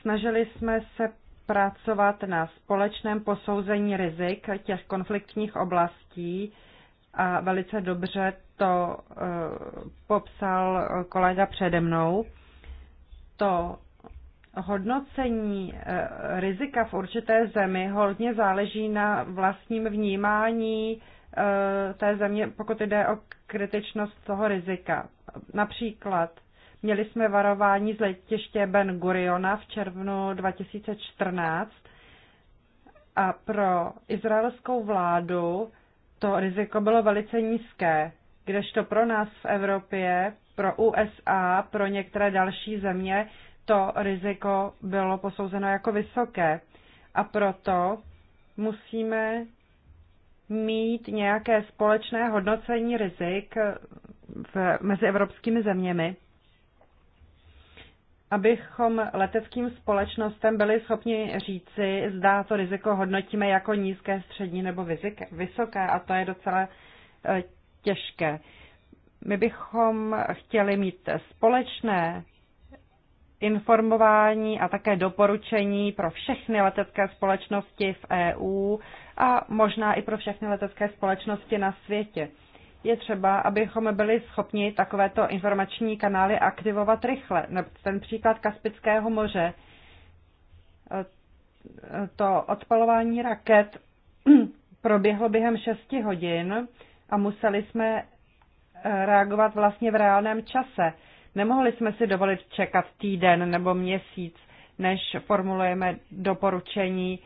Snažili jsme se pracovat na společném posouzení rizik těch konfliktních oblastí, a velice dobře to eh, popsal kolega přede mnou. To hodnocení eh, rizika v určité zemi hodně záleží na vlastním vnímání eh, té země, pokud jde o kritičnost toho rizika. Například měli jsme varování z letiště Ben Guriona v červnu 2014 a pro izraelskou vládu to riziko bylo velice nízké, kdežto pro nás v Evropě, pro USA, pro některé další země to riziko bylo posouzeno jako vysoké. A proto musíme mít nějaké společné hodnocení rizik v, mezi evropskými zeměmi abychom leteckým společnostem byli schopni říci, zda to riziko hodnotíme jako nízké, střední nebo vysoké a to je docela e, těžké. My bychom chtěli mít společné informování a také doporučení pro všechny letecké společnosti v EU a možná i pro všechny letecké společnosti na světě je třeba, abychom byli schopni takovéto informační kanály aktivovat rychle. Ten příklad Kaspického moře, e, e, to odpalování raket proběhlo během 6 hodin a museli jsme e, reagovat vlastně v reálném čase. Nemohli jsme si dovolit čekat týden nebo měsíc, než formulujeme doporučení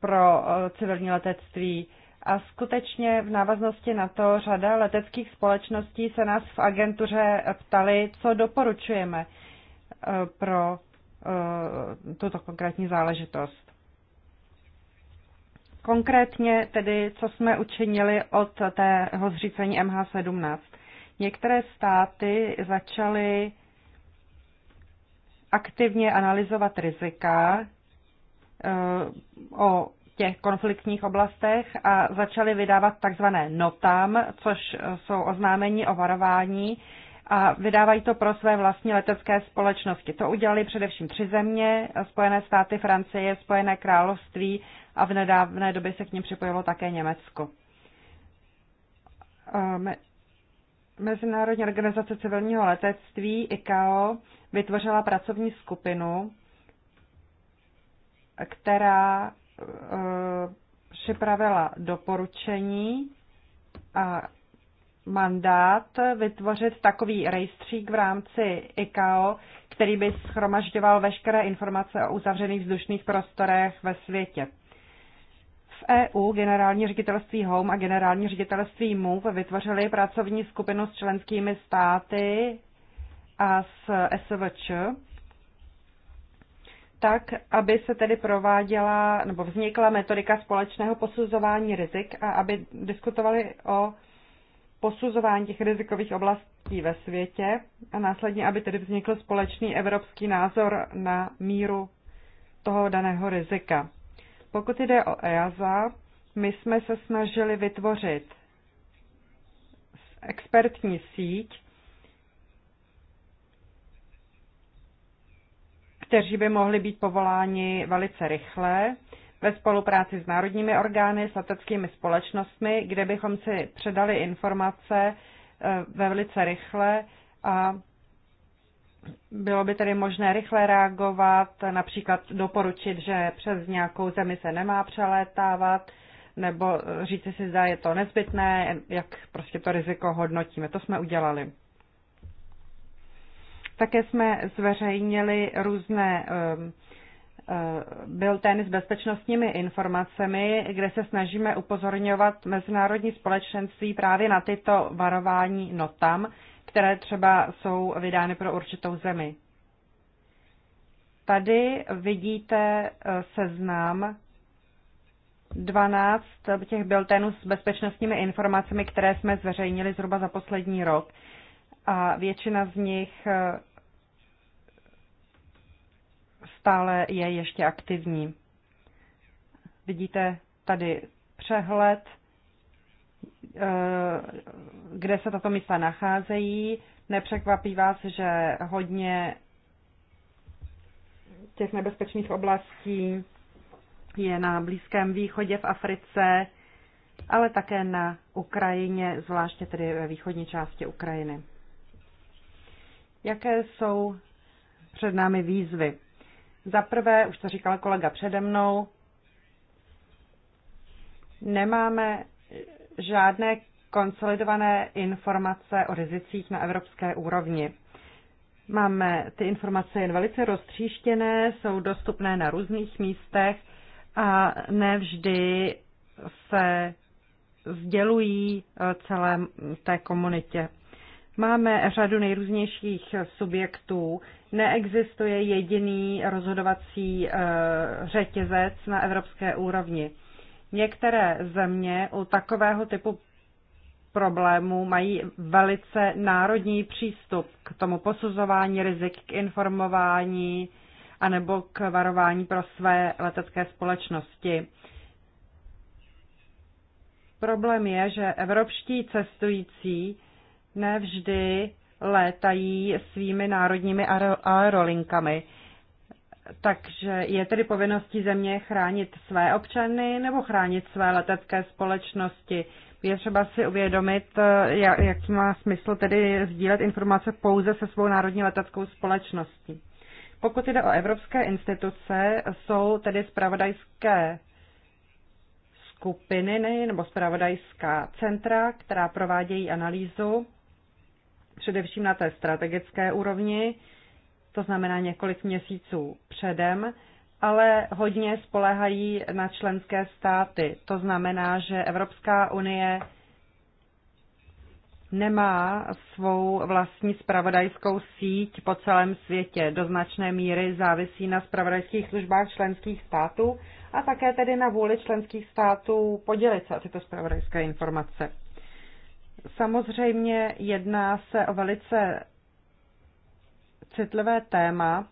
pro civilní letectví a skutečně v návaznosti na to řada leteckých společností se nás v agentuře ptali, co doporučujeme eh, pro eh, tuto konkrétní záležitost. Konkrétně tedy, co jsme učinili od tého zřícení MH17. Některé státy začaly aktivně analyzovat rizika, eh, o těch konfliktních oblastech a začali vydávat takzvané NOTAM, což jsou oznámení o varování a vydávají to pro své vlastní letecké společnosti. To udělali především tři země, Spojené státy, Francie, Spojené království a v nedávné době se k ním připojilo také Německo. Ehm, Mezinárodní organizace civilního letectví ICAO vytvořila pracovní skupinu, která Eh, připravila doporučení a mandát vytvořit takový rejstřík v rámci ICAO, který by schromažďoval veškeré informace o uzavřených vzdušných prostorech ve světě. V EU generální ředitelství HOME a generální ředitelství MOVE vytvořili pracovní skupinu s členskými státy a s SVČ, tak, aby se tedy prováděla nebo vznikla metodika společného posuzování rizik a aby diskutovali o posuzování těch rizikových oblastí ve světě a následně, aby tedy vznikl společný evropský názor na míru toho daného rizika. Pokud jde o EASA, my jsme se snažili vytvořit expertní síť, kteří by mohli být povoláni velice rychle ve spolupráci s národními orgány, s leteckými společnostmi, kde bychom si předali informace eh, velice rychle a bylo by tedy možné rychle reagovat, například doporučit, že přes nějakou zemi se nemá přelétávat, nebo eh, říci si, zda je to nezbytné, jak prostě to riziko hodnotíme. To jsme udělali. Také jsme zveřejnili různé um, uh, ten s bezpečnostními informacemi, kde se snažíme upozorňovat mezinárodní společenství právě na tyto varování notam, které třeba jsou vydány pro určitou zemi. Tady vidíte uh, seznam 12 těch byltenů s bezpečnostními informacemi, které jsme zveřejnili zhruba za poslední rok a většina z nich eh, stále je ještě aktivní. Vidíte tady přehled, eh, kde se tato místa nacházejí. Nepřekvapí vás, že hodně těch nebezpečných oblastí je na Blízkém východě v Africe, ale také na Ukrajině, zvláště tedy ve východní části Ukrajiny. Jaké jsou před námi výzvy? Za prvé, už to říkal kolega přede mnou, nemáme žádné konsolidované informace o rizicích na evropské úrovni. Máme ty informace jen velice roztříštěné, jsou dostupné na různých místech a nevždy se sdělují eh, celé té komunitě. Máme řadu nejrůznějších subjektů. Neexistuje jediný rozhodovací eh, řetězec na evropské úrovni. Některé země u takového typu problému mají velice národní přístup k tomu posuzování rizik, k informování anebo k varování pro své letecké společnosti. Problém je, že evropští cestující nevždy létají svými národními aerolinkami. Takže je tedy povinností země chránit své občany nebo chránit své letecké společnosti. Je třeba si uvědomit, eh, jaký má smysl tedy sdílet informace pouze se svou národní leteckou společností. Pokud jde o evropské instituce, jsou tedy spravodajské skupiny nebo spravodajská centra, která provádějí analýzu především na té strategické úrovni, to znamená několik měsíců předem, ale hodně spolehají na členské státy. To znamená, že Evropská unie nemá svou vlastní spravodajskou síť po celém světě. Do značné míry závisí na spravodajských službách členských států a také tedy na vůli členských států podělit se o tyto spravodajské informace. Samozřejmě jedná se o velice citlivé téma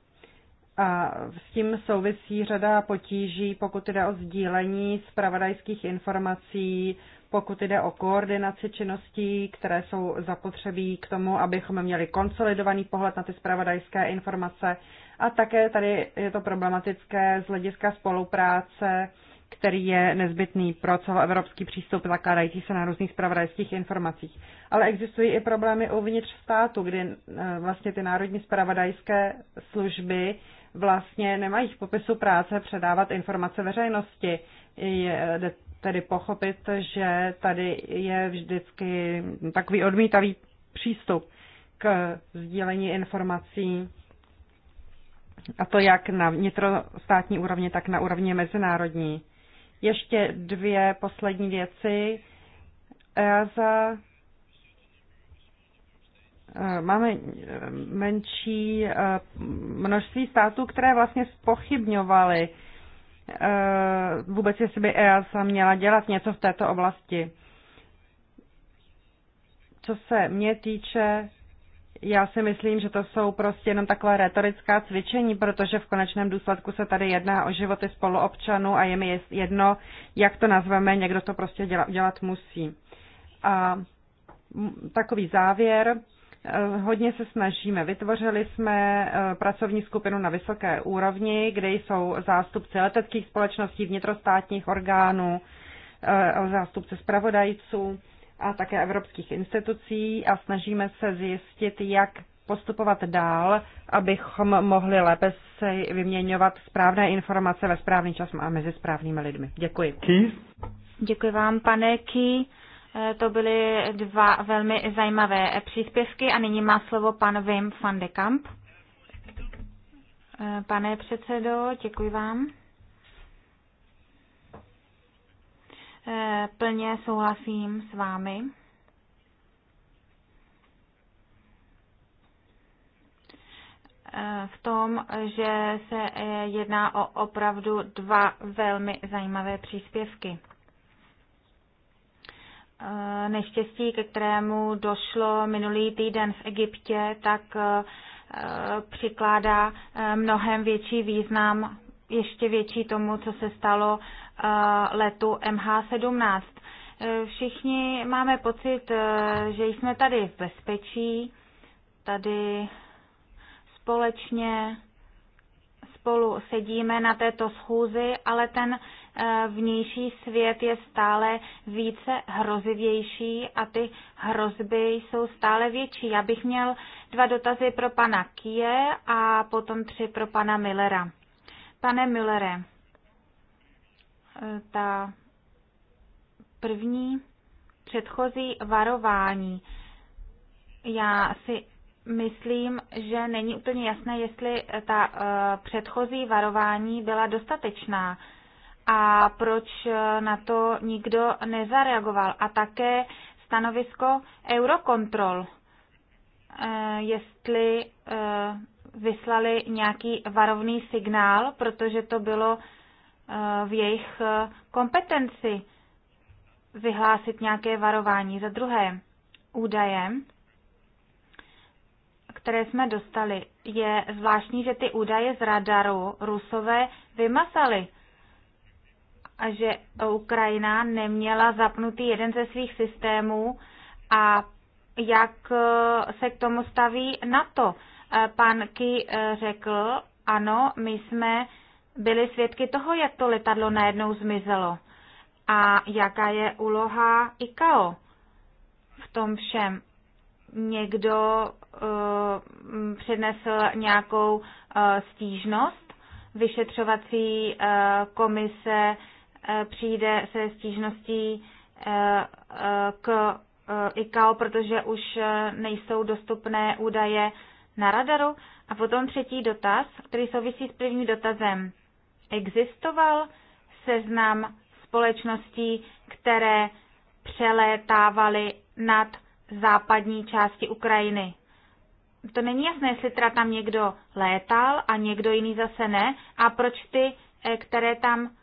a s tím souvisí řada potíží, pokud jde o sdílení zpravodajských informací, pokud jde o koordinaci činností, které jsou zapotřebí k tomu, abychom měli konsolidovaný pohled na ty zpravodajské informace. A také tady je to problematické z hlediska spolupráce který je nezbytný pro celoevropský přístup zakládající se na různých spravodajských informacích. Ale existují i problémy uvnitř státu, kdy eh, vlastně ty národní spravodajské služby vlastně nemají v popisu práce předávat informace veřejnosti. Eh, jde tedy pochopit, že tady je vždycky takový odmítavý přístup k sdílení informací a to jak na vnitrostátní úrovni, tak na úrovni mezinárodní. Ještě dvě poslední věci. EASA eh, máme menší eh, množství států, které vlastně spochybňovaly eh, vůbec, jestli by EASA měla dělat něco v této oblasti. Co se mě týče, já si myslím, že to jsou prostě jenom takové retorická cvičení, protože v konečném důsledku se tady jedná o životy spoluobčanů a je mi jedno, jak to nazveme, někdo to prostě dělat, dělat musí. A takový závěr. Eh, hodně se snažíme. Vytvořili jsme eh, pracovní skupinu na vysoké úrovni, kde jsou zástupci leteckých společností, vnitrostátních orgánů, eh, zástupce spravodajců a také evropských institucí a snažíme se zjistit, jak postupovat dál, abychom mohli lépe se vyměňovat správné informace ve správný čas a mezi správnými lidmi. Děkuji. Ký? Děkuji vám, pane Ký. Eh, to byly dva velmi zajímavé eh, příspěvky a nyní má slovo pan Wim van de Kamp. Eh, pane předsedo, děkuji vám. Eh, plně souhlasím s vámi. Eh, v tom, že se eh, jedná o opravdu dva velmi zajímavé příspěvky. Neštěstí, ke kterému došlo minulý týden v Egyptě, tak přikládá mnohem větší význam, ještě větší tomu, co se stalo Eh, letu MH17. Eh, všichni máme pocit, eh, že jsme tady v bezpečí, tady společně spolu sedíme na této schůzi, ale ten vnější svět je stále více hrozivější a ty hrozby jsou stále větší. Já bych měl dva dotazy pro pana Kie a potom tři pro pana Millera. Pane Millere, ta první předchozí varování. Já si myslím, že není úplně jasné, jestli ta eh, předchozí varování byla dostatečná a proč eh, na to nikdo nezareagoval. A také stanovisko Eurocontrol, eh, jestli vyslali nějaký varovný signál, protože to bylo v jejich eh, kompetenci vyhlásit nějaké varování. Za druhé, údaje, které jsme dostali, je zvláštní, že ty údaje z radaru Rusové vymazali a že Ukrajina neměla zapnutý jeden ze svých systémů a jak eh, se k tomu staví NATO. Eh, pan Ky řekl, ano, my jsme byli svědky toho, jak to letadlo najednou zmizelo a jaká je úloha ICAO v tom všem. Někdo uh, přednesl nějakou uh, stížnost, vyšetřovací uh, komise uh, přijde se stížností uh, uh, k uh, ICAO, protože už uh, nejsou dostupné údaje na radaru. A potom třetí dotaz, který souvisí s prvním dotazem. Existoval seznam společností, které přelétávaly nad západní části Ukrajiny. To není jasné, jestli teda tam někdo létal a někdo jiný zase ne. A proč ty, eh, které tam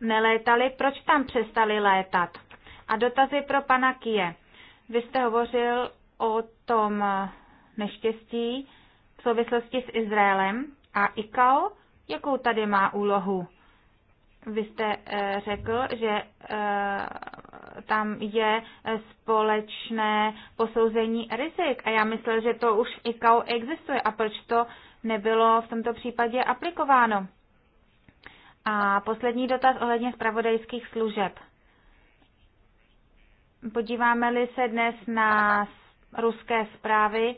nelétaly, proč tam přestali létat? A dotazy pro pana Kije. Vy jste hovořil o tom neštěstí v souvislosti s Izraelem a ICAO Jakou tady má úlohu? Vy jste eh, řekl, že eh, tam je eh, společné posouzení rizik a já myslel, že to už v ICAO existuje a proč to nebylo v tomto případě aplikováno. A poslední dotaz ohledně zpravodajských služeb. Podíváme-li se dnes na ruské zprávy,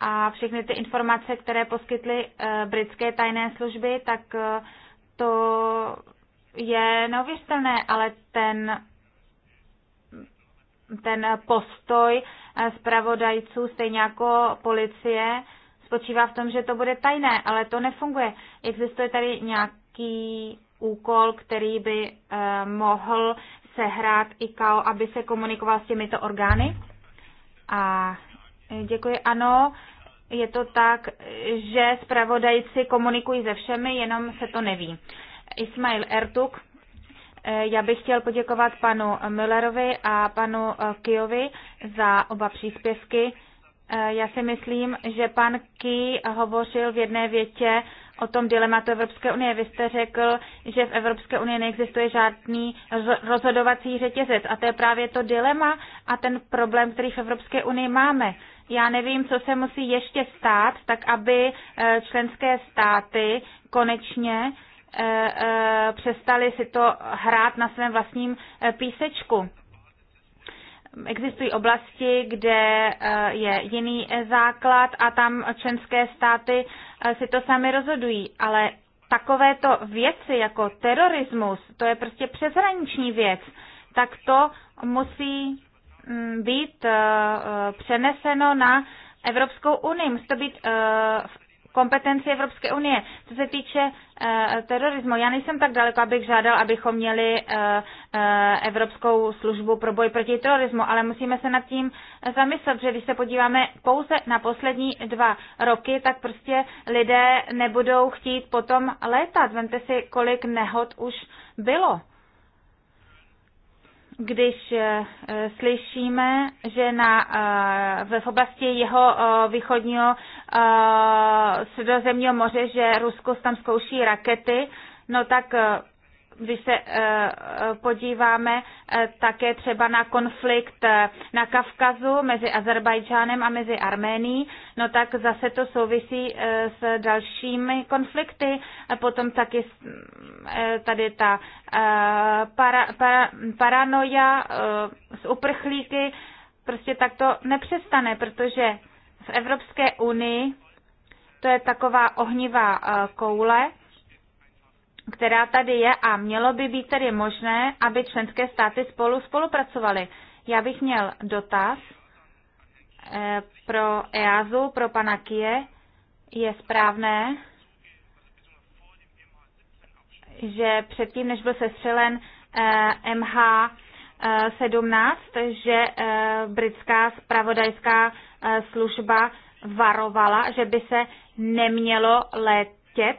a všechny ty informace, které poskytly eh, britské tajné služby, tak eh, to je neuvěřitelné, ale ten, ten postoj eh, zpravodajců, stejně jako policie, spočívá v tom, že to bude tajné, ale to nefunguje. Existuje tady nějaký úkol, který by mohl sehrát IKO, aby se komunikoval s těmito orgány? A Děkuji. Ano, je to tak, že zpravodajci komunikují se všemi, jenom se to neví. Ismail Ertuk, eh, já bych chtěl poděkovat panu Müllerovi a panu eh, Kijovi za oba příspěvky. Eh, já si myslím, že pan Ký hovořil v jedné větě o tom dilematu Evropské unie. Vy jste řekl, že v Evropské unii neexistuje žádný rozhodovací řetězec a to je právě to dilema a ten problém, který v Evropské unii máme já nevím, co se musí ještě stát, tak aby eh, členské státy konečně eh, eh, přestali si to hrát na svém vlastním písečku. Existují oblasti, kde je jiný základ a tam členské státy si to sami rozhodují, ale takovéto věci jako terorismus, to je prostě přeshraniční věc, tak to musí Mm, být eh, eh, přeneseno na Evropskou unii, musí to být eh, v kompetenci Evropské unie. Co se týče terorismu, já nejsem tak daleko, abych žádal, abychom měli Evropskou službu pro boj proti terorismu, ale musíme se nad tím zamyslet, že když se podíváme pouze na poslední dva roky, tak prostě lidé nebudou chtít potom létat. Vemte si, kolik nehod už bylo když eh, slyšíme, že na, eh, v oblasti jeho eh, východního středozemního moře, že Rusko tam zkouší rakety, no tak když se eh, eh, podíváme eh, také třeba na konflikt na Kavkazu mezi Azerbajdžánem a mezi Arménií, no tak zase to souvisí s dalšími konflikty. Potom taky mm, tady ta para, para, paranoja z uprchlíky, prostě tak to nepřestane, protože v Evropské unii to je taková ohnivá koule, která tady je a mělo by být tedy možné, aby členské státy spolu spolupracovaly. Já bych měl dotaz eh, pro EASu, pro pana Kie. Je správné, že předtím, než byl sestřelen eh, MH17, eh, že britská spravodajská služba varovala, že by se nemělo letět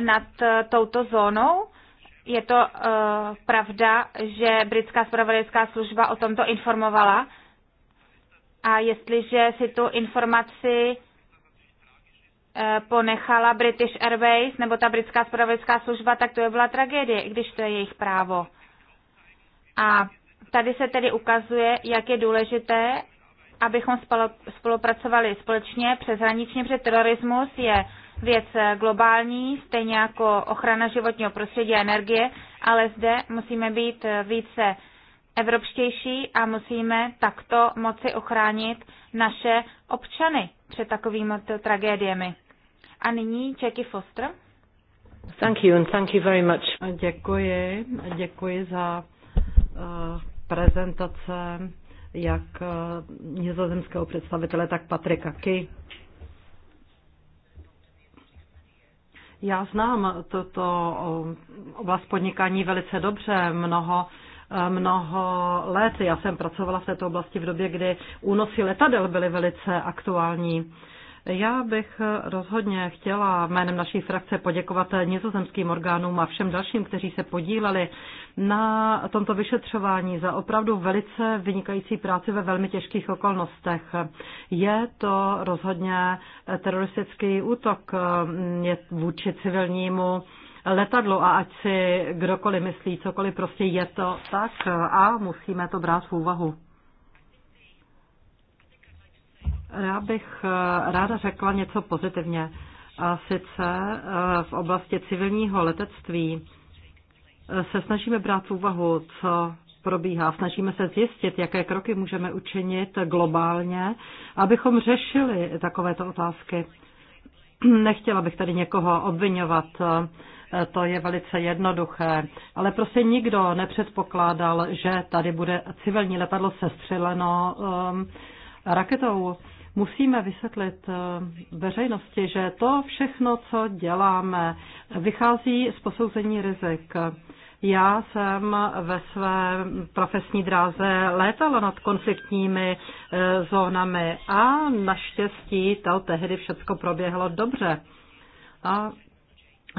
nad eh, touto zónou? Je to uh, pravda, že britská spravodajská služba o tomto informovala? A jestliže si tu informaci eh, ponechala British Airways nebo ta britská spravodajská služba, tak to je byla tragédie, i když to je jejich právo. A tady se tedy ukazuje, jak je důležité, abychom spolupracovali společně hraničně, protože terorismus je věc globální, stejně jako ochrana životního prostředí a energie, ale zde musíme být více evropštější a musíme takto moci ochránit naše občany před takovými tragédiemi. A nyní Jackie Foster. Thank you and thank you very much. Děkuji, děkuji za uh, prezentace jak eh, nizozemského představitele, tak Patrika Ky. Já znám toto eh, oblast podnikání velice dobře, mnoho eh, mnoho let. Já jsem pracovala v této oblasti v době, kdy únosy letadel byly velice aktuální. Já bych rozhodně chtěla jménem naší frakce poděkovat nizozemským orgánům a všem dalším, kteří se podíleli na tomto vyšetřování za opravdu velice vynikající práci ve velmi těžkých okolnostech. Je to rozhodně teroristický útok mm, je vůči civilnímu letadlu a ať si kdokoliv myslí cokoliv, prostě je to tak a musíme to brát v úvahu. Já bych eh, ráda řekla něco pozitivně. A sice eh, v oblasti civilního letectví eh, se snažíme brát v úvahu, co probíhá. Snažíme se zjistit, jaké kroky můžeme učinit globálně, abychom řešili takovéto otázky. Nechtěla bych tady někoho obvinovat, to je velice jednoduché, ale prostě nikdo nepředpokládal, že tady bude civilní letadlo sestřeleno raketou. Musíme vysvětlit eh, veřejnosti, že to všechno, co děláme, vychází z posouzení rizik. Já jsem ve své profesní dráze létala nad konfliktními eh, zónami a naštěstí to tehdy všechno proběhlo dobře. A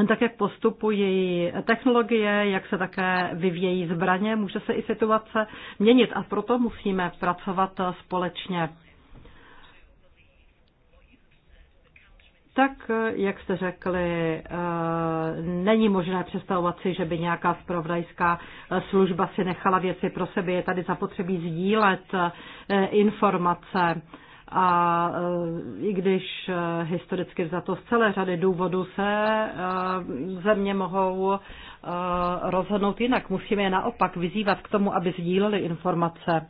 tak jak postupují technologie, jak se také vyvějí zbraně, může se i situace měnit a proto musíme pracovat společně. Tak, jak jste řekli, eh, není možné představovat si, že by nějaká spravodajská služba si nechala věci pro sebe. Je tady zapotřebí sdílet eh, informace a e, i když e, historicky za to z celé řady důvodů se e, země mohou rozhodnout jinak, musíme je naopak vyzývat k tomu, aby sdíleli informace.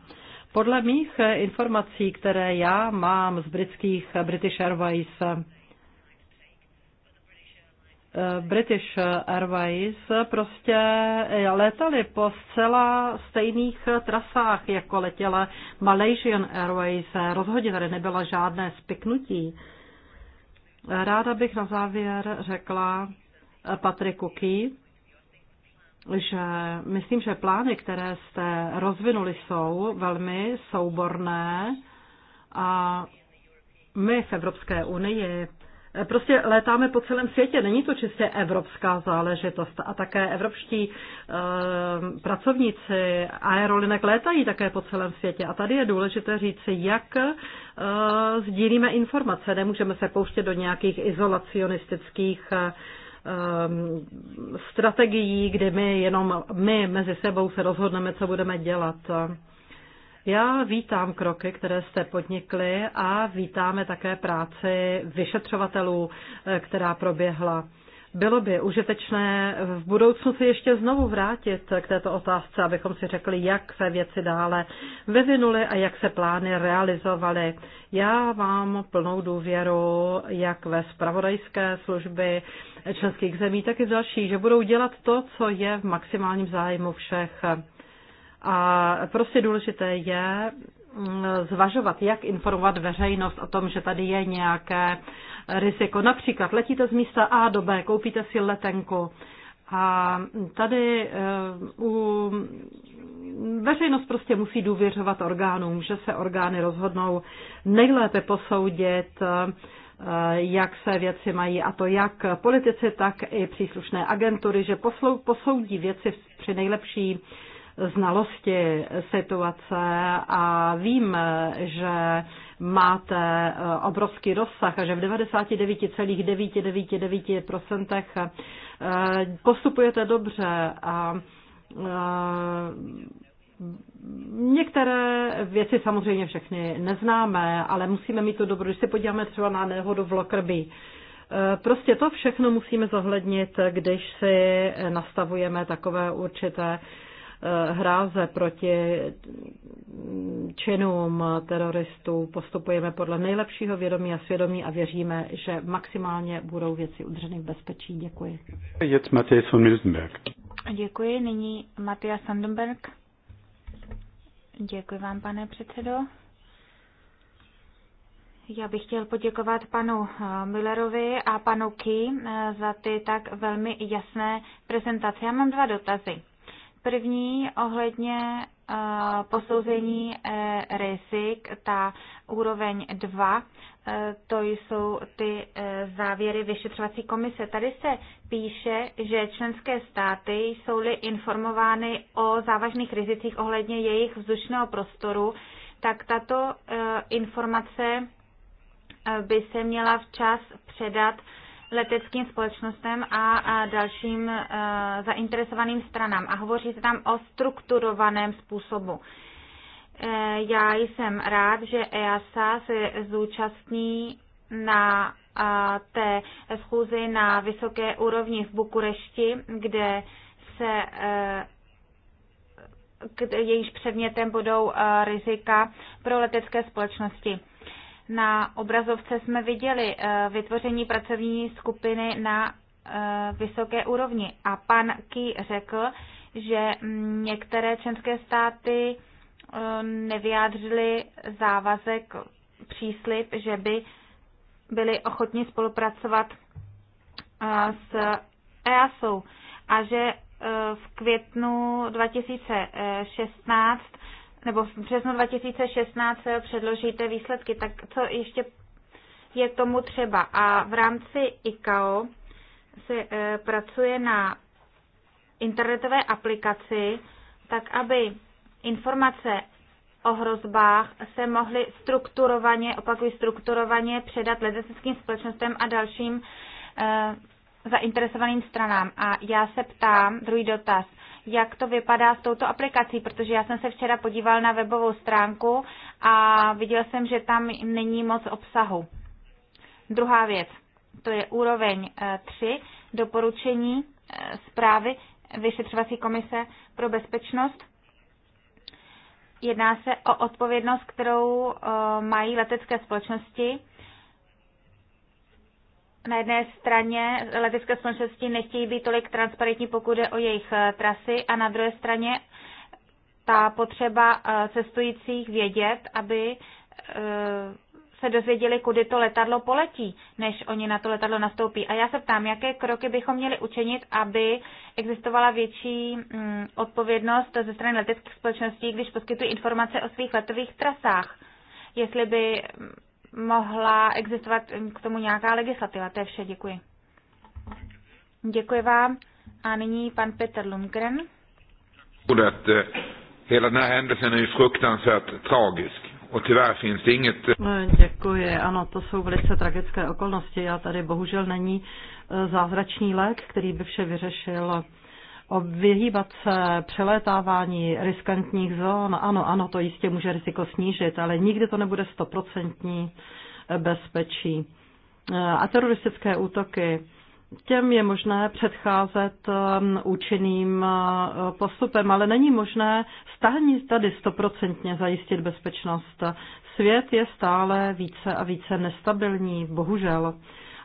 Podle mých informací, které já mám z britských British Airways, Eh, British Airways prostě letali po zcela stejných eh, trasách, jako letěla Malaysian Airways. Rozhodně tady nebyla žádné spiknutí. Ráda bych na závěr řekla eh, Patriku Key, že myslím, že plány, které jste rozvinuli, jsou velmi souborné a my v Evropské unii Prostě létáme po celém světě, není to čistě evropská záležitost. A také evropští e, pracovníci aerolinek létají také po celém světě. A tady je důležité říct, jak e, sdílíme informace. Nemůžeme se pouštět do nějakých izolacionistických e, strategií, kdy my jenom my mezi sebou se rozhodneme, co budeme dělat. Já vítám kroky, které jste podnikli a vítáme také práci vyšetřovatelů, eh, která proběhla. Bylo by užitečné v budoucnu se ještě znovu vrátit k této otázce, abychom si řekli, jak se věci dále vyvinuly a jak se plány realizovaly. Já vám plnou důvěru, jak ve spravodajské služby členských zemí, tak i další, že budou dělat to, co je v maximálním zájmu všech. A prostě důležité je mm, zvažovat, jak informovat veřejnost o tom, že tady je nějaké riziko. Například letíte z místa A do B, koupíte si letenku. A tady eh, u veřejnost prostě musí důvěřovat orgánům, že se orgány rozhodnou nejlépe posoudit, eh, jak se věci mají, a to jak politici, tak i příslušné agentury, že posoudí věci při nejlepší znalosti situace a vím, že máte eh, obrovský rozsah a že v 99,999% eh, postupujete dobře a eh, Některé věci samozřejmě všechny neznáme, ale musíme mít to dobro, když se podíváme třeba na nehodu v Lokrby. Prostě to všechno musíme zohlednit, když si nastavujeme takové určité uh, Eh, hráze proti činům teroristů. Postupujeme podle nejlepšího vědomí a svědomí a věříme, že maximálně budou věci udrženy v bezpečí. Děkuji. Děkuji. Nyní Matias Sandenberg. Děkuji vám, pane předsedo. Já bych chtěl poděkovat panu eh, Millerovi a panu Key eh, za ty tak velmi jasné prezentace. Já mám dva dotazy. První ohledně eh, posouzení eh, rizik, ta úroveň 2, eh, to jsou ty závěry vyšetřovací komise. Tady se píše, že členské státy jsou-li informovány o závažných rizicích ohledně jejich vzdušného prostoru, tak tato informace by se měla včas předat leteckým společnostem a dalším e, zainteresovaným stranám. A hovoří se tam o strukturovaném způsobu. E, já jsem rád, že EASA se zúčastní na té schůzi na vysoké úrovni v Bukurešti, kde se e, jejíž předmětem budou rizika pro letecké společnosti. Na obrazovce jsme viděli eh, vytvoření pracovní skupiny na eh, vysoké úrovni a pan Ký řekl, že mm, některé členské státy eh, nevyjádřili závazek, příslip, že by byli ochotni spolupracovat s EASO a že v květnu 2016 nebo v březnu 2016 předložíte výsledky, tak co ještě je tomu třeba? A v rámci ICAO se e, pracuje na internetové aplikaci, tak aby informace o hrozbách se mohly strukturovaně, opakuji strukturovaně, předat leteckým společnostem a dalším e, zainteresovaným stranám. A já se ptám, druhý dotaz, jak to vypadá s touto aplikací, protože já jsem se včera podíval na webovou stránku a viděl jsem, že tam není moc obsahu. Druhá věc, to je úroveň 3, eh, doporučení eh, zprávy vyšetřovací komise pro bezpečnost. Jedná se o odpovědnost, kterou eh, mají letecké společnosti na jedné straně letecké společnosti nechtějí být tolik transparentní, pokud je o jejich eh, trasy, a na druhé straně ta potřeba eh, cestujících vědět, aby eh, se dozvěděli, kudy to letadlo poletí, než oni na to letadlo nastoupí. A já se ptám, jaké kroky bychom měli učinit, aby existovala větší mm, odpovědnost ze strany leteckých společností, když poskytují informace o svých letových trasách. Jestli by mm, mohla existovat k tomu nějaká legislativa. To je vše, děkuji. Děkuji vám. A nyní pan Peter Lundgren. Att, eh, hela den här händelsen är ju fruktansvärt tragisk. Och tyvärr finns det inget... Eh, eh, děkuji, ano, to jsou velice tragické okolnosti Já tady bohužel není eh, zázračný lék, který by vše vyřešil o vyhýbat se přelétávání riskantních zón. Ano, ano, to jistě může riziko snížit, ale nikdy to nebude stoprocentní bezpečí. Eh, a teroristické útoky, těm je možné předcházet ehm, účinným eh, postupem, ale není možné stáhnit tady stoprocentně zajistit bezpečnost. Svět je stále více a více nestabilní, bohužel.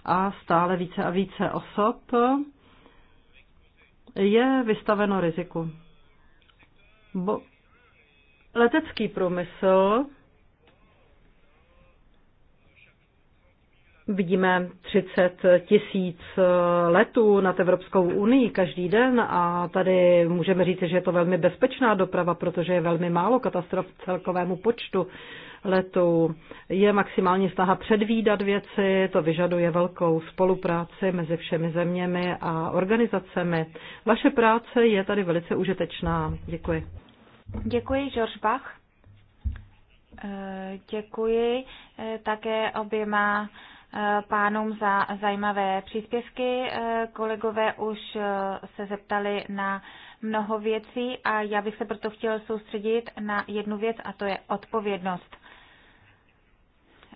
A stále více a více osob je vystaveno riziku. Bo letecký průmysl Vidíme 30 tisíc letů nad Evropskou unii každý den a tady můžeme říct, že je to velmi bezpečná doprava, protože je velmi málo katastrof celkovému počtu letu. Je maximální snaha předvídat věci, to vyžaduje velkou spolupráci mezi všemi zeměmi a organizacemi. Vaše práce je tady velice užitečná. Děkuji. Děkuji, George Bach. Eh, děkuji eh, také oběma eh, pánům za zajímavé příspěvky. Kolegové už se zeptali na mnoho věcí a já bych se proto chtěl soustředit na jednu věc a to je odpovědnost.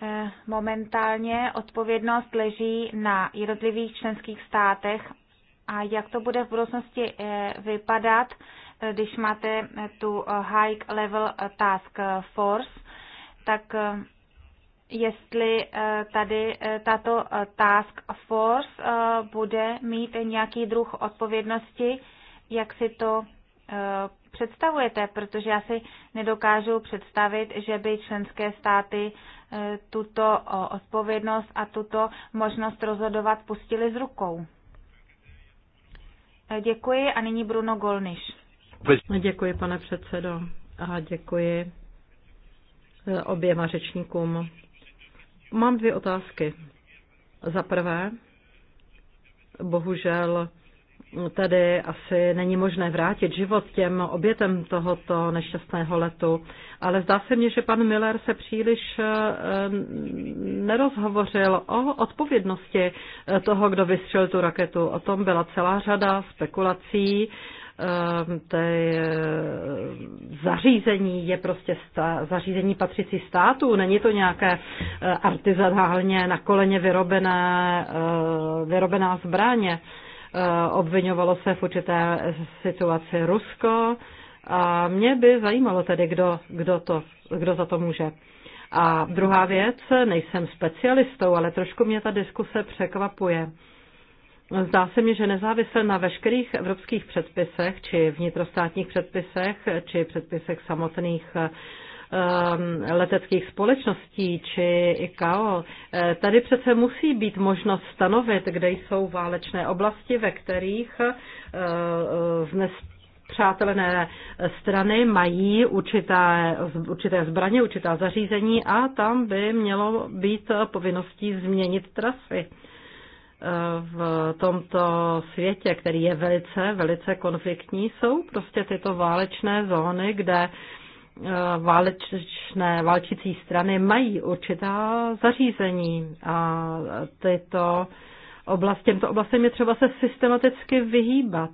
Eh, momentálně odpovědnost leží na jednotlivých členských státech a jak to bude v budoucnosti eh, vypadat, eh, když máte tu High Level Task Force, tak jestli tady tato Task Force bude mít nějaký druh odpovědnosti, jak si to Eh, představujete, protože já si nedokážu představit, že by členské státy eh, tuto odpovědnost a tuto možnost rozhodovat pustili z rukou. Eh, děkuji a nyní Bruno Golniš. No, děkuji, pane předsedo, a děkuji oběma řečníkům. Mám dvě otázky. Za prvé, bohužel tady asi není možné vrátit život těm obětem tohoto nešťastného letu. Ale zdá se mně, že pan Miller se příliš eh, nerozhovořil o odpovědnosti eh, toho, kdo vystřelil tu raketu. O tom byla celá řada spekulací eh, té zařízení je prostě sta, zařízení patřící státu, není to nějaké artizanálně na koleně vyrobené, vyrobená zbraně. Eh, obvinovalo se v určité situaci Rusko. A mě by zajímalo tedy, kdo, kdo, to, kdo za to může. A druhá věc, nejsem specialistou, ale trošku mě ta diskuse překvapuje. Zdá se mi, že nezávisle na veškerých evropských předpisech, či vnitrostátních předpisech, či předpisech samotných Um, leteckých společností či ICAO. Eh, tady přece musí být možnost stanovit, kde jsou válečné oblasti, ve kterých eh, eh, znes přátelené strany mají určité, určité zbraně, určitá zařízení a tam by mělo být povinností změnit trasy v tomto světě, který je velice, velice konfliktní, jsou prostě tyto válečné zóny, kde Eh, válečné, válčící strany mají určitá zařízení a tyto oblast, těmto oblastem je třeba se systematicky vyhýbat.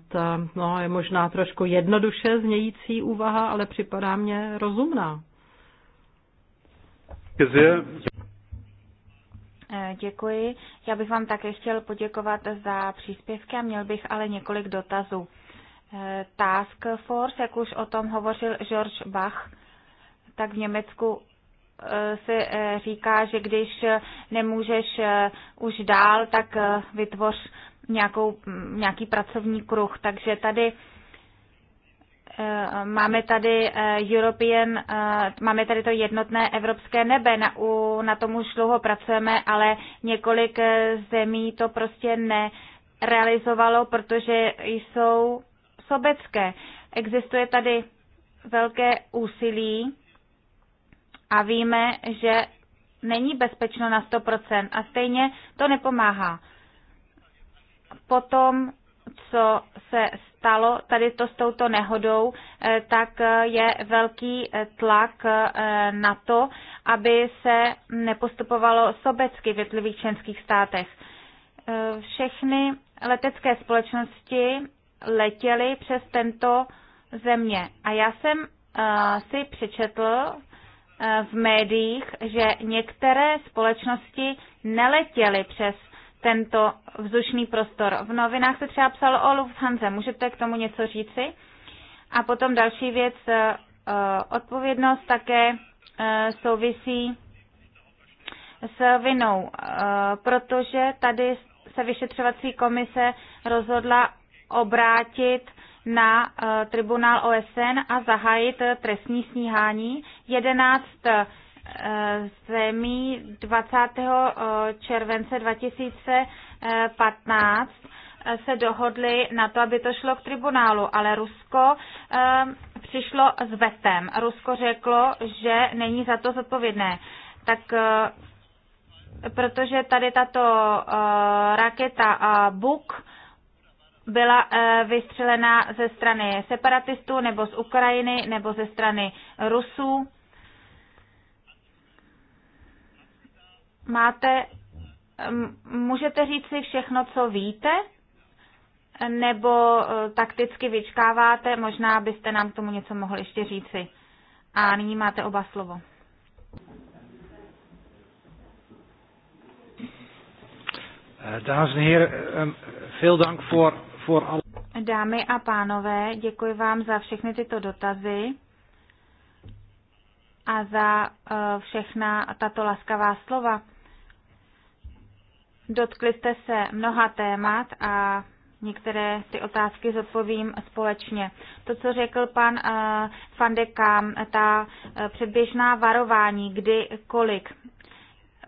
No, je možná trošku jednoduše znějící úvaha, ale připadá mě rozumná. Eh, děkuji. Já bych vám také chtěl poděkovat za příspěvky a měl bych ale několik dotazů. Eh, task force, jak už o tom hovořil George Bach, tak v Německu eh, se eh, říká, že když nemůžeš už dál, tak vytvoř nějakou, mm, nějaký pracovní kruh. Takže tady máme tady European, máme tady to jednotné evropské nebe, na, u, na tom už dlouho pracujeme, ale několik zemí to prostě nerealizovalo, protože jsou sobecké. Existuje tady velké úsilí a víme, že není bezpečno na 100% a stejně to nepomáhá. Potom, co se stalo tady to s touto nehodou, eh, tak eh, je velký eh, tlak na to, aby se nepostupovalo sobecky v jednotlivých členských státech. Všechny letecké společnosti letěli přes tento země. A já jsem eh, si přečetl eh, v médiích, že některé společnosti neletěly přes tento vzdušný prostor. V novinách se třeba psalo o Lufthansa. Můžete k tomu něco říci? A potom další věc, eh, odpovědnost také souvisí s vinou, protože tady se vyšetřovací komise rozhodla obrátit na eh, tribunál OSN a zahájit eh, trestní stíhání. 11 eh, zemí 20. července 2015 se dohodli na to, aby to šlo k tribunálu, ale Rusko přišlo s vetem. Rusko řeklo, že není za to zodpovědné. Tak protože tady tato raketa Buk byla eh, vystřelena ze strany separatistů nebo z Ukrajiny nebo ze strany Rusů. Máte, můžete říct si všechno, co víte? Nebo eh, takticky vyčkáváte? Možná byste nám k tomu něco mohli ještě říci. A nyní máte oba slovo. Eh, dames en heren, veel dank voor for... Dámy a pánové, děkuji vám za všechny tyto dotazy a za eh, všechna tato laskavá slova. Dotkli jste se mnoha témat a některé ty otázky zodpovím společně. To, co řekl pan uh, eh, Fandekám, ta uh, předběžná varování, kdy, kolik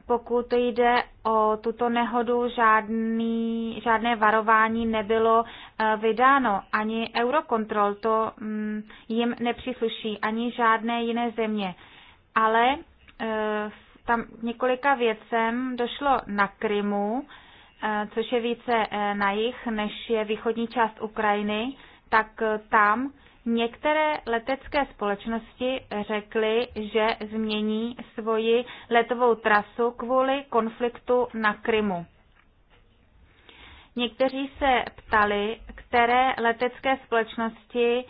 pokud jde o tuto nehodu, žádný, žádné varování nebylo eh, vydáno. Ani Eurocontrol to mm, jim nepřísluší, ani žádné jiné země. Ale eh, tam několika věcem došlo na Krymu, eh, což je více na jich, než je východní část Ukrajiny, tak tam Některé letecké společnosti řekly, že změní svoji letovou trasu kvůli konfliktu na Krymu. Někteří se ptali, které letecké společnosti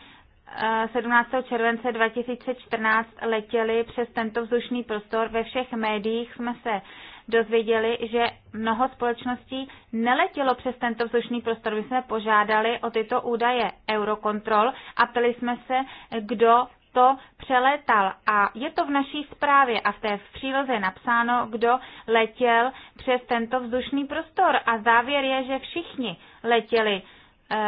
17. Eh, července 2014 letěly přes tento vzdušný prostor. Ve všech médiích jsme se dozvěděli, že mnoho společností neletělo přes tento vzdušný prostor. My jsme požádali o tyto údaje Eurocontrol a ptali jsme se, kdo to přelétal A je to v naší zprávě a v té příloze příloze napsáno, kdo letěl přes tento vzdušný prostor. A závěr je, že všichni letěli e,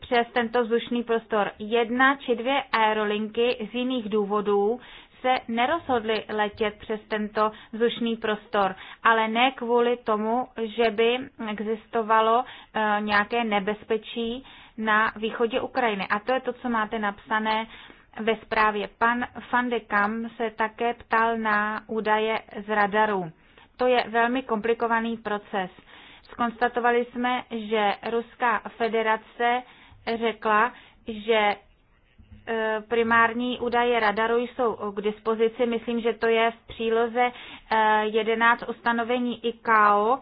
přes tento vzdušný prostor. Jedna či dvě aerolinky z jiných důvodů se nerozhodli letět přes tento vzdušný prostor, ale ne kvůli tomu, že by existovalo e, nějaké nebezpečí na východě Ukrajiny. A to je to, co máte napsané ve zprávě. Pan Van de Kam se také ptal na údaje z radaru. To je velmi komplikovaný proces. Skonstatovali jsme, že Ruská federace řekla, že Eh, primární údaje radaru jsou k dispozici. Myslím, že to je v příloze 11 eh, ustanovení ICAO.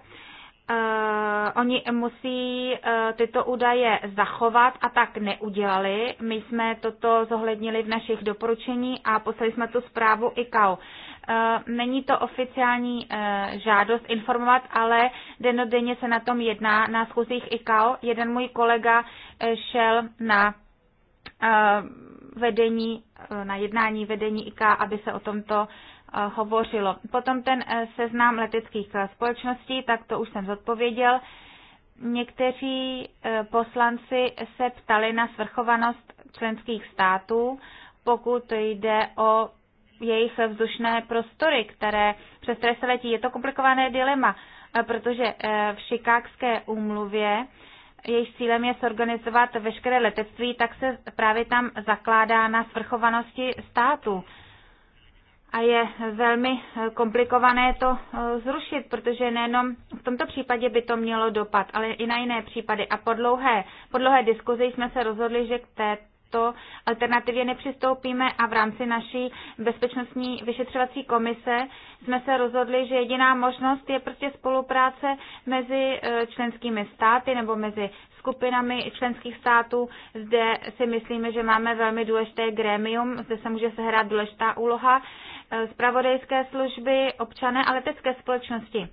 Eh, oni musí tyto údaje zachovat a tak neudělali. My jsme toto zohlednili v našich doporučení a poslali jsme tu zprávu ICAO. Není to oficiální žádost informovat, ale denodenně se na tom jedná na schůzích ICAO. Jeden můj kolega šel na vedení, eh, na jednání vedení IK, aby se o tomto eh, hovořilo. Potom ten eh, seznam leteckých společností, tak to už jsem zodpověděl. Někteří poslanci se ptali na svrchovanost členských států, pokud jde o jejich vzdušné prostory, které přes které se letí. Je to komplikované dilema, protože v šikákské úmluvě jejich cílem je zorganizovat veškeré letectví, tak se právě tam zakládá na svrchovanosti státu. A je velmi eh, komplikované to eh, zrušit, protože nejenom v tomto případě by to mělo dopad, ale i na jiné případy. A po dlouhé, po dlouhé diskuzi jsme se rozhodli, že k té to alternativě nepřistoupíme a v rámci naší bezpečnostní vyšetřovací komise jsme se rozhodli, že jediná možnost je prostě spolupráce mezi e, členskými státy nebo mezi skupinami členských států. Zde si myslíme, že máme velmi důležité grémium, zde se může sehrát důležitá úloha e, zpravodajské služby, občané a letecké společnosti.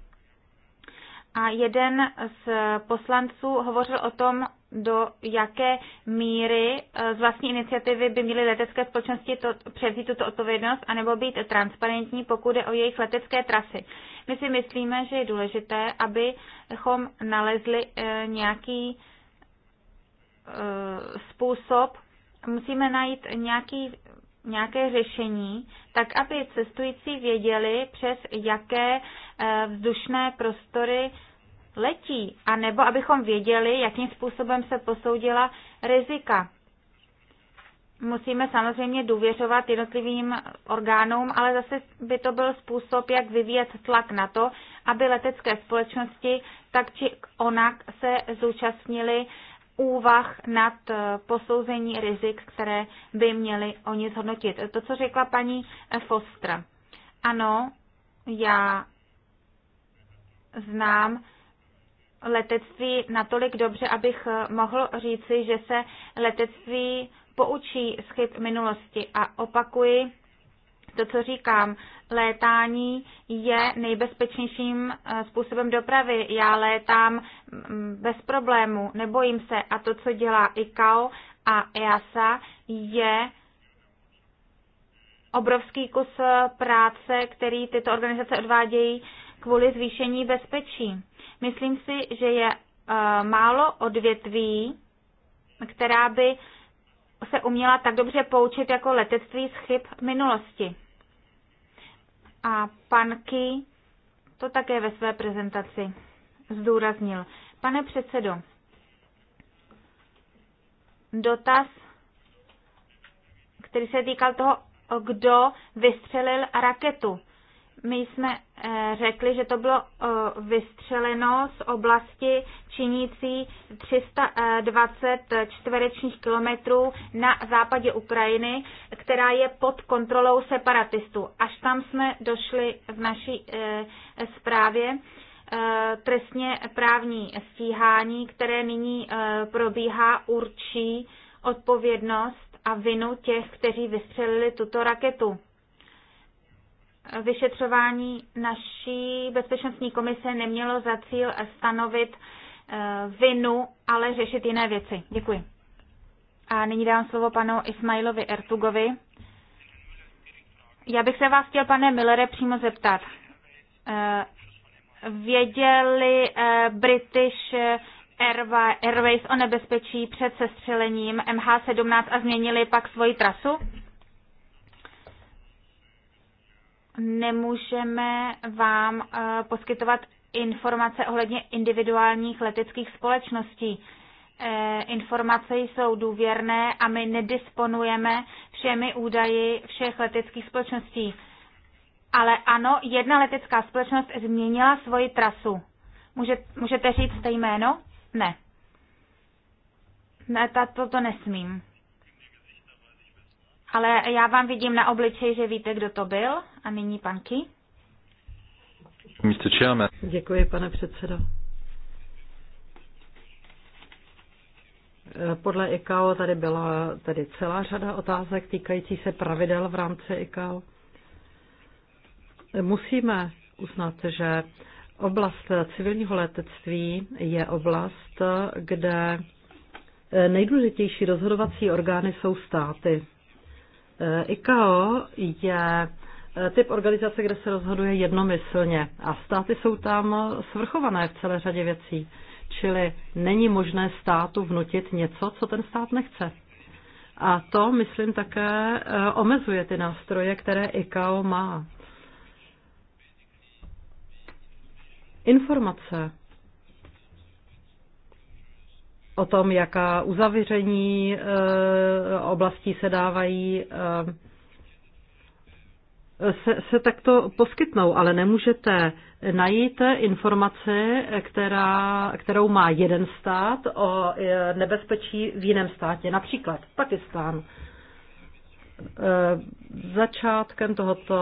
A jeden z poslanců hovořil o tom, do jaké míry eh, z vlastní iniciativy by měly letecké společnosti to, převzít tuto odpovědnost, anebo být transparentní, pokud je o jejich letecké trasy. My si myslíme, že je důležité, abychom nalezli eh, nějaký eh, způsob, musíme najít nějaký, nějaké řešení, tak aby cestující věděli, přes jaké vzdušné prostory letí, anebo abychom věděli, jakým způsobem se posoudila rizika. Musíme samozřejmě důvěřovat jednotlivým orgánům, ale zase by to byl způsob, jak vyvíjet tlak na to, aby letecké společnosti tak či onak se zúčastnili úvah nad eh, posouzení rizik, které by měli oni zhodnotit. To, co řekla paní eh, Foster. Ano, já znám letectví natolik dobře, abych eh, mohl říci, že se letectví poučí z chyb minulosti. A opakuji to, co říkám. Létání je nejbezpečnějším eh, způsobem dopravy. Já létám mm, bez problému, nebojím se. A to, co dělá ICAO a EASA, je obrovský kus eh, práce, který tyto organizace odvádějí kvůli zvýšení bezpečí. Myslím si, že je eh, málo odvětví, která by se uměla tak dobře poučit jako letectví z chyb minulosti. A pan Key to také ve své prezentaci zdůraznil. Pane předsedo, dotaz, který se týkal toho, kdo vystřelil raketu my jsme eh, řekli, že to bylo eh, vystřeleno z oblasti činící 320 eh, čtverečních kilometrů na západě Ukrajiny, která je pod kontrolou separatistů. Až tam jsme došli v naší zprávě trestně právní stíhání, které nyní probíhá, určí odpovědnost a vinu těch, kteří vystřelili tuto raketu vyšetřování naší bezpečnostní komise nemělo za cíl stanovit eh, vinu, ale řešit jiné věci. Děkuji. A nyní dám slovo panu Ismailovi Ertugovi. Já bych se vás chtěl, pane Millere, přímo zeptat. Eh, věděli eh, British Airways o nebezpečí před sestřelením MH17 a změnili pak svoji trasu? nemůžeme vám eh, poskytovat informace ohledně individuálních leteckých společností. Eh, informace jsou důvěrné a my nedisponujeme všemi údaji všech leteckých společností. Ale ano, jedna letecká společnost změnila svoji trasu. můžete říct jméno? Ne. Ne, to, to nesmím. Ale já vám vidím na obličeji, že víte, kdo to byl. A nyní pan Místo Mr. Děkuji, pane předsedo. Podle ICAO tady byla tady celá řada otázek týkající se pravidel v rámci ICAO. Musíme uznat, že oblast civilního letectví je oblast, kde nejdůležitější rozhodovací orgány jsou státy. Eh, ICAO je eh, typ organizace, kde se rozhoduje jednomyslně a státy jsou tam eh, svrchované v celé řadě věcí. Čili není možné státu vnutit něco, co ten stát nechce. A to, myslím, také omezuje ty nástroje, které ICAO má. Informace o tom, jaká uzavření eh, oblastí se dávají, eh, se, se takto poskytnou, ale nemůžete najít informace, která, kterou má jeden stát o eh, nebezpečí v jiném státě, například Pakistán. Začátkem tohoto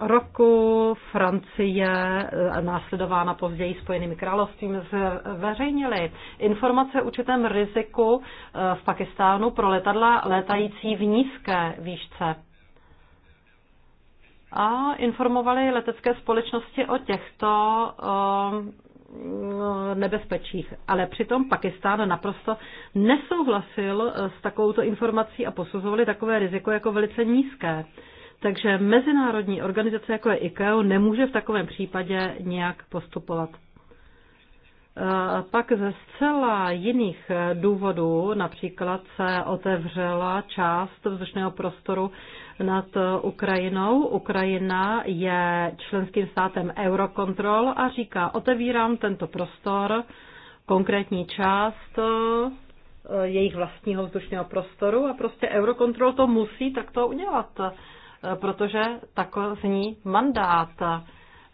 roku Francie, eh, následována později Spojenými královstvím, zveřejnili informace o určitém riziku eh, v Pakistánu pro letadla létající v nízké výšce. A informovali letecké společnosti o těchto eh, nebezpečích. Ale přitom Pakistán naprosto nesouhlasil s takovouto informací a posuzovali takové riziko jako velice nízké. Takže mezinárodní organizace jako je ICAO nemůže v takovém případě nějak postupovat. Eh, pak ze zcela jiných eh, důvodů, například se otevřela část vzdušného prostoru nad eh, Ukrajinou. Ukrajina je členským státem Eurocontrol a říká, otevírám tento prostor, konkrétní část jejich vlastního vzdušného prostoru a prostě Eurocontrol to musí takto udělat protože tak zní mandát.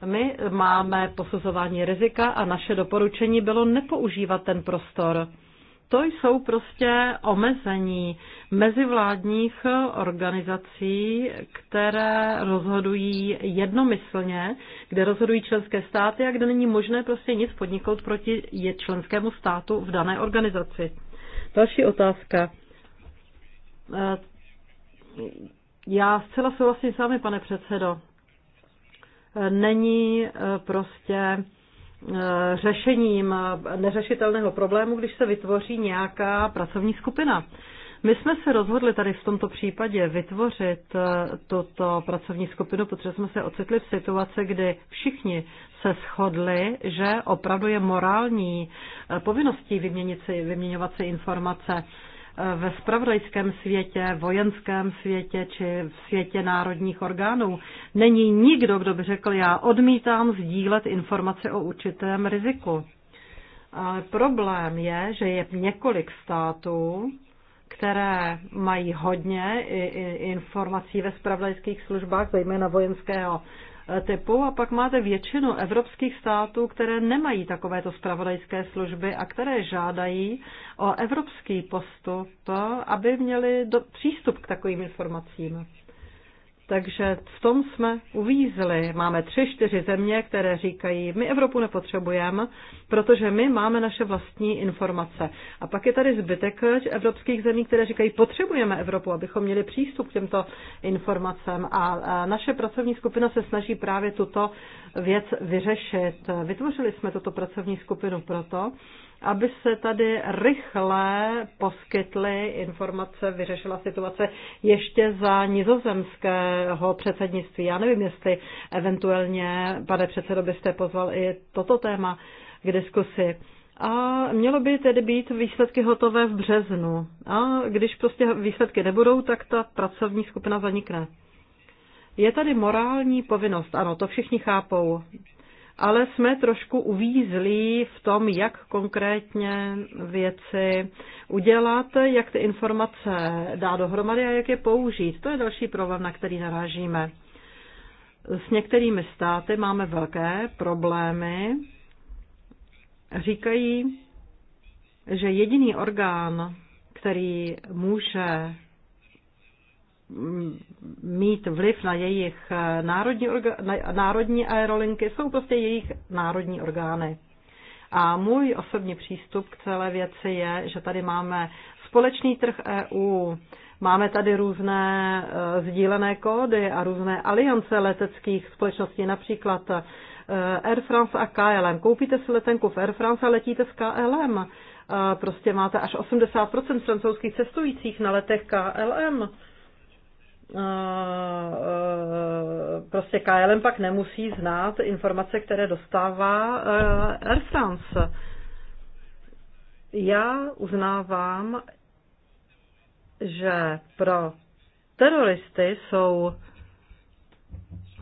My máme posuzování rizika a naše doporučení bylo nepoužívat ten prostor. To jsou prostě omezení mezivládních organizací, které rozhodují jednomyslně, kde rozhodují členské státy a kde není možné prostě nic podniknout proti členskému státu v dané organizaci. Další otázka já zcela souhlasím s vámi, pane předsedo. E, není e, prostě e, řešením neřešitelného problému, když se vytvoří nějaká pracovní skupina. My jsme se rozhodli tady v tomto případě vytvořit tuto pracovní skupinu, protože jsme se ocitli v situaci, kdy všichni se shodli, že opravdu je morální povinností vyměnit si, vyměňovat si informace ve spravodajském světě, vojenském světě či v světě národních orgánů. Není nikdo, kdo by řekl, já odmítám sdílet informace o určitém riziku. Ale problém je, že je několik států, které mají hodně informací ve spravodajských službách, zejména vojenského typu a pak máte většinu evropských států, které nemají takovéto spravodajské služby a které žádají o evropský postup, aby měli do, přístup k takovým informacím. Takže v tom jsme uvízli. Máme tři, čtyři země, které říkají, my Evropu nepotřebujeme, protože my máme naše vlastní informace. A pak je tady zbytek eh, evropských zemí, které říkají, potřebujeme Evropu, abychom měli přístup k těmto informacem. A naše pracovní skupina se snaží právě tuto věc vyřešit. Vytvořili jsme tuto pracovní skupinu proto, aby se tady rychle poskytly informace, vyřešila situace ještě za nizozemského předsednictví. Já nevím, jestli eventuálně, pane předsedo, byste pozval i toto téma k diskusi. A mělo by tedy být výsledky hotové v březnu. A když prostě výsledky nebudou, tak ta pracovní skupina zanikne. Je tady morální povinnost, ano, to všichni chápou ale jsme trošku uvízlí v tom, jak konkrétně věci udělat, jak ty informace dá dohromady a jak je použít. To je další problém, na který narážíme. S některými státy máme velké problémy. Říkají, že jediný orgán, který může mít vliv na jejich eh, národní, orga, národní aerolinky, jsou prostě jejich národní orgány. A můj osobní přístup k celé věci je, že tady máme společný trh EU, máme tady různé eh, sdílené kódy a různé aliance leteckých společností, například eh, Air France a KLM. Koupíte si letenku v Air France a letíte s KLM. Prostě máte až 80% francouzských cestujících na letech KLM E, prostě KLM pak nemusí znát informace, které dostává e, Air France. Já uznávám, že pro teroristy jsou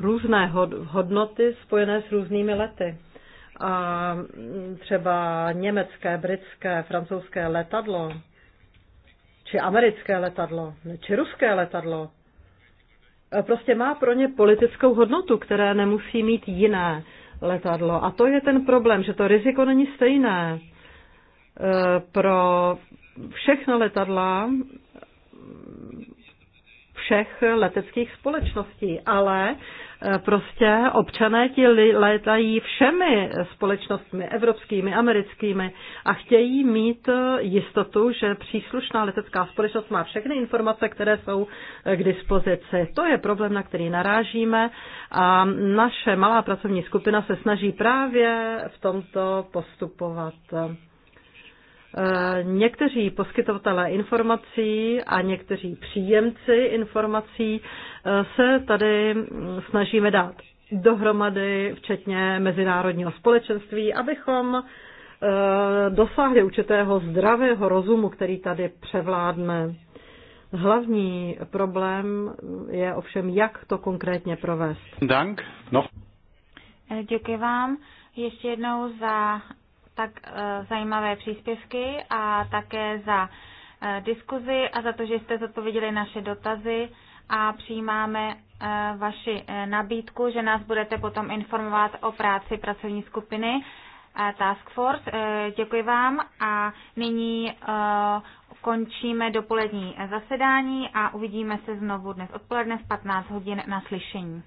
různé hodnoty spojené s různými lety. A třeba německé, britské, francouzské letadlo, či americké letadlo, či ruské letadlo, Eh, prostě má pro ně politickou hodnotu, které nemusí mít jiné letadlo. A to je ten problém, že to riziko není stejné eh, pro všechna letadla mm, všech leteckých společností, ale Eh, prostě občané ti létají všemi společnostmi, evropskými, americkými a chtějí mít eh, jistotu, že příslušná letecká společnost má všechny informace, které jsou eh, k dispozici. To je problém, na který narážíme a naše malá pracovní skupina se snaží právě v tomto postupovat. Eh, někteří poskytovatelé informací a někteří příjemci informací eh, se tady mm, snažíme dát dohromady, včetně mezinárodního společenství, abychom eh, dosáhli určitého zdravého rozumu, který tady převládne. Hlavní problém je ovšem, jak to konkrétně provést. Dank. No. Děkuji vám ještě jednou za tak eh, zajímavé příspěvky a také za eh, diskuzi a za to, že jste zodpověděli naše dotazy a přijímáme eh, vaši nabídku, že nás budete potom informovat o práci pracovní skupiny Task Force. Děkuji vám a nyní končíme dopolední zasedání a uvidíme se znovu dnes odpoledne v 15 hodin na slyšení.